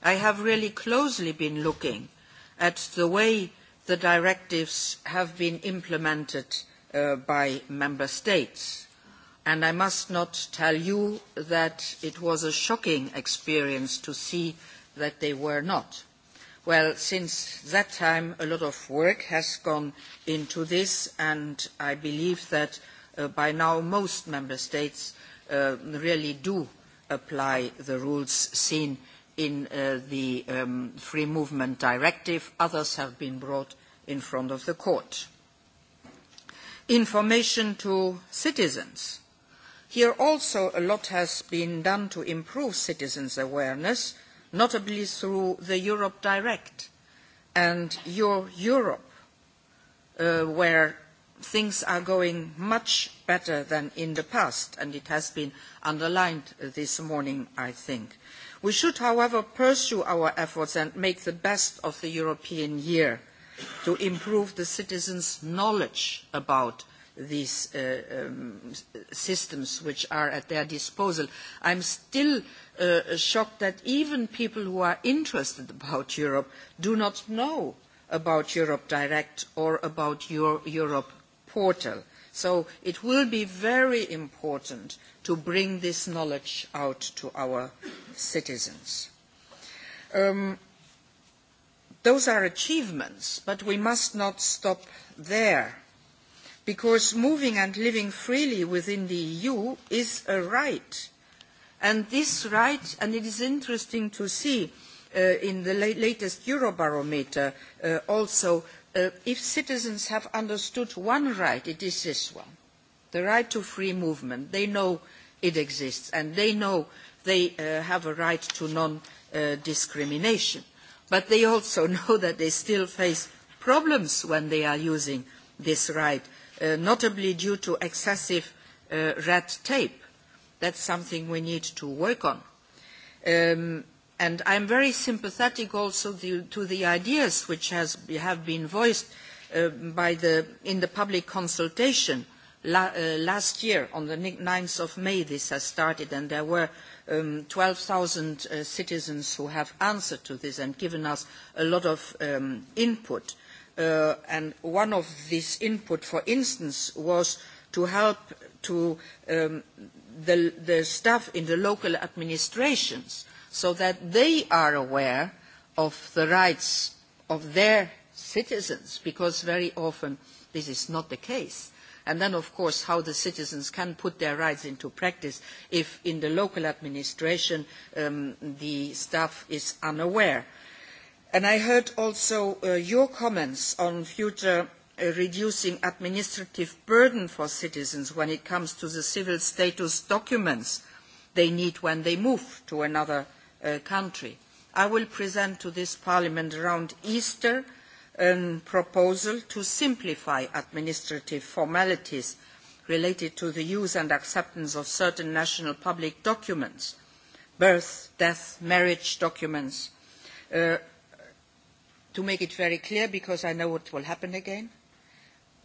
I have really closely been looking at the way the directives have been implemented uh, by member states. And I must not tell you that it was a shocking experience to see that they were not. Well, since that time, a lot of work has gone into this, and I believe that uh, by now most member states uh, really do apply the rules seen in uh, the um, Free Movement Directive. Others have been brought in front of the court. Information to citizens. Here also a lot has been done to improve citizens' awareness, notably through the Europe Direct and Your Europe, uh, where things are going much better than in the past, and it has been underlined this morning, I think. We should, however, pursue our efforts and make the best of the European year to improve the citizens' knowledge about these uh, um, systems which are at their disposal. I'm still uh, shocked that even people who are interested about Europe do not know about Europe Direct or about Euro Europe portal. So it will be very important to bring this knowledge out to our citizens. Um, those are achievements, but we must not stop there, because moving and living freely within the EU is a right. And this right, and it is interesting to see uh, in the la latest Eurobarometer uh, also Uh, if citizens have understood one right, it is this one, the right to free movement. They know it exists and they know they uh, have a right to non-discrimination. but they also know that they still face problems when they are using this right, uh, notably due to excessive red tape. that is something we need to work on. Um, And am very sympathetic also to, the ideas which has, have been voiced uh, by the, in the public consultation La, uh, last year, on the 9th of May, this has started, and there were um, 12,000 uh, citizens who have answered to this and given us a lot of um, input. Uh, and one of this input, for instance, was to help to um, the, the staff in the local administrations so that they are aware of the rights of their citizens, because very often this is not the case. And then, of course, how the citizens can put their rights into practice if in the local administration um, the staff is unaware. And I heard also uh, your comments on future uh, reducing administrative burden for citizens when it comes to the civil status documents they need when they move to another Uh, country. I will present to this Parliament around Easter a um, proposal to simplify administrative formalities related to the use and acceptance of certain national public documents, birth, death, marriage documents, uh, to make it very clear, because I know what will happen again.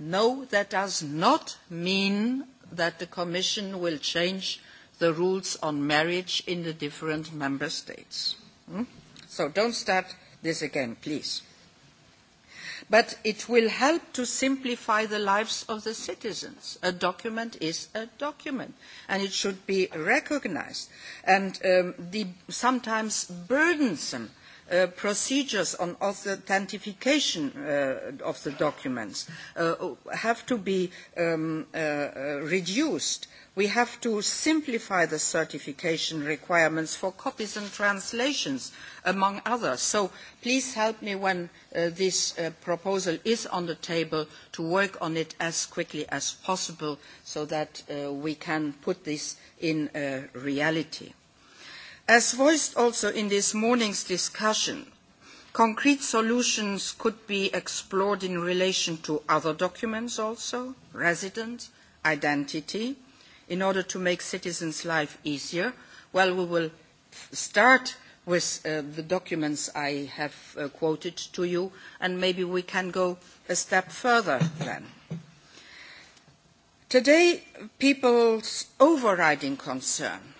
No, that does not mean that the Commission will change the rules on marriage in the different member states. Hmm? So don't start this again, please. But it will help to simplify the lives of the citizens. A document is a document, and it should be recognized. And um, the sometimes burdensome Uh, procedures on authentication uh, of the documents uh, have to be um, reduced. We have to simplify the certification requirements for copies and translations, among others. So please help me when this proposal is on the table to work on it as quickly as possible so that we can put this in reality. As voiced also in this morning's discussion, concrete solutions could be explored in relation to other documents also, residence, identity, in order to make citizens' life easier. Well, we will start with uh, the documents I have uh, quoted to you, and maybe we can go a step further then. Today, people's overriding concern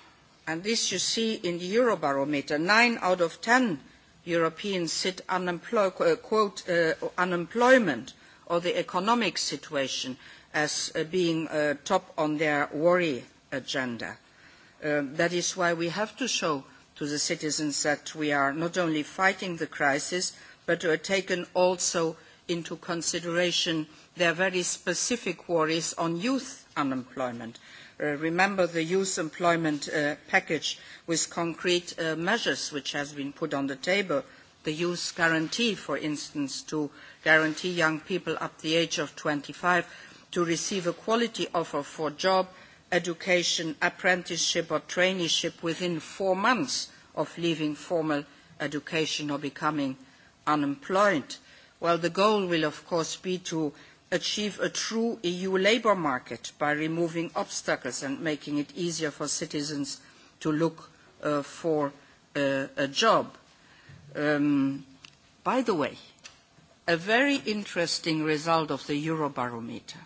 and this you see in the Eurobarometer, nine out of ten Europeans sit unemployed, uh, quote, uh, unemployment or the economic situation as uh, being uh, top on their worry agenda. Uh, that is why we have to show to the citizens that we are not only fighting the crisis, but are taken also into consideration their very specific worries on youth unemployment. Uh, remember the youth employment uh, package with concrete uh, measures which has been put on the table. The youth guarantee, for instance, to guarantee young people up the age of 25 to receive a quality offer for job, education, apprenticeship or traineeship within four months of leaving formal education or becoming unemployed. Well, the goal will, of course, be to achieve a true EU labour market by removing obstacles and making it easier for citizens to look uh, for uh, a job. Um, by the way, a very interesting result of the Eurobarometer.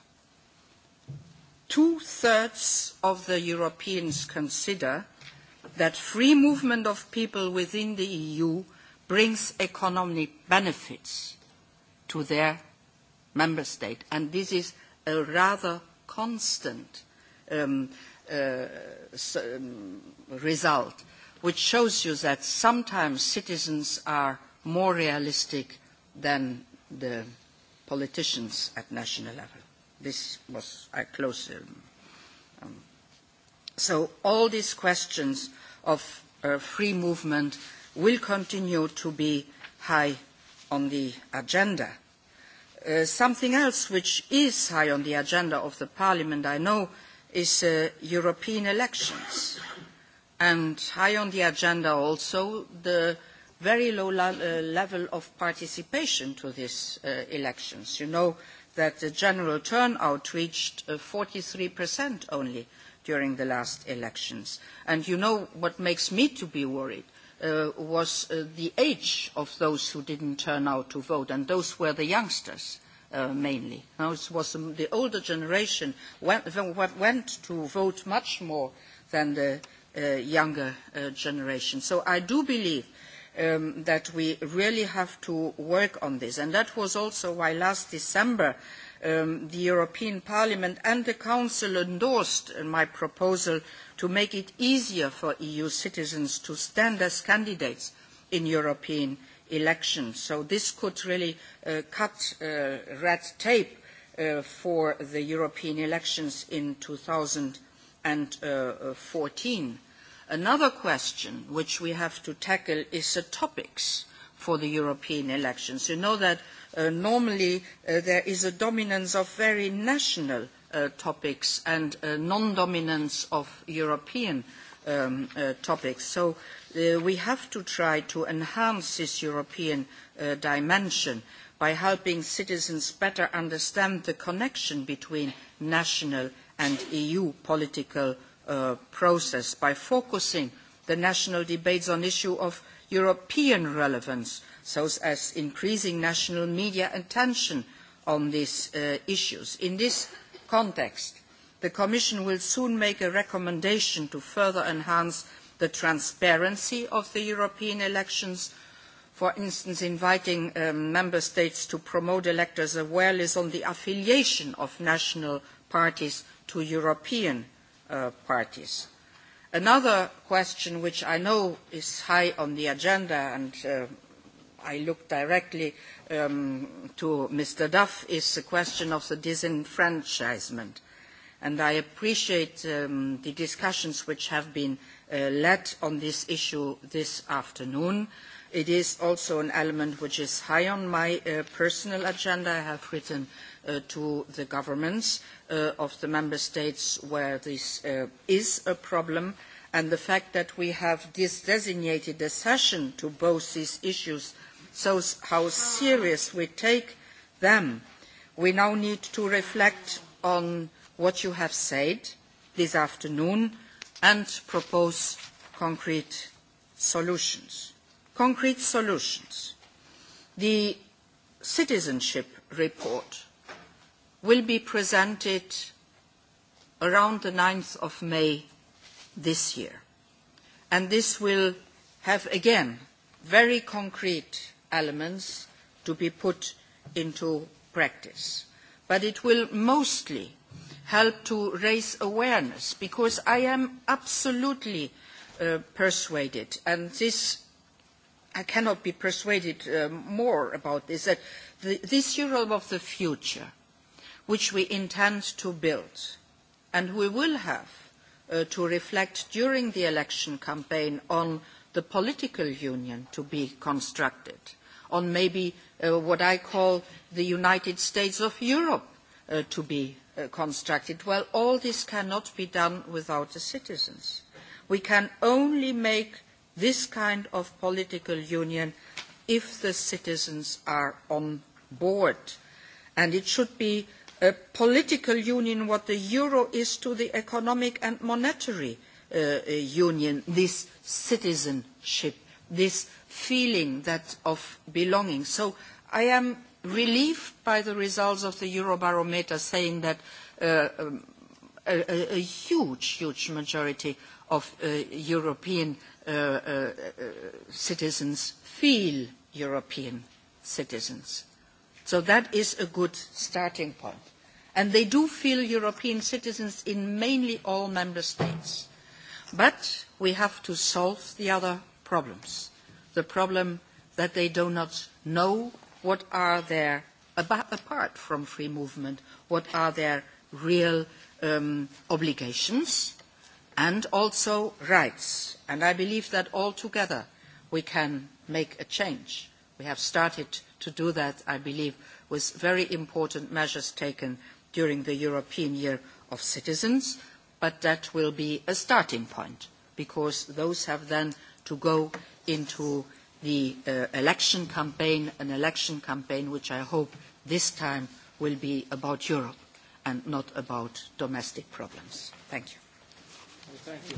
Two-thirds of the Europeans consider that free movement of people within the EU brings economic benefits to their member state. And this is a rather constant um, uh, um, result, which shows you that sometimes citizens are more realistic than the politicians at national level. This was, I close. Um, um. So all these questions of uh, free movement will continue to be high on the agenda. Uh, something else which is high on the agenda of the Parliament, I know, is uh, European elections. And high on the agenda also the very low uh, level of participation to these uh, elections. You know that the general turnout reached uh, 43% only during the last elections. And you know what makes me to be worried? uh, was uh, the age of those who didn't turn out to vote, and those were the youngsters. Uh, mainly. Now, it was um, the older generation went, went to vote much more than the uh, younger uh, generation. So I do believe um, that we really have to work on this. And that was also why last December um, the European Parliament and the Council endorsed uh, my proposal to make it easier for EU citizens to stand as candidates in European elections. So this could really uh, cut uh, red tape uh, for the European elections in 2014. Another question which we have to tackle is the topics for the European elections. You know that uh, normally uh, there is a dominance of very national uh, topics and uh, non-dominance of European um, uh, topics. So uh, we have to try to enhance this European uh, dimension by helping citizens better understand the connection between national and EU political uh, process, by focusing the national debates on issues of European relevance, so as increasing national media attention on these uh, issues. In this context, the Commission will soon make a recommendation to further enhance the transparency of the European elections, for instance, inviting um, member states to promote electors' awareness on the affiliation of national parties to European uh, parties. Another question which I know is high on the agenda, and uh, I look directly um, to Mr. Duff is the question of the disenfranchisement. And I appreciate um, the discussions which have been uh, led on this issue this afternoon. It is also an element which is high on my uh, personal agenda. I have written uh, to the governments uh, of the member states where this uh, is a problem. And the fact that we have designated a session to both these issues shows how serious we take them. We now need to reflect on what you have said this afternoon and propose concrete solutions. Concrete solutions. The citizenship report will be presented around the 9th of May this year. And this will have, again, very concrete elements to be put into practice. But it will mostly help to raise awareness because I am absolutely uh, persuaded, and this I cannot be persuaded uh, more about this, that the, this Europe of the future, which we intend to build, and we will have uh, to reflect during the election campaign on the political union to be constructed, on maybe uh, what I call the United States of Europe uh, to be uh, constructed. Well, all this cannot be done without the citizens. We can only make this kind of political union if the citizens are on board. And it should be a political union what the euro is to the economic and monetary uh, union, this citizenship this feeling that of belonging. So I am relieved by the results of the Eurobarometer saying that uh, um, a, huge, huge majority of uh, European uh, citizens feel European citizens. So that is a good starting point. And they do feel European citizens in mainly all member states. But we have to solve the other problems. The problem that they do not know what are their, apart from free movement, what are their real um, obligations and also rights. And I believe that all together we can make a change. We have started to do that, I believe, with very important measures taken during the European Year of Citizens, but that will be a starting point because those have then to go into the uh, election campaign, an election campaign which I hope this time will be about Europe and not about domestic problems. Thank you. thank you.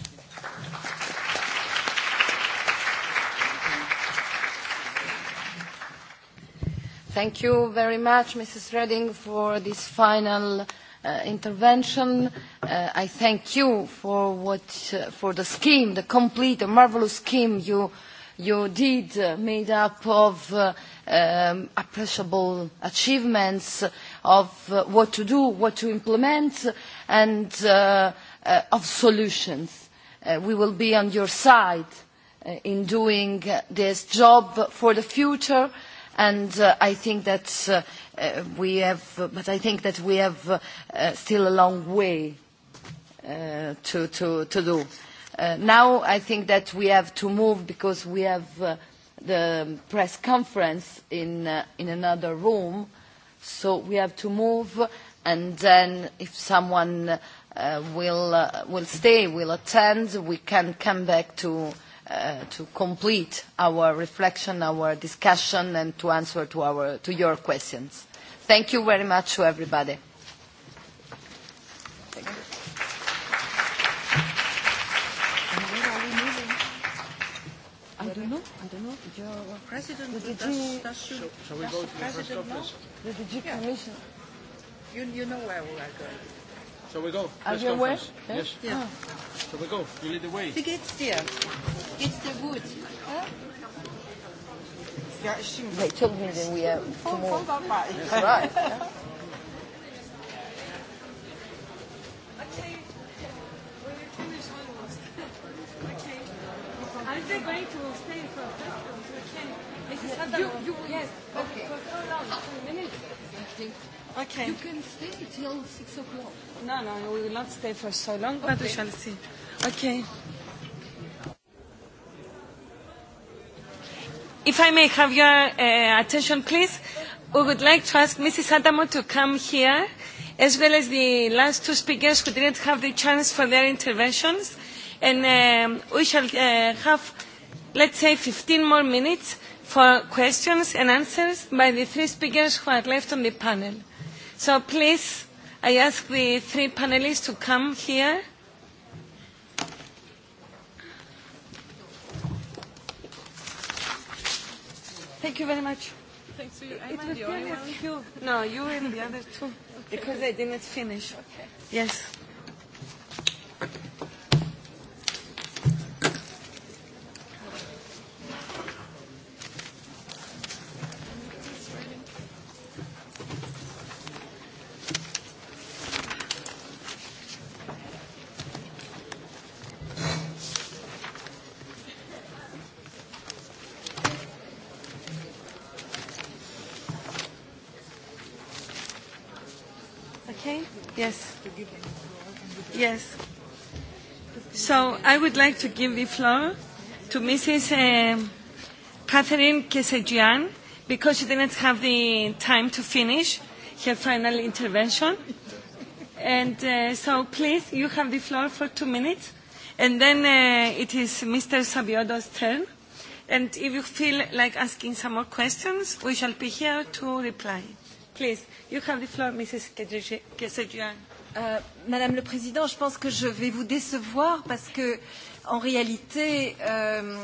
Thank you very much, Mrs. Redding, for this final uh, intervention. Uh, I thank you for, what, uh, for the scheme, the complete, the marvelous scheme you, you did, uh, made up of uh, um, appreciable achievements of uh, what to do, what to implement, and uh, uh, of solutions. Uh, we will be on your side uh, in doing this job for the future, and uh, I think that uh, Uh, we have, but I think that we have uh, still a long way uh, to, do. Now I think that we have to move because we have the press conference in, in another room, so we have to move, and then if someone will will stay, will attend. We can come back to to complete our reflection, our discussion, and to answer to our to your questions. Thank you very much to everybody. Thank you. I don't know. I don't know. Your president, does, does you, shall we go to the press conference? The DG yeah. commission. You, you know where we are going. Shall we go? Are you aware? Yes. Yeah. Shall we go? You lead the way. I think it's there. It's the wood. Huh? Ja, stimmt. They told me that we are voll, tomorrow. Voll dabei. That's right. Yeah. Aren't they going to stay for customs? We can. Mrs. Yes, you, you, yes. Okay. For so long, two minutes. Okay. okay. You can stay till six o'clock. No, no, we will not stay for so long, okay. but we shall see. Okay. If I may have your uh, attention, please, we would like to ask Mrs. Adamo to come here, as well as the last two speakers who didn't have the chance for their interventions. And um, we shall uh, have, let's say, 15 more minutes for questions and answers by the three speakers who are left on the panel. So please, I ask the three panelists to come here Thank you very much. Thanks to you. it was the only one? You. No, you and the other two. Okay. Because I didn't finish. Okay. Yes. So I would like to give the floor to Mrs. Uh, eh, Catherine Kesejian because she didn't have the time to finish her final intervention. And uh, so please, you have the floor for two minutes. And then uh, it is Mr. Sabiodo's turn. And if you feel like asking some more questions, we shall be here to reply. Please, you have the floor, Mrs. Kesejian. Euh, Madame le Président, je pense que je vais vous décevoir parce que, en réalité, euh,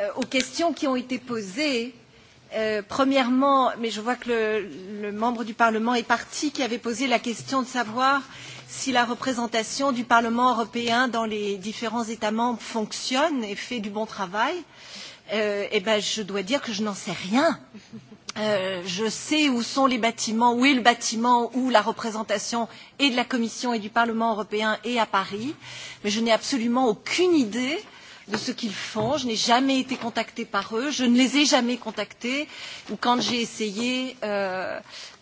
euh, aux questions qui ont été posées, euh, premièrement, mais je vois que le, le membre du Parlement est parti qui avait posé la question de savoir si la représentation du Parlement européen dans les différents États membres fonctionne et fait du bon travail. Euh, eh ben, je dois dire que je n'en sais rien. Euh, je sais où sont les bâtiments, où est le bâtiment où la représentation et de la Commission et du Parlement européen est à Paris, mais je n'ai absolument aucune idée euh, de ce qu'ils font. Je n'ai jamais été contactée par eux, je ne les ai jamais contactés, ou quand j'ai essayé, euh,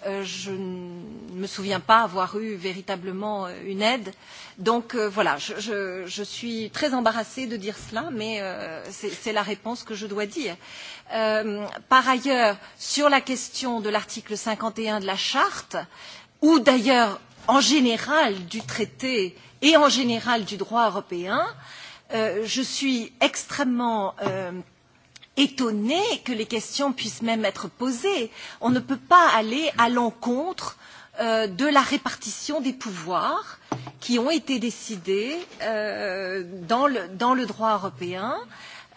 euh, je ne me souviens pas avoir eu véritablement euh, une aide. Donc euh, voilà, je, je, je suis très embarrassée de dire cela, mais euh, c'est la réponse que je dois dire. Euh, par ailleurs, sur la question de l'article 51 de la charte, ou d'ailleurs en général du traité et en général du droit européen, euh, Euh, je suis extrêmement euh, étonnée que les questions puissent même être posées. On ne peut pas aller à l'encontre euh, de la répartition des pouvoirs qui ont été décidés euh, dans, le, dans le droit européen,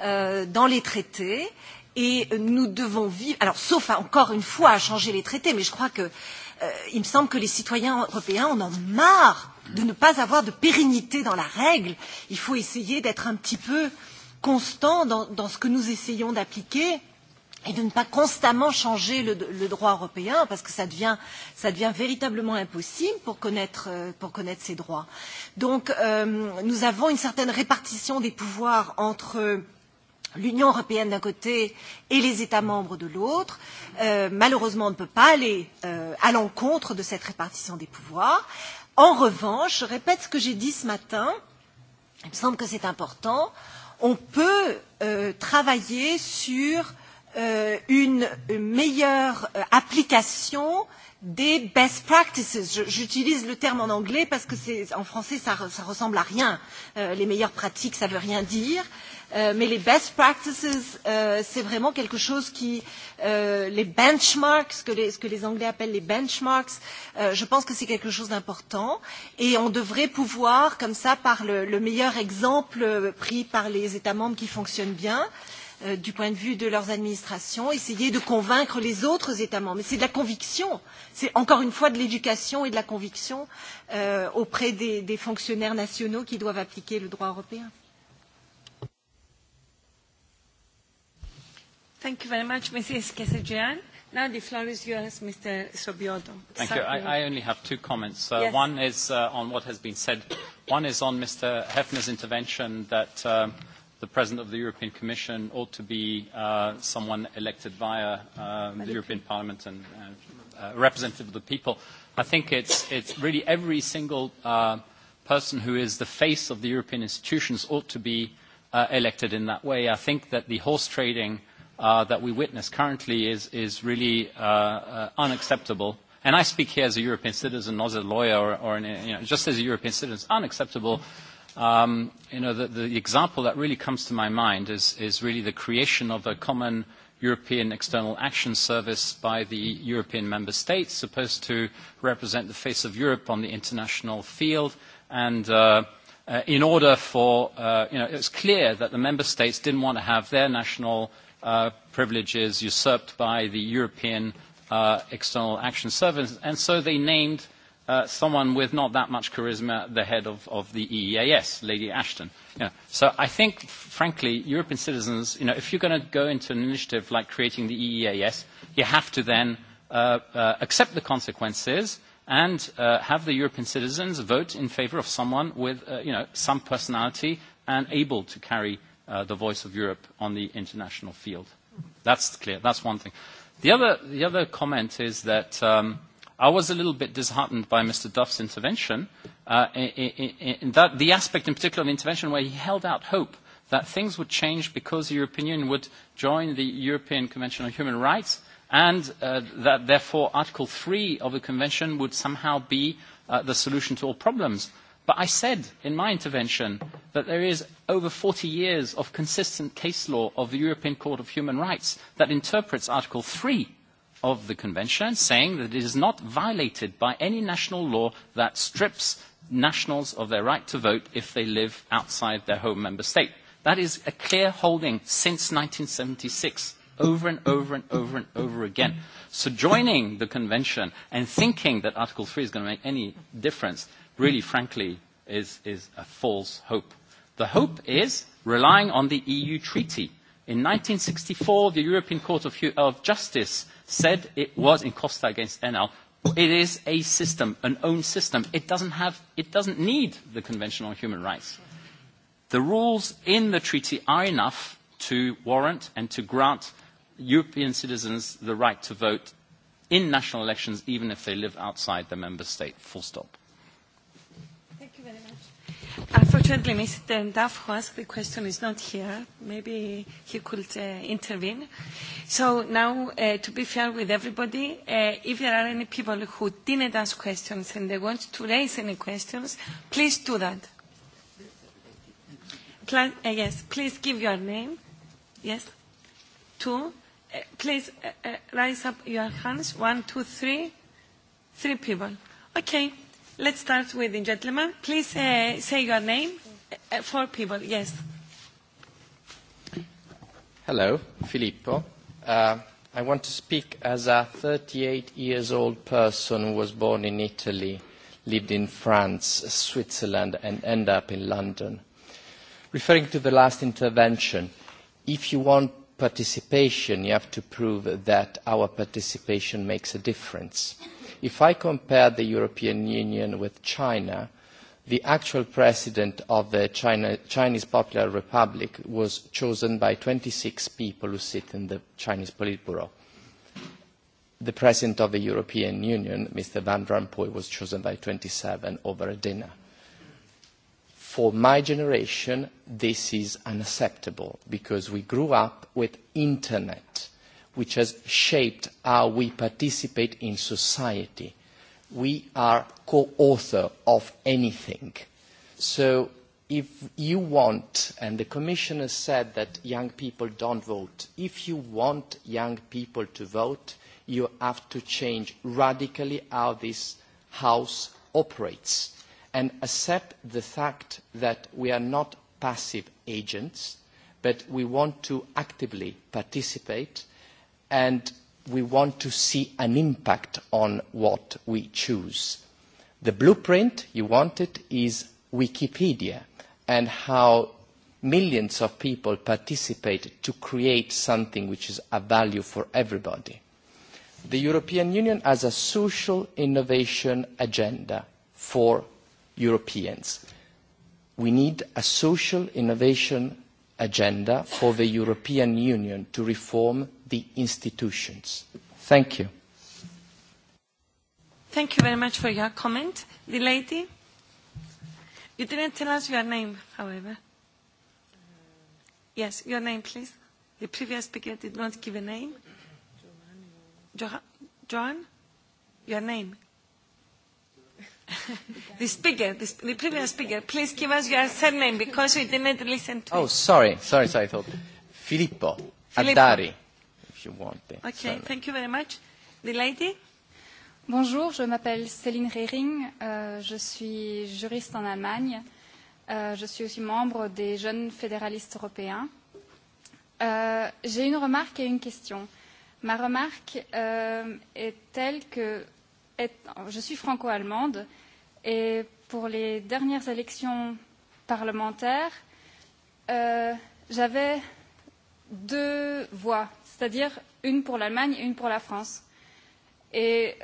euh, dans les traités, et nous devons vivre alors sauf à, encore une fois à changer les traités, mais je crois que euh, il me semble que les citoyens européens en ont marre de ne pas avoir de pérennité dans la règle. Il faut essayer d'être un petit peu constant dans, dans ce que nous essayons d'appliquer et de ne pas constamment changer le, le droit européen parce que ça devient, ça devient véritablement impossible pour connaître, euh, pour connaître ces droits. Donc euh, nous avons une certaine répartition des pouvoirs entre l'Union européenne d'un côté et les États membres de l'autre. Euh, malheureusement, on ne peut pas aller euh, à l'encontre de cette répartition des pouvoirs. En revanche, je répète ce que j'ai dit ce matin, il me semble que c'est important, on peut euh, travailler sur euh, une meilleure euh, application des best practices. J'utilise le terme en anglais parce que en français ça, ça ressemble à rien. Euh, les meilleures pratiques, ça veut rien dire. Euh, Euh, mais les best practices, euh, c'est vraiment quelque chose qui, euh, les benchmarks, ce que les, ce que les Anglais appellent les benchmarks, euh, je pense que c'est quelque chose d'important. Et on devrait pouvoir, comme ça, par le, le meilleur exemple pris par les États membres qui fonctionnent bien, euh, du point de vue de leurs administrations, essayer de convaincre les autres États membres. Mais c'est de la conviction, c'est encore une fois de l'éducation et de la conviction euh, auprès des, des fonctionnaires nationaux qui doivent appliquer le droit européen. Thank you very much, Mrs. Kesejian. Now the floor is yours, Mr. Sobiodo. Thank you. I, I only have two comments. Uh, yes. One is uh, on what has been said. One is on Mr. Hefner's intervention that um, the President of the European Commission ought to be uh, someone elected via um, the European Parliament and uh, uh, representative of the people. I think it's, it's really every single uh, person who is the face of the European institutions ought to be uh, elected in that way. I think that the horse trading – Uh, that we witness currently is, is really uh, uh, unacceptable. And I speak here as a European citizen, not as a lawyer or, or an, you know, just as a European citizen. It's unacceptable. Um, you know, the, the example that really comes to my mind is, is really the creation of a common European External Action Service by the European member states, supposed to represent the face of Europe on the international field. And uh, uh, in order for, uh, you know, it was clear that the member states didn't want to have their national uh, Uh, privileges usurped by the European uh, External Action Service. And so they named uh, someone with not that much charisma the head of, of the EEAS, Lady Ashton. You know, so I think, frankly, European citizens, you know, if you're going to go into an initiative like creating the EEAS, you have to then uh, uh, accept the consequences and uh, have the European citizens vote in favor of someone with, uh, you know, some personality and able to carry Uh, the voice of Europe on the international field. That's clear. That's one thing. The other, the other comment is that um, I was a little bit disheartened by Mr. Duff's intervention, uh, in, that, the aspect in particular of the intervention where he held out hope that things would change because the European Union would join the European Convention on Human Rights and uh, that therefore Article 3 of the Convention would somehow be the solution to all problems. But I said in my intervention that there is over 40 years of consistent case law of the European Court of Human Rights that interprets Article 3 of the Convention, saying that it is not violated by any national law that strips nationals of their right to vote if they live outside their home member state. That is a clear holding since 1976, over and over and over and over again. So joining the Convention and thinking that Article 3 is going to make any difference really frankly is, is a false hope. The hope is relying on the EU treaty. In 1964, the European Court of, of Justice said it was in Costa against NL. It is a system, an own system. It doesn't, have, it doesn't need the Convention on Human Rights. The rules in the treaty are enough to warrant and to grant European citizens the right to vote in national elections, even if they live outside the member state, full stop. Unfortunately, Mr. Duff, who asked the question, is not here. Maybe he could uh, intervene. So now, uh, to be fair with everybody, uh, if there are any people who didn't ask questions and they want to raise any questions, please do that. uh, yes, please give your name. Yes. Two. Uh, please uh, uh, raise up your hands. One, two, three. Three people. Okay. Let's start with the gentleman. Please uh, say your name. Uh, four people, yes. Hello, Filippo. Uh, I want to speak as a 38 years old person who was born in Italy, lived in France, Switzerland, and ended up in London. Referring to the last intervention, if you want participation, you have to prove that our participation makes a difference. If I compare the European Union with China, the actual president of the China, Chinese Popular Republic was chosen by 26 people who sit in the Chinese Politburo. The president of the European Union, Mr. Van Rompuy, was chosen by 27 over a dinner for my generation, this is unacceptable because we grew up with internet, which has shaped how we participate in society. We are co-author of anything. So if you want, and the Commissioner said that young people don't vote, if you want young people to vote, you have to change radically how this House operates and accept the fact that we are not passive agents, but we want to actively participate and we want to see an impact on what we choose. The blueprint you wanted is Wikipedia and how millions of people participate to create something which is a value for everybody. The European Union has a social innovation agenda for Europeans. We need a social innovation agenda for the European Union to reform the institutions. Thank you. Thank you very much for your comment. The lady? You didn't tell us your name, however. Yes, your name, please. The previous speaker did not give a name. Johan? Johan? Your name? the speaker, the, the previous speaker, please give us your surname because we didn't listen to. Oh, sorry, sorry, sorry. I thought Filippo, Filippo. Addari, if you want. The okay, surname. thank you very much. The lady. Bonjour, je m'appelle Céline Rehring, euh, je suis juriste en Allemagne. Euh, je suis aussi membre des jeunes fédéralistes européens. Euh, J'ai une remarque et une question. Ma remarque euh, est telle que je suis franco-allemande et pour les dernières élections parlementaires, euh, j'avais deux voix, c'est-à-dire une pour l'Allemagne et une pour la France. Et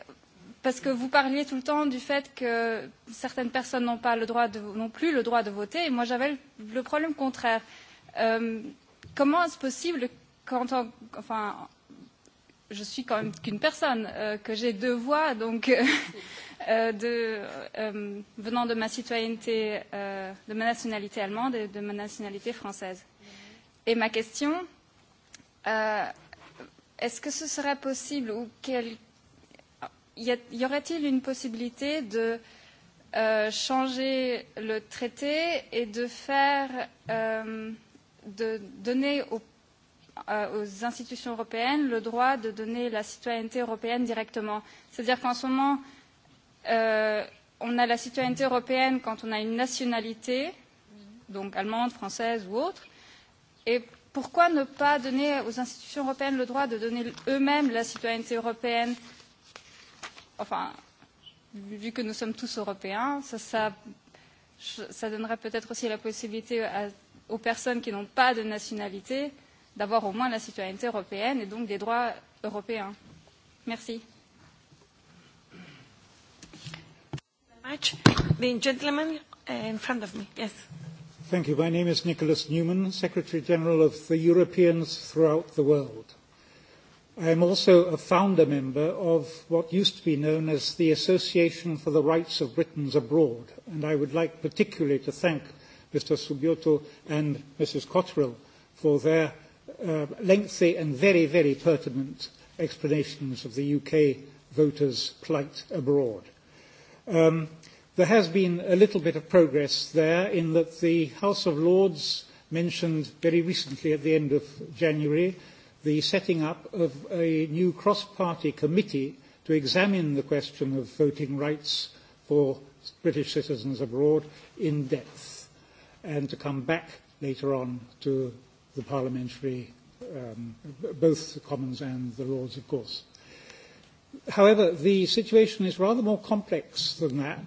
parce que vous parliez tout le temps du fait que certaines personnes n'ont pas le droit de, non plus le droit de voter, et moi j'avais le, le problème contraire. Euh, comment est-ce possible qu'en tant, enfin, je suis quand même qu'une personne, euh, que j'ai deux voix, donc euh, de, euh, venant de ma citoyenneté, euh, de ma nationalité allemande et de ma nationalité française. Et ma question, euh, est-ce que ce serait possible ou quel... y, y aurait-il une possibilité de euh, changer le traité et de faire, euh, de donner aux Euh, aux institutions européennes le droit de donner la citoyenneté européenne directement. C'est-à-dire qu'en ce moment, euh, on a la citoyenneté européenne quand on a une nationalité, donc allemande, française ou autre. Et pourquoi ne pas donner aux institutions européennes le droit de donner eux-mêmes la citoyenneté européenne Enfin, vu que nous sommes tous européens, ça, ça, ça donnerait peut-être aussi la possibilité à, aux personnes qui n'ont pas de nationalité euh, d'avoir au moins la citoyenneté européenne et donc des droits européens. Merci. The gentleman uh, in front of me, yes. Thank you. My name is Nicholas Newman, Secretary General of the Europeans Throughout the World. I am also a founder member of what used to be known as the Association for the Rights of Britons Abroad, and I would like particularly to thank Mr. Subioto and Mrs. Cotterill for their uh, lengthy and very, very pertinent explanations of the UK voters' plight abroad. Um, there has been a little bit of progress there in that the House of Lords mentioned very recently at the end of January the setting up of a new cross-party committee to examine the question of voting rights for British citizens abroad in depth and to come back later on to the parliamentary, um, both the Commons and the Lords, of course. However, the situation is rather more complex than that,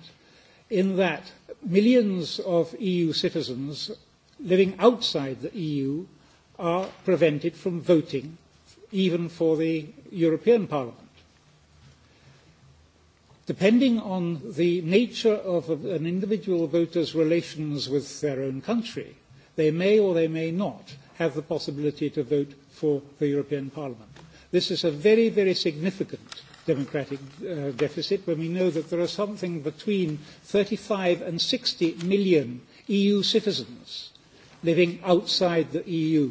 in that millions of EU citizens living outside the EU are prevented from voting, even for the European Parliament. Depending on the nature of an individual voter's relations with their own country, they may or they may not have the possibility to vote for the European Parliament. This is a very, very significant democratic uh, deficit when we know that there are something between 35 and 60 million EU citizens living outside the EU.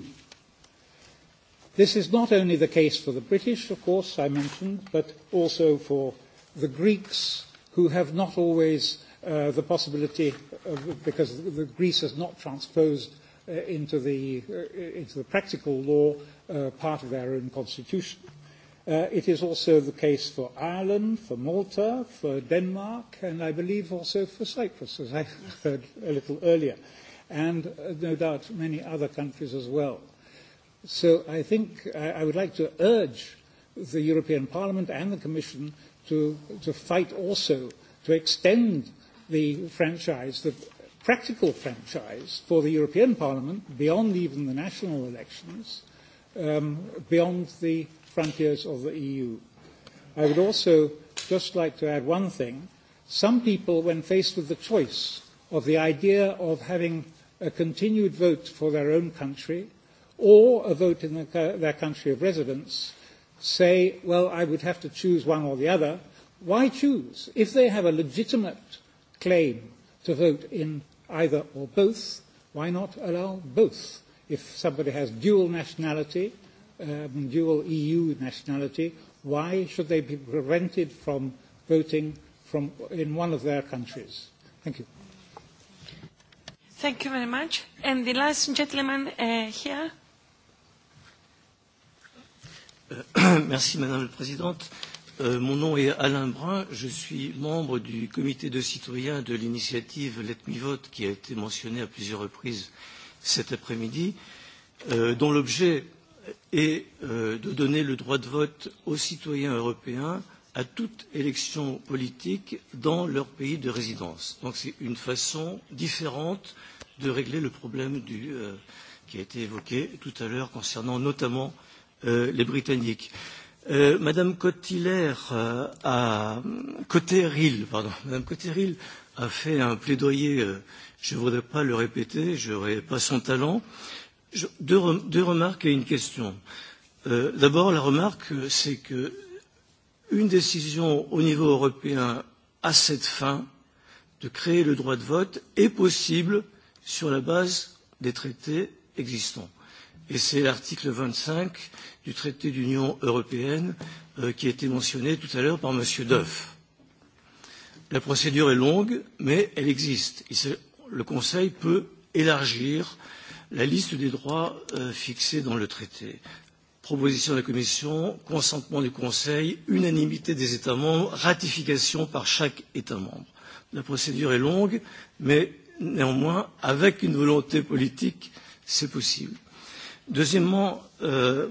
This is not only the case for the British, of course, I mentioned, but also for the Greeks, who have not always uh, the possibility, of, because the, Greece has not transposed Uh, into the, uh, into the practical law uh, part of our own constitution. Uh, it is also the case for Ireland, for Malta, for Denmark, and I believe also for Cyprus, as I heard a little earlier, and uh, no doubt many other countries as well. So I think I, I would like to urge the European Parliament and the Commission to, to fight also to extend the franchise that practical franchise for the European Parliament beyond even the national elections, um, beyond the frontiers of the EU. I would also just like to add one thing. Some people, when faced with the choice of the idea of having a continued vote for their own country or a vote in the, their country of residence, say, well, I would have to choose one or the other. Why choose? If they have a legitimate claim to vote in either or both, why not allow both? If somebody has dual nationality, um, dual EU nationality, why should they be prevented from voting from, in one of their countries? Thank you. Thank you very much. And the last gentleman uh, here. Merci, Madame la Présidente. Euh, mon nom est Alain Brun, je suis membre du comité de citoyens de l'initiative Let Me Vote qui a été mentionnée à plusieurs reprises cet après-midi, euh, dont l'objet est euh, de donner le droit de vote aux citoyens européens à toute élection politique dans leur pays de résidence. Donc c'est une façon différente de régler le problème du, euh, qui a été évoqué tout à l'heure concernant notamment euh, les Britanniques. Euh, Madame Cotiller euh, a Cotteril, pardon, Madame Cotteril a fait un plaidoyer. Euh, je ne voudrais pas le répéter, je n'aurais pas son talent. Je, deux, deux remarques et une question. Euh, D'abord, la remarque, c'est que une décision au niveau européen à cette fin de créer le droit de vote est possible sur la base des traités existants et c'est l'article 25 du traité d'Union européenne euh, qui a été mentionné tout à l'heure par M. Duff. La procédure est longue, mais elle existe. Et le Conseil peut élargir la liste des droits euh, fixés dans le traité. Proposition de la Commission, consentement du Conseil, unanimité des États membres, ratification par chaque État membre. La procédure est longue, mais néanmoins, avec une volonté politique, c'est possible. Deuxièmement, euh,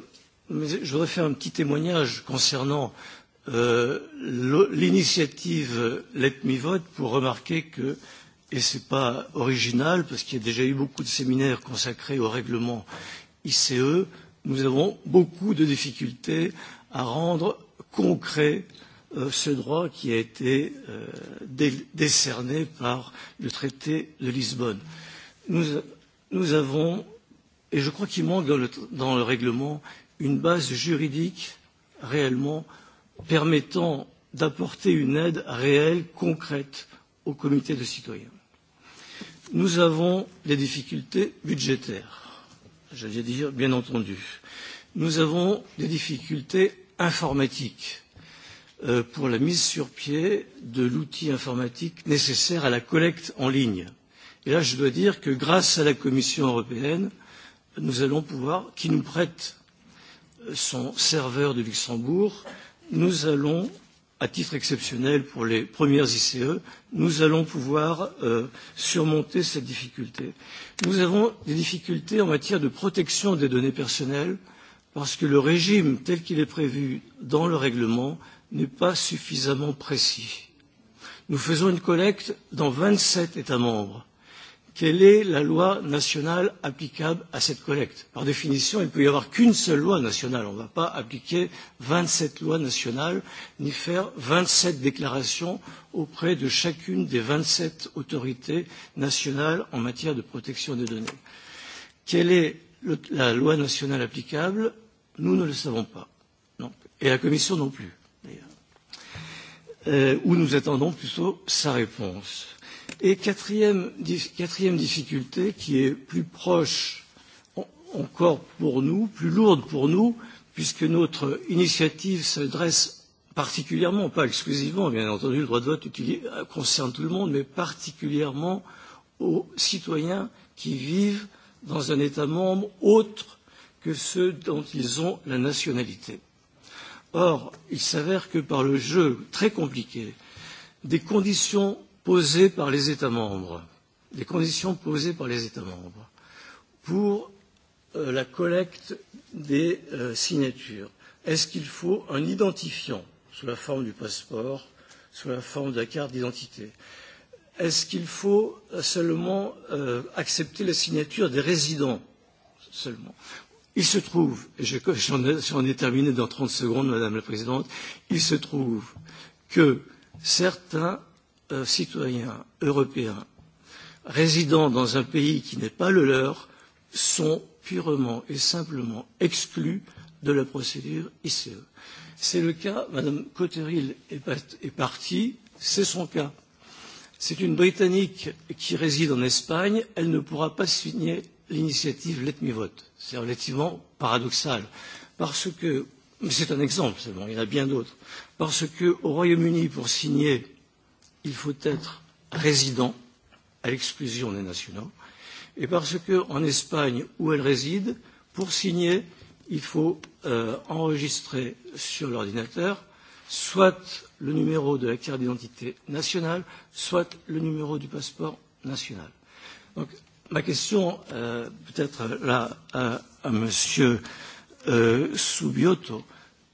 je voudrais faire un petit témoignage concernant euh, l'initiative Let Me Vote pour remarquer que, et ce n'est pas original parce qu'il y a déjà eu beaucoup de séminaires consacrés au règlement ICE, nous avons beaucoup de difficultés à rendre concret euh, ce droit qui a été euh, dé décerné par le traité de Lisbonne. Nous, nous avons et je crois qu'il manque dans le, dans le règlement une base juridique réellement permettant d'apporter une aide réelle, concrète au comité de citoyens. Nous avons des difficultés budgétaires, j'allais dire bien entendu. Nous avons des difficultés informatiques euh, pour la mise sur pied de l'outil informatique nécessaire à la collecte en ligne. Et là, je dois dire que grâce à la Commission européenne, nous allons pouvoir, qui nous prête son serveur de Luxembourg, nous allons, à titre exceptionnel pour les premières ICE, nous allons pouvoir euh, surmonter cette difficulté. Nous avons des difficultés en matière de protection des données personnelles parce que le régime tel qu'il est prévu dans le règlement n'est pas suffisamment précis. Nous faisons une collecte dans 27 États membres quelle est la loi nationale applicable à cette collecte Par définition, il ne peut y avoir qu'une seule loi nationale. On ne va pas appliquer 27 lois nationales ni faire 27 déclarations auprès de chacune des 27 autorités nationales en matière de protection des données. Quelle est la loi nationale applicable Nous ne le savons pas. Non. Et la Commission non plus, d'ailleurs. Euh, ou nous attendons plutôt sa réponse. Et quatrième, quatrième difficulté qui est plus proche encore pour nous, plus lourde pour nous, puisque notre initiative s'adresse particulièrement, pas exclusivement, bien entendu, le droit de vote utilise, concerne tout le monde, mais particulièrement aux citoyens qui vivent dans un État membre autre que ceux dont ils ont la nationalité. Or, il s'avère que par le jeu très compliqué des conditions posées par les États membres, les conditions posées par les États membres pour euh, la collecte des euh, signatures. Est-ce qu'il faut un identifiant sous la forme du passeport, sous la forme de la carte d'identité Est-ce qu'il faut seulement euh, accepter la signature des résidents seulement Il se trouve, et j'en ai, ai terminé dans 30 secondes, Madame la Présidente, il se trouve que certains euh, citoyens européens résidant dans un pays qui n'est pas le leur sont purement et simplement exclus de la procédure ICE. C'est le cas, Madame Cotteril est partie, c'est son cas. C'est une Britannique qui réside en Espagne, elle ne pourra pas signer l'initiative Let Me Vote. C'est relativement paradoxal, parce que, mais c'est un exemple seulement, il y en a bien d'autres, parce qu'au Royaume-Uni, pour signer il faut être résident à l'exclusion des nationaux. Et parce qu'en Espagne, où elle réside, pour signer, il faut euh, enregistrer sur l'ordinateur soit le numéro de la carte d'identité nationale, soit le numéro du passeport national. Donc, ma question, euh, peut-être là, à, à M. Euh, Subioto, euh,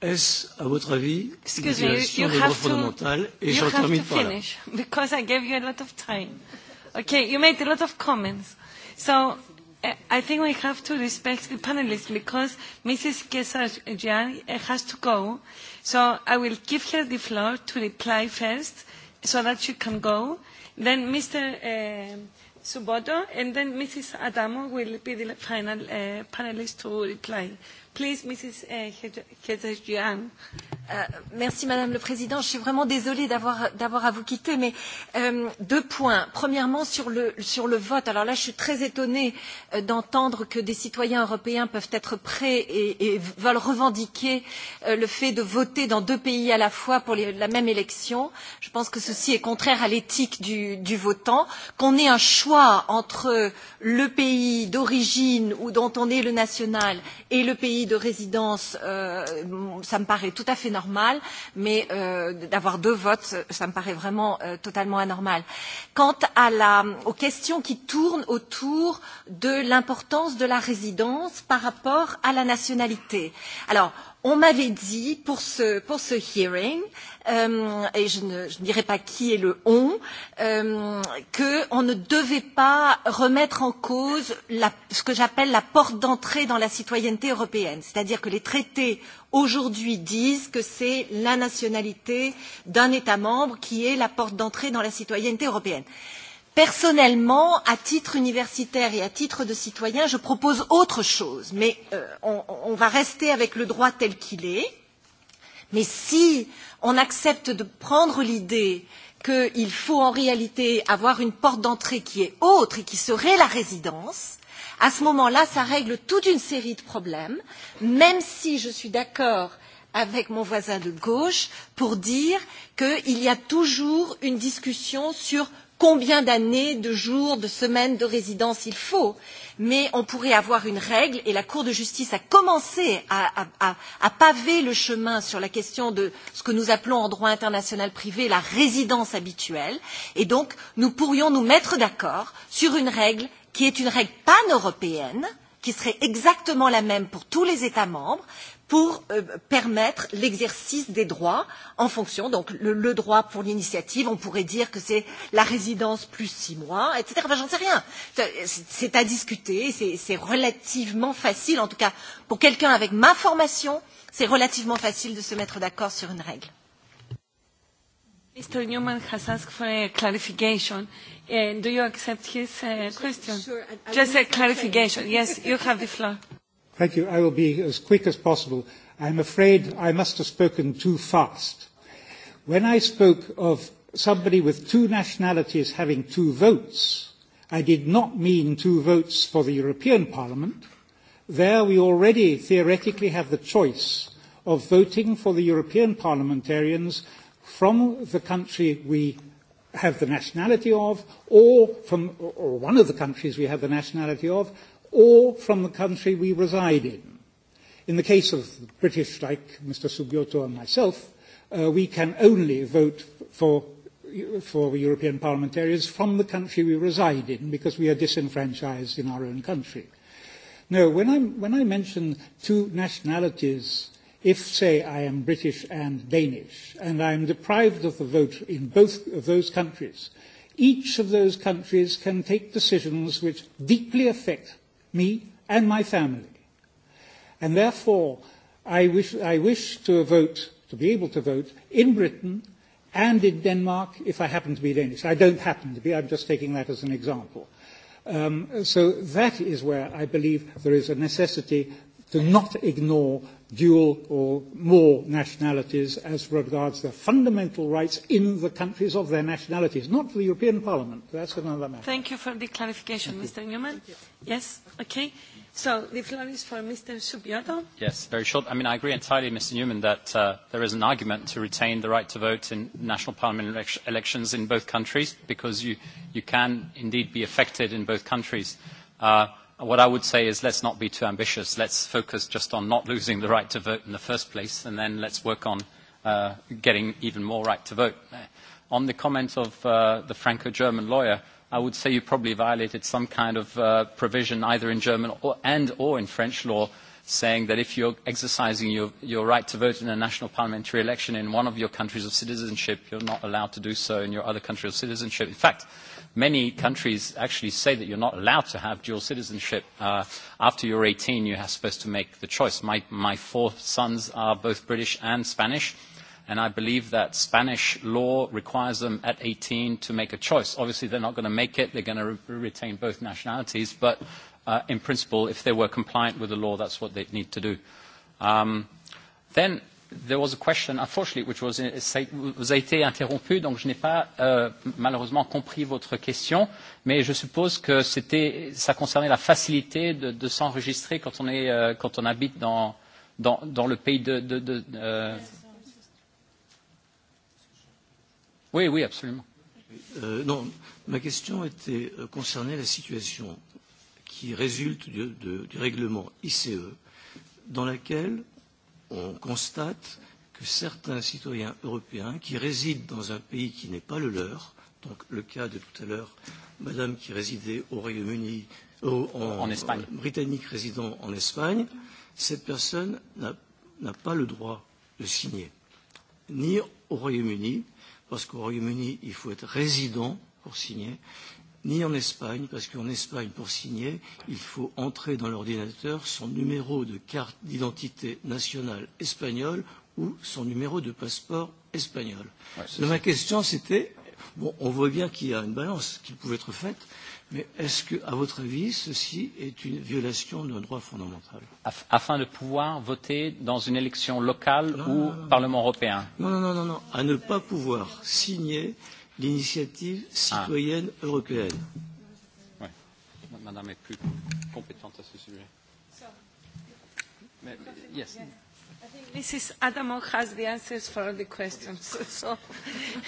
Est-ce, à votre avis, une violation des droits fondamentaux Et j'en termine par là. Because I gave you a lot of time. Okay, you made a lot of comments. So eh, I think we have to respect the panelists because Mrs. Kesarjian eh, has to go. So I will give her the floor to reply first so that she can go. Then Mr. Uh, eh, Suboto and then Mrs. Adamo will be the final uh, panelist to reply. Please, Mrs. Eh, Hedregian, Euh, Madame le Président. Je suis vraiment désolée d'avoir à vous quitter, mais euh, deux points. Premièrement, sur le, sur le vote. Alors là, je suis très étonnée euh, d'entendre que des citoyens européens peuvent être prêts et, et veulent revendiquer euh, le fait de voter dans deux pays à la fois pour les, la même élection. Je pense que ceci est contraire à l'éthique du, du votant. Qu'on ait un choix entre le pays d'origine ou dont on est le national et le pays de résidence, euh, ça me paraît tout à fait normal, mais euh, d'avoir deux votes, ça me paraît vraiment euh, totalement anormal. Quant à la, aux questions qui tournent autour de l'importance de la résidence par rapport à la nationalité. Alors, on m'avait dit pour ce, pour ce hearing, euh, et je ne, je dirai pas qui est le on, euh, qu'on ne devait pas remettre en cause la, ce que j'appelle la porte d'entrée dans la citoyenneté européenne. C'est-à-dire que les traités aujourd'hui disent que c'est la nationalité d'un État membre qui est la porte d'entrée dans la citoyenneté européenne. Personnellement, à titre universitaire et à titre de citoyen, je propose autre chose, mais euh, on, on va rester avec le droit tel qu'il est. Mais si on accepte de prendre l'idée qu'il faut en réalité avoir une porte d'entrée qui est autre et qui serait la résidence, à ce moment-là, ça règle toute une série de problèmes, même si je suis d'accord avec mon voisin de gauche pour dire qu'il y a toujours une discussion sur combien d'années, de jours, de semaines de résidence il faut, mais on pourrait avoir une règle et la Cour de justice a commencé à, à, à, à paver le chemin sur la question de ce que nous appelons en droit international privé la résidence habituelle et donc nous pourrions nous mettre d'accord sur une règle qui est une règle paneuropéenne qui serait exactement la même pour tous les États membres, pour euh, permettre l'exercice des droits en fonction. Donc le, le droit pour l'initiative, on pourrait dire que c'est la résidence plus six mois, etc. Enfin, j'en sais rien. C'est à discuter. C'est relativement facile, en tout cas pour quelqu'un avec ma formation, c'est relativement facile de se mettre d'accord sur une règle. Mr. Newman has asked for a clarification. Uh, do you accept his uh, question? Sure, sure. Just a clarification. yes, you have the floor. Thank you. I will be as quick as possible. I'm afraid I must have spoken too fast. When I spoke of somebody with two nationalities having two votes, I did not mean two votes for the European Parliament. There we already theoretically have the choice of voting for the European parliamentarians from the country we have the nationality of, or from or one of the countries we have the nationality of, or from the country we reside in. In the case of the British, like Mr. Subioto and myself, uh, we can only vote for, for European parliamentarians from the country we reside in because we are disenfranchised in our own country. No, when, I'm, when I mention two nationalities, if, say, I am British and Danish, and I am deprived of the vote in both of those countries, each of those countries can take decisions which deeply affect me and my family. And therefore, I wish, I wish to vote, to be able to vote in Britain and in Denmark if I happen to be Danish. I don't happen to be, I'm just taking that as an example. Um, so that is where I believe there is a necessity to not ignore dual or more nationalities as regards their fundamental rights in the countries of their nationalities, not for the European Parliament. That's another matter. Thank you for the clarification, Mr. Newman. Yes, okay. So the floor is for Mr. Subiotto. Yes, very short. I mean, I agree entirely, Mr. Newman, that uh, there is an argument to retain the right to vote in national parliament elect elections in both countries because you, you can indeed be affected in both countries. Uh, What I would say is let's not be too ambitious. Let's focus just on not losing the right to vote in the first place, and then let's work on uh, getting even more right to vote. Uh, on the comment of uh, the Franco-German lawyer, I would say you probably violated some kind of uh, provision either in German or, and or in French law saying that if you're exercising your, your right to vote in a national parliamentary election in one of your countries of citizenship, you're not allowed to do so in your other country of citizenship. In fact, Many countries actually say that you're not allowed to have dual citizenship. Uh, after you're 18, you're supposed to make the choice. My, my four sons are both British and Spanish, and I believe that Spanish law requires them at 18 to make a choice. Obviously, they're not going to make it. They're going to re- retain both nationalities, but uh, in principle, if they were compliant with the law, that's what they'd need to do. Um, then There was a question, unfortunately, which was, was uh, avez été interrompu, donc je n'ai pas euh, malheureusement compris votre question, mais je suppose que c'était, ça concernait la facilité de, de s'enregistrer quand on est, euh, quand on habite dans, dans, dans le pays de. de, de euh... Oui, oui, absolument. Euh, non, ma question était euh, concernait la situation qui résulte du, de, du règlement ICE, dans laquelle on constate que certains citoyens européens qui résident dans un pays qui n'est pas le leur, donc le cas de tout à l'heure, madame qui résidait au Royaume-Uni, euh, en, en Espagne. Euh, britannique résidant en Espagne, cette personne n'a pas le droit de signer, ni au Royaume-Uni, parce qu'au Royaume-Uni, il faut être résident pour signer, ni en Espagne, parce qu'en Espagne, pour signer, il faut entrer dans l'ordinateur son numéro de carte d'identité nationale espagnole ou son numéro de passeport espagnol. Ouais, Donc, ma question, c'était, bon, on voit bien qu'il y a une balance qui pouvait être faite, mais est-ce que, à votre avis, ceci est une violation d'un droit fondamental Afin de pouvoir voter dans une élection locale non, ou non, non, non. Parlement européen Non, non, non, non, à ne pas pouvoir signer euh, l'initiative ah. citoyenne ah. européenne. Oui. Madame est plus compétente à ce sujet. So, Mais, yes. yes. This is Adamo has the answers for all the questions. So,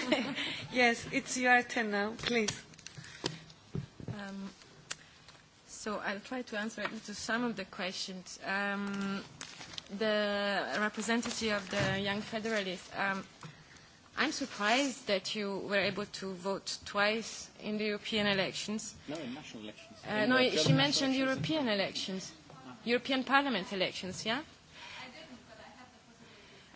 yes, it's your turn now, please. Um, so I'll try to answer to some of the questions. Um, the representative of the Young Federalists. Um, I'm surprised that you were able to vote twice in the European elections. No, in national elections. Uh, no, in no, German she mentioned elections European elections, ah. European Parliament elections, yeah?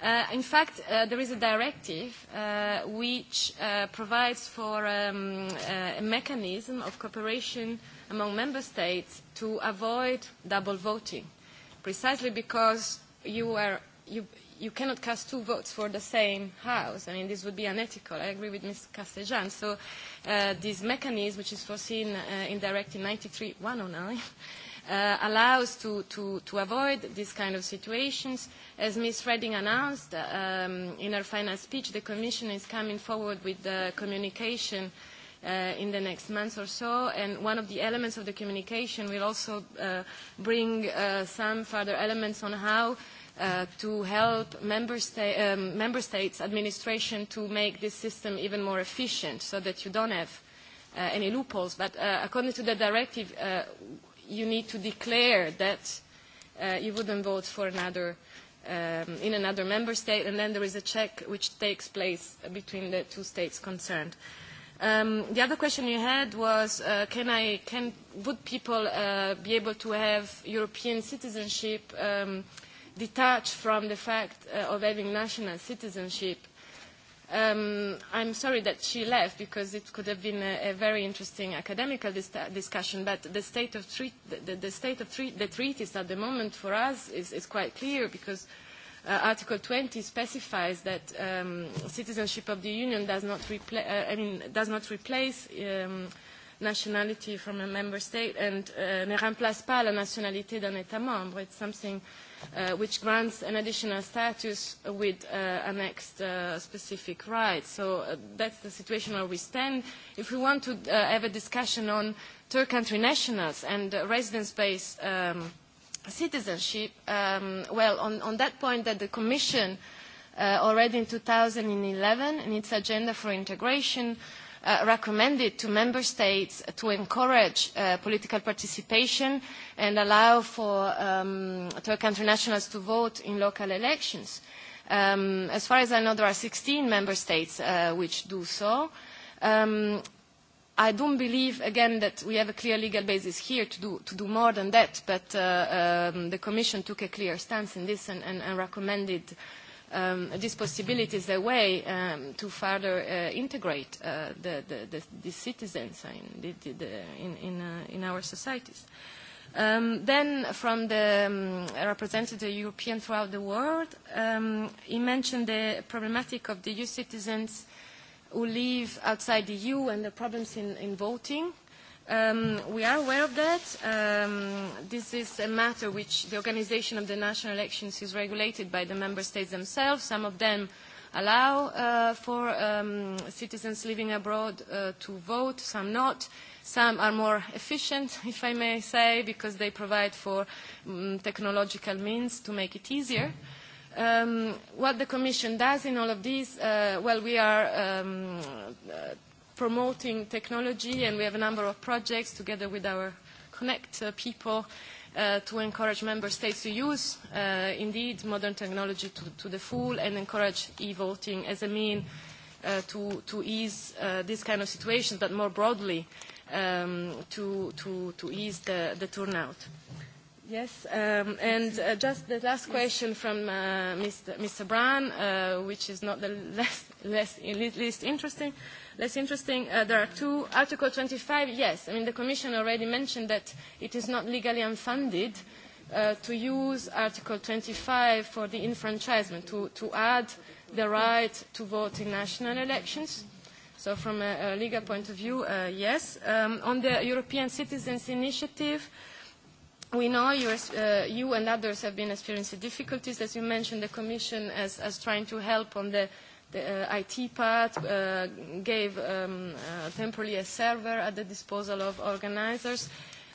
Uh, in fact, uh, there is a directive uh, which uh, provides for um, uh, a mechanism of cooperation among member states to avoid double voting, precisely because you are you, you cannot cast two votes for the same house. I mean, this would be unethical. I agree with Ms. Castejan. So uh, this mechanism, which is foreseen uh, in Directive 93109, uh, allows to, to, to avoid these kind of situations. As Ms. Redding announced um, in her final speech, the Commission is coming forward with the communication uh, in the next month or so. And one of the elements of the communication will also uh, bring uh, some further elements on how Uh, to help member, sta um, member states administration to make this system even more efficient so that you don't have uh, any loopholes. But uh, according to the directive, uh, you need to declare that uh, you wouldn't vote for another um, in another member state, and then there is a check which takes place between the two states concerned. Um, the other question you had was, uh, can I, can, would people uh, be able to have European citizenship um, detached from the fact uh, of having national citizenship. Um, I'm sorry that she left because it could have been a, a very interesting academical dis discussion, but the state of, treat the, the, state of treat the treaties at the moment for us is, is quite clear because uh, Article 20 specifies that um, citizenship of the Union does not, repla uh, I mean, does not replace um, nationality from a member state and uh, ne remplace pas la nationalité d'un État membre. It's something uh, which grants an additional status with uh, next uh, specific right. So uh, that's the situation where we stand. If we want to uh, have a discussion on third country nationals and uh, residence-based um, citizenship, um, well, on, on that point that the Commission uh, already in 2011 in its agenda for integration uh, uh, recommended to member states to encourage uh, political participation and allow for um, Turkish internationals to vote in local elections. Um, as far as I know, there are 16 member states uh, which do so. Um, I don't believe, again, that we have a clear legal basis here to do, to do more than that, but uh, um, the Commission took a clear stance in this and, and, and recommended uh, um, these possibilities a way um, to further uh, integrate uh, the, the, the, the citizens in, the, the, the, in, in, uh, in our societies. Um, then from the um, representative of the European throughout the world, um, he mentioned the problematic of the EU citizens who live outside the EU and the problems in, in voting. Um, we are aware of that. Um, this is a matter which the organization of the national elections is regulated by the member states themselves. Some of them allow uh, for um, citizens living abroad uh, to vote, some not. Some are more efficient, if I may say, because they provide for um, technological means to make it easier. Um, what the Commission does in all of this, uh, well, we are um, uh, promoting technology, and we have a number of projects together with our Connect uh, people uh, to encourage member states to use, uh, indeed, modern technology to, to the full and encourage e-voting as a mean uh, to, to ease uh, this kind of situation, but more broadly um, to, to, to ease the, the turnout. Uh, Yes, um, and uh, just the last question from uh, Mr. Mr. Brown, uh, which is not the less, less, least interesting. Less interesting. Uh, there are two. Article 25. Yes, I mean the Commission already mentioned that it is not legally unfunded uh, to use Article 25 for the enfranchisement to, to add the right to vote in national elections. So from a, a legal point of view, uh, yes. Um, on the European Citizens Initiative. We know uh, you and others have been experiencing difficulties. As you mentioned, the Commission as, as trying to help on the, the uh, IT part, uh, gave um, uh, temporarily a server at the disposal of organisers.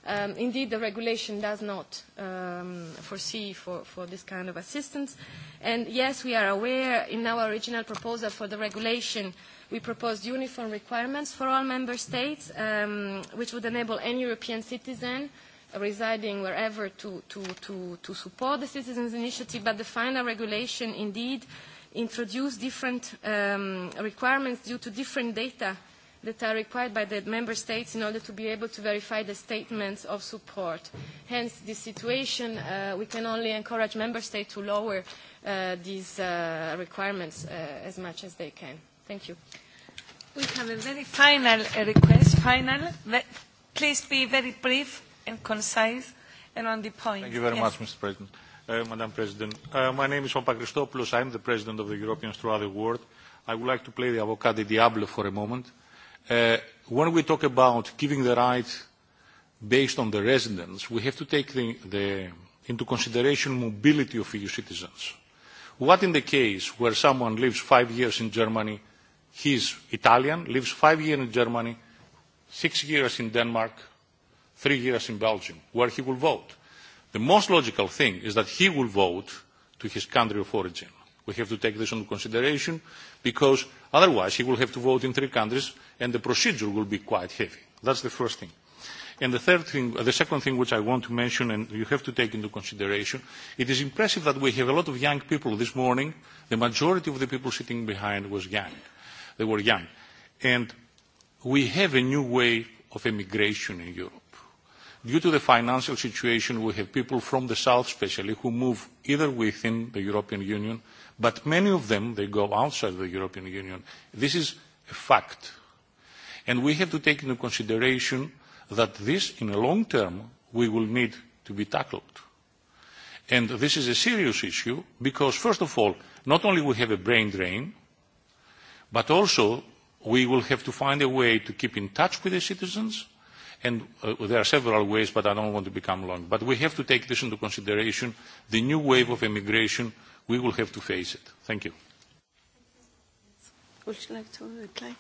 Um, indeed, the regulation does not um, foresee for, for this kind of assistance. And yes, we are aware in our original proposal for the regulation, we proposed uniform requirements for all member states, um, which would enable any European citizen residing wherever to, to, to, to support the citizens' initiative, but the final regulation indeed introduced different um, requirements due to different data that are required by the member states in order to be able to verify the statements of support. Hence, this situation, uh, we can only encourage member states to lower uh, these uh, requirements uh, as much as they can. Thank you. We have a very final uh, request. Final, please be very brief and concise and on the point. Thank you very yes. much, Mr. President. Uh, Madam President, uh, my name is Papa Papakristopoulos. I'm the President of the Europeans throughout the world. I would like to play the avocado diablo for a moment. Uh, when we talk about giving the right based on the residence, we have to take the, the, into consideration mobility of EU citizens. What in the case where someone lives five years in Germany, he's Italian, lives five years in Germany, six years in Denmark, three years in Belgium, where he will vote. The most logical thing is that he will vote to his country of origin. We have to take this into consideration because otherwise he will have to vote in three countries and the procedure will be quite heavy. That's the first thing. And the, third thing, the second thing which I want to mention and you have to take into consideration, it is impressive that we have a lot of young people this morning. The majority of the people sitting behind was young. They were young. And we have a new way of emigration in Europe due to the financial situation, we have people from the south especially who move either within the European Union, but many of them, they go outside the European Union. This is a fact. And we have to take into consideration that this, in the long term, we will need to be tackled. And this is a serious issue because, first of all, not only we have a brain drain, but also we will have to find a way to keep in touch with the citizens and uh, there are several ways, but I don't want to become long. But we have to take this into consideration, the new wave of immigration, we will have to face it. Thank you. Would you like to reply?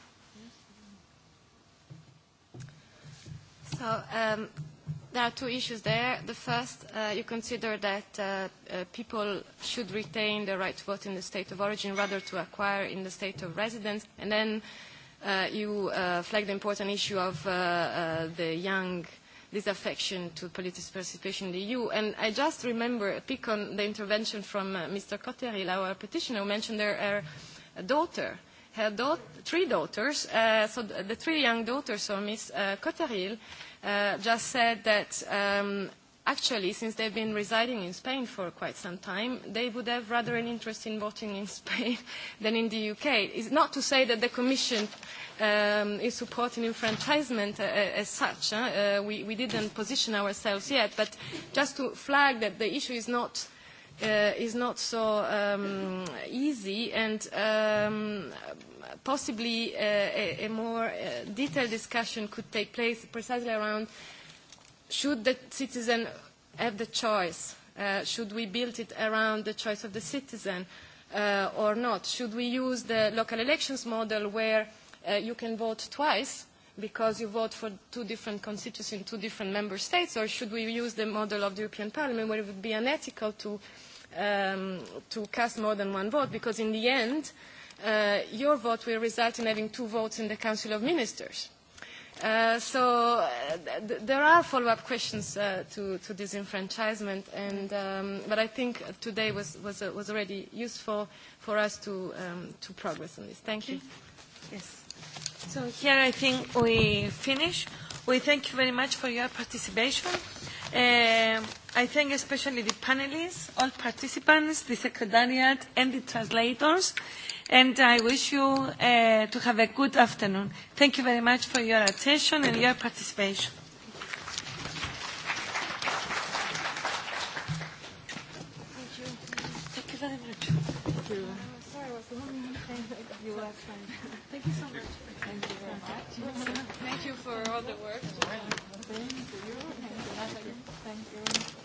So um, there are two issues there. The first, uh, you consider that uh, uh, people should retain the right to vote in the state of origin rather to acquire in the state of residence. And then uh, you uh, flagged the important issue of uh, uh, the young disaffection to political participation in the EU. And I just remember, pick on the intervention from uh, Mr. Cotteril, our petitioner, who mentioned her, her daughter. Her da three daughters, uh, so the three young daughters of Ms. Uh, Cotteril, uh, just said that um, actually, since they've been residing in Spain for quite some time, they would have rather an interest in voting in Spain than in the UK. It's not to say that the Commission um, is supporting enfranchisement uh, uh, as such. Huh? Uh, we, we didn't position ourselves yet, but just to flag that the issue is not uh, is not so um, easy and um, possibly uh, a, a more uh, detailed discussion could take place precisely around Should the citizen have the choice? Uh, should we build it around the choice of the citizen uh, or not? Should we use the local elections model where uh, you can vote twice because you vote for two different constituencies in two different member states, or should we use the model of the European Parliament where it would be unethical to, um, to cast more than one vote because in the end, uh, your vote will result in having two votes in the Council of Ministers Uh, so uh, th- there are follow-up questions uh, to, to disenfranchisement, and, um, but I think today was, was, uh, was already useful for us to, um, to progress on this. Thank you. Yes. So here I think we finish. We thank you very much for your participation. Uh, I thank especially the panelists, all participants, the secretariat and the translators, and I wish you uh, to have a good afternoon. Thank you very much for your attention and your participation. You are fine. Thank you so much. Thank you very much. Thank you for all the work. Thank you. Thank you. Thank you.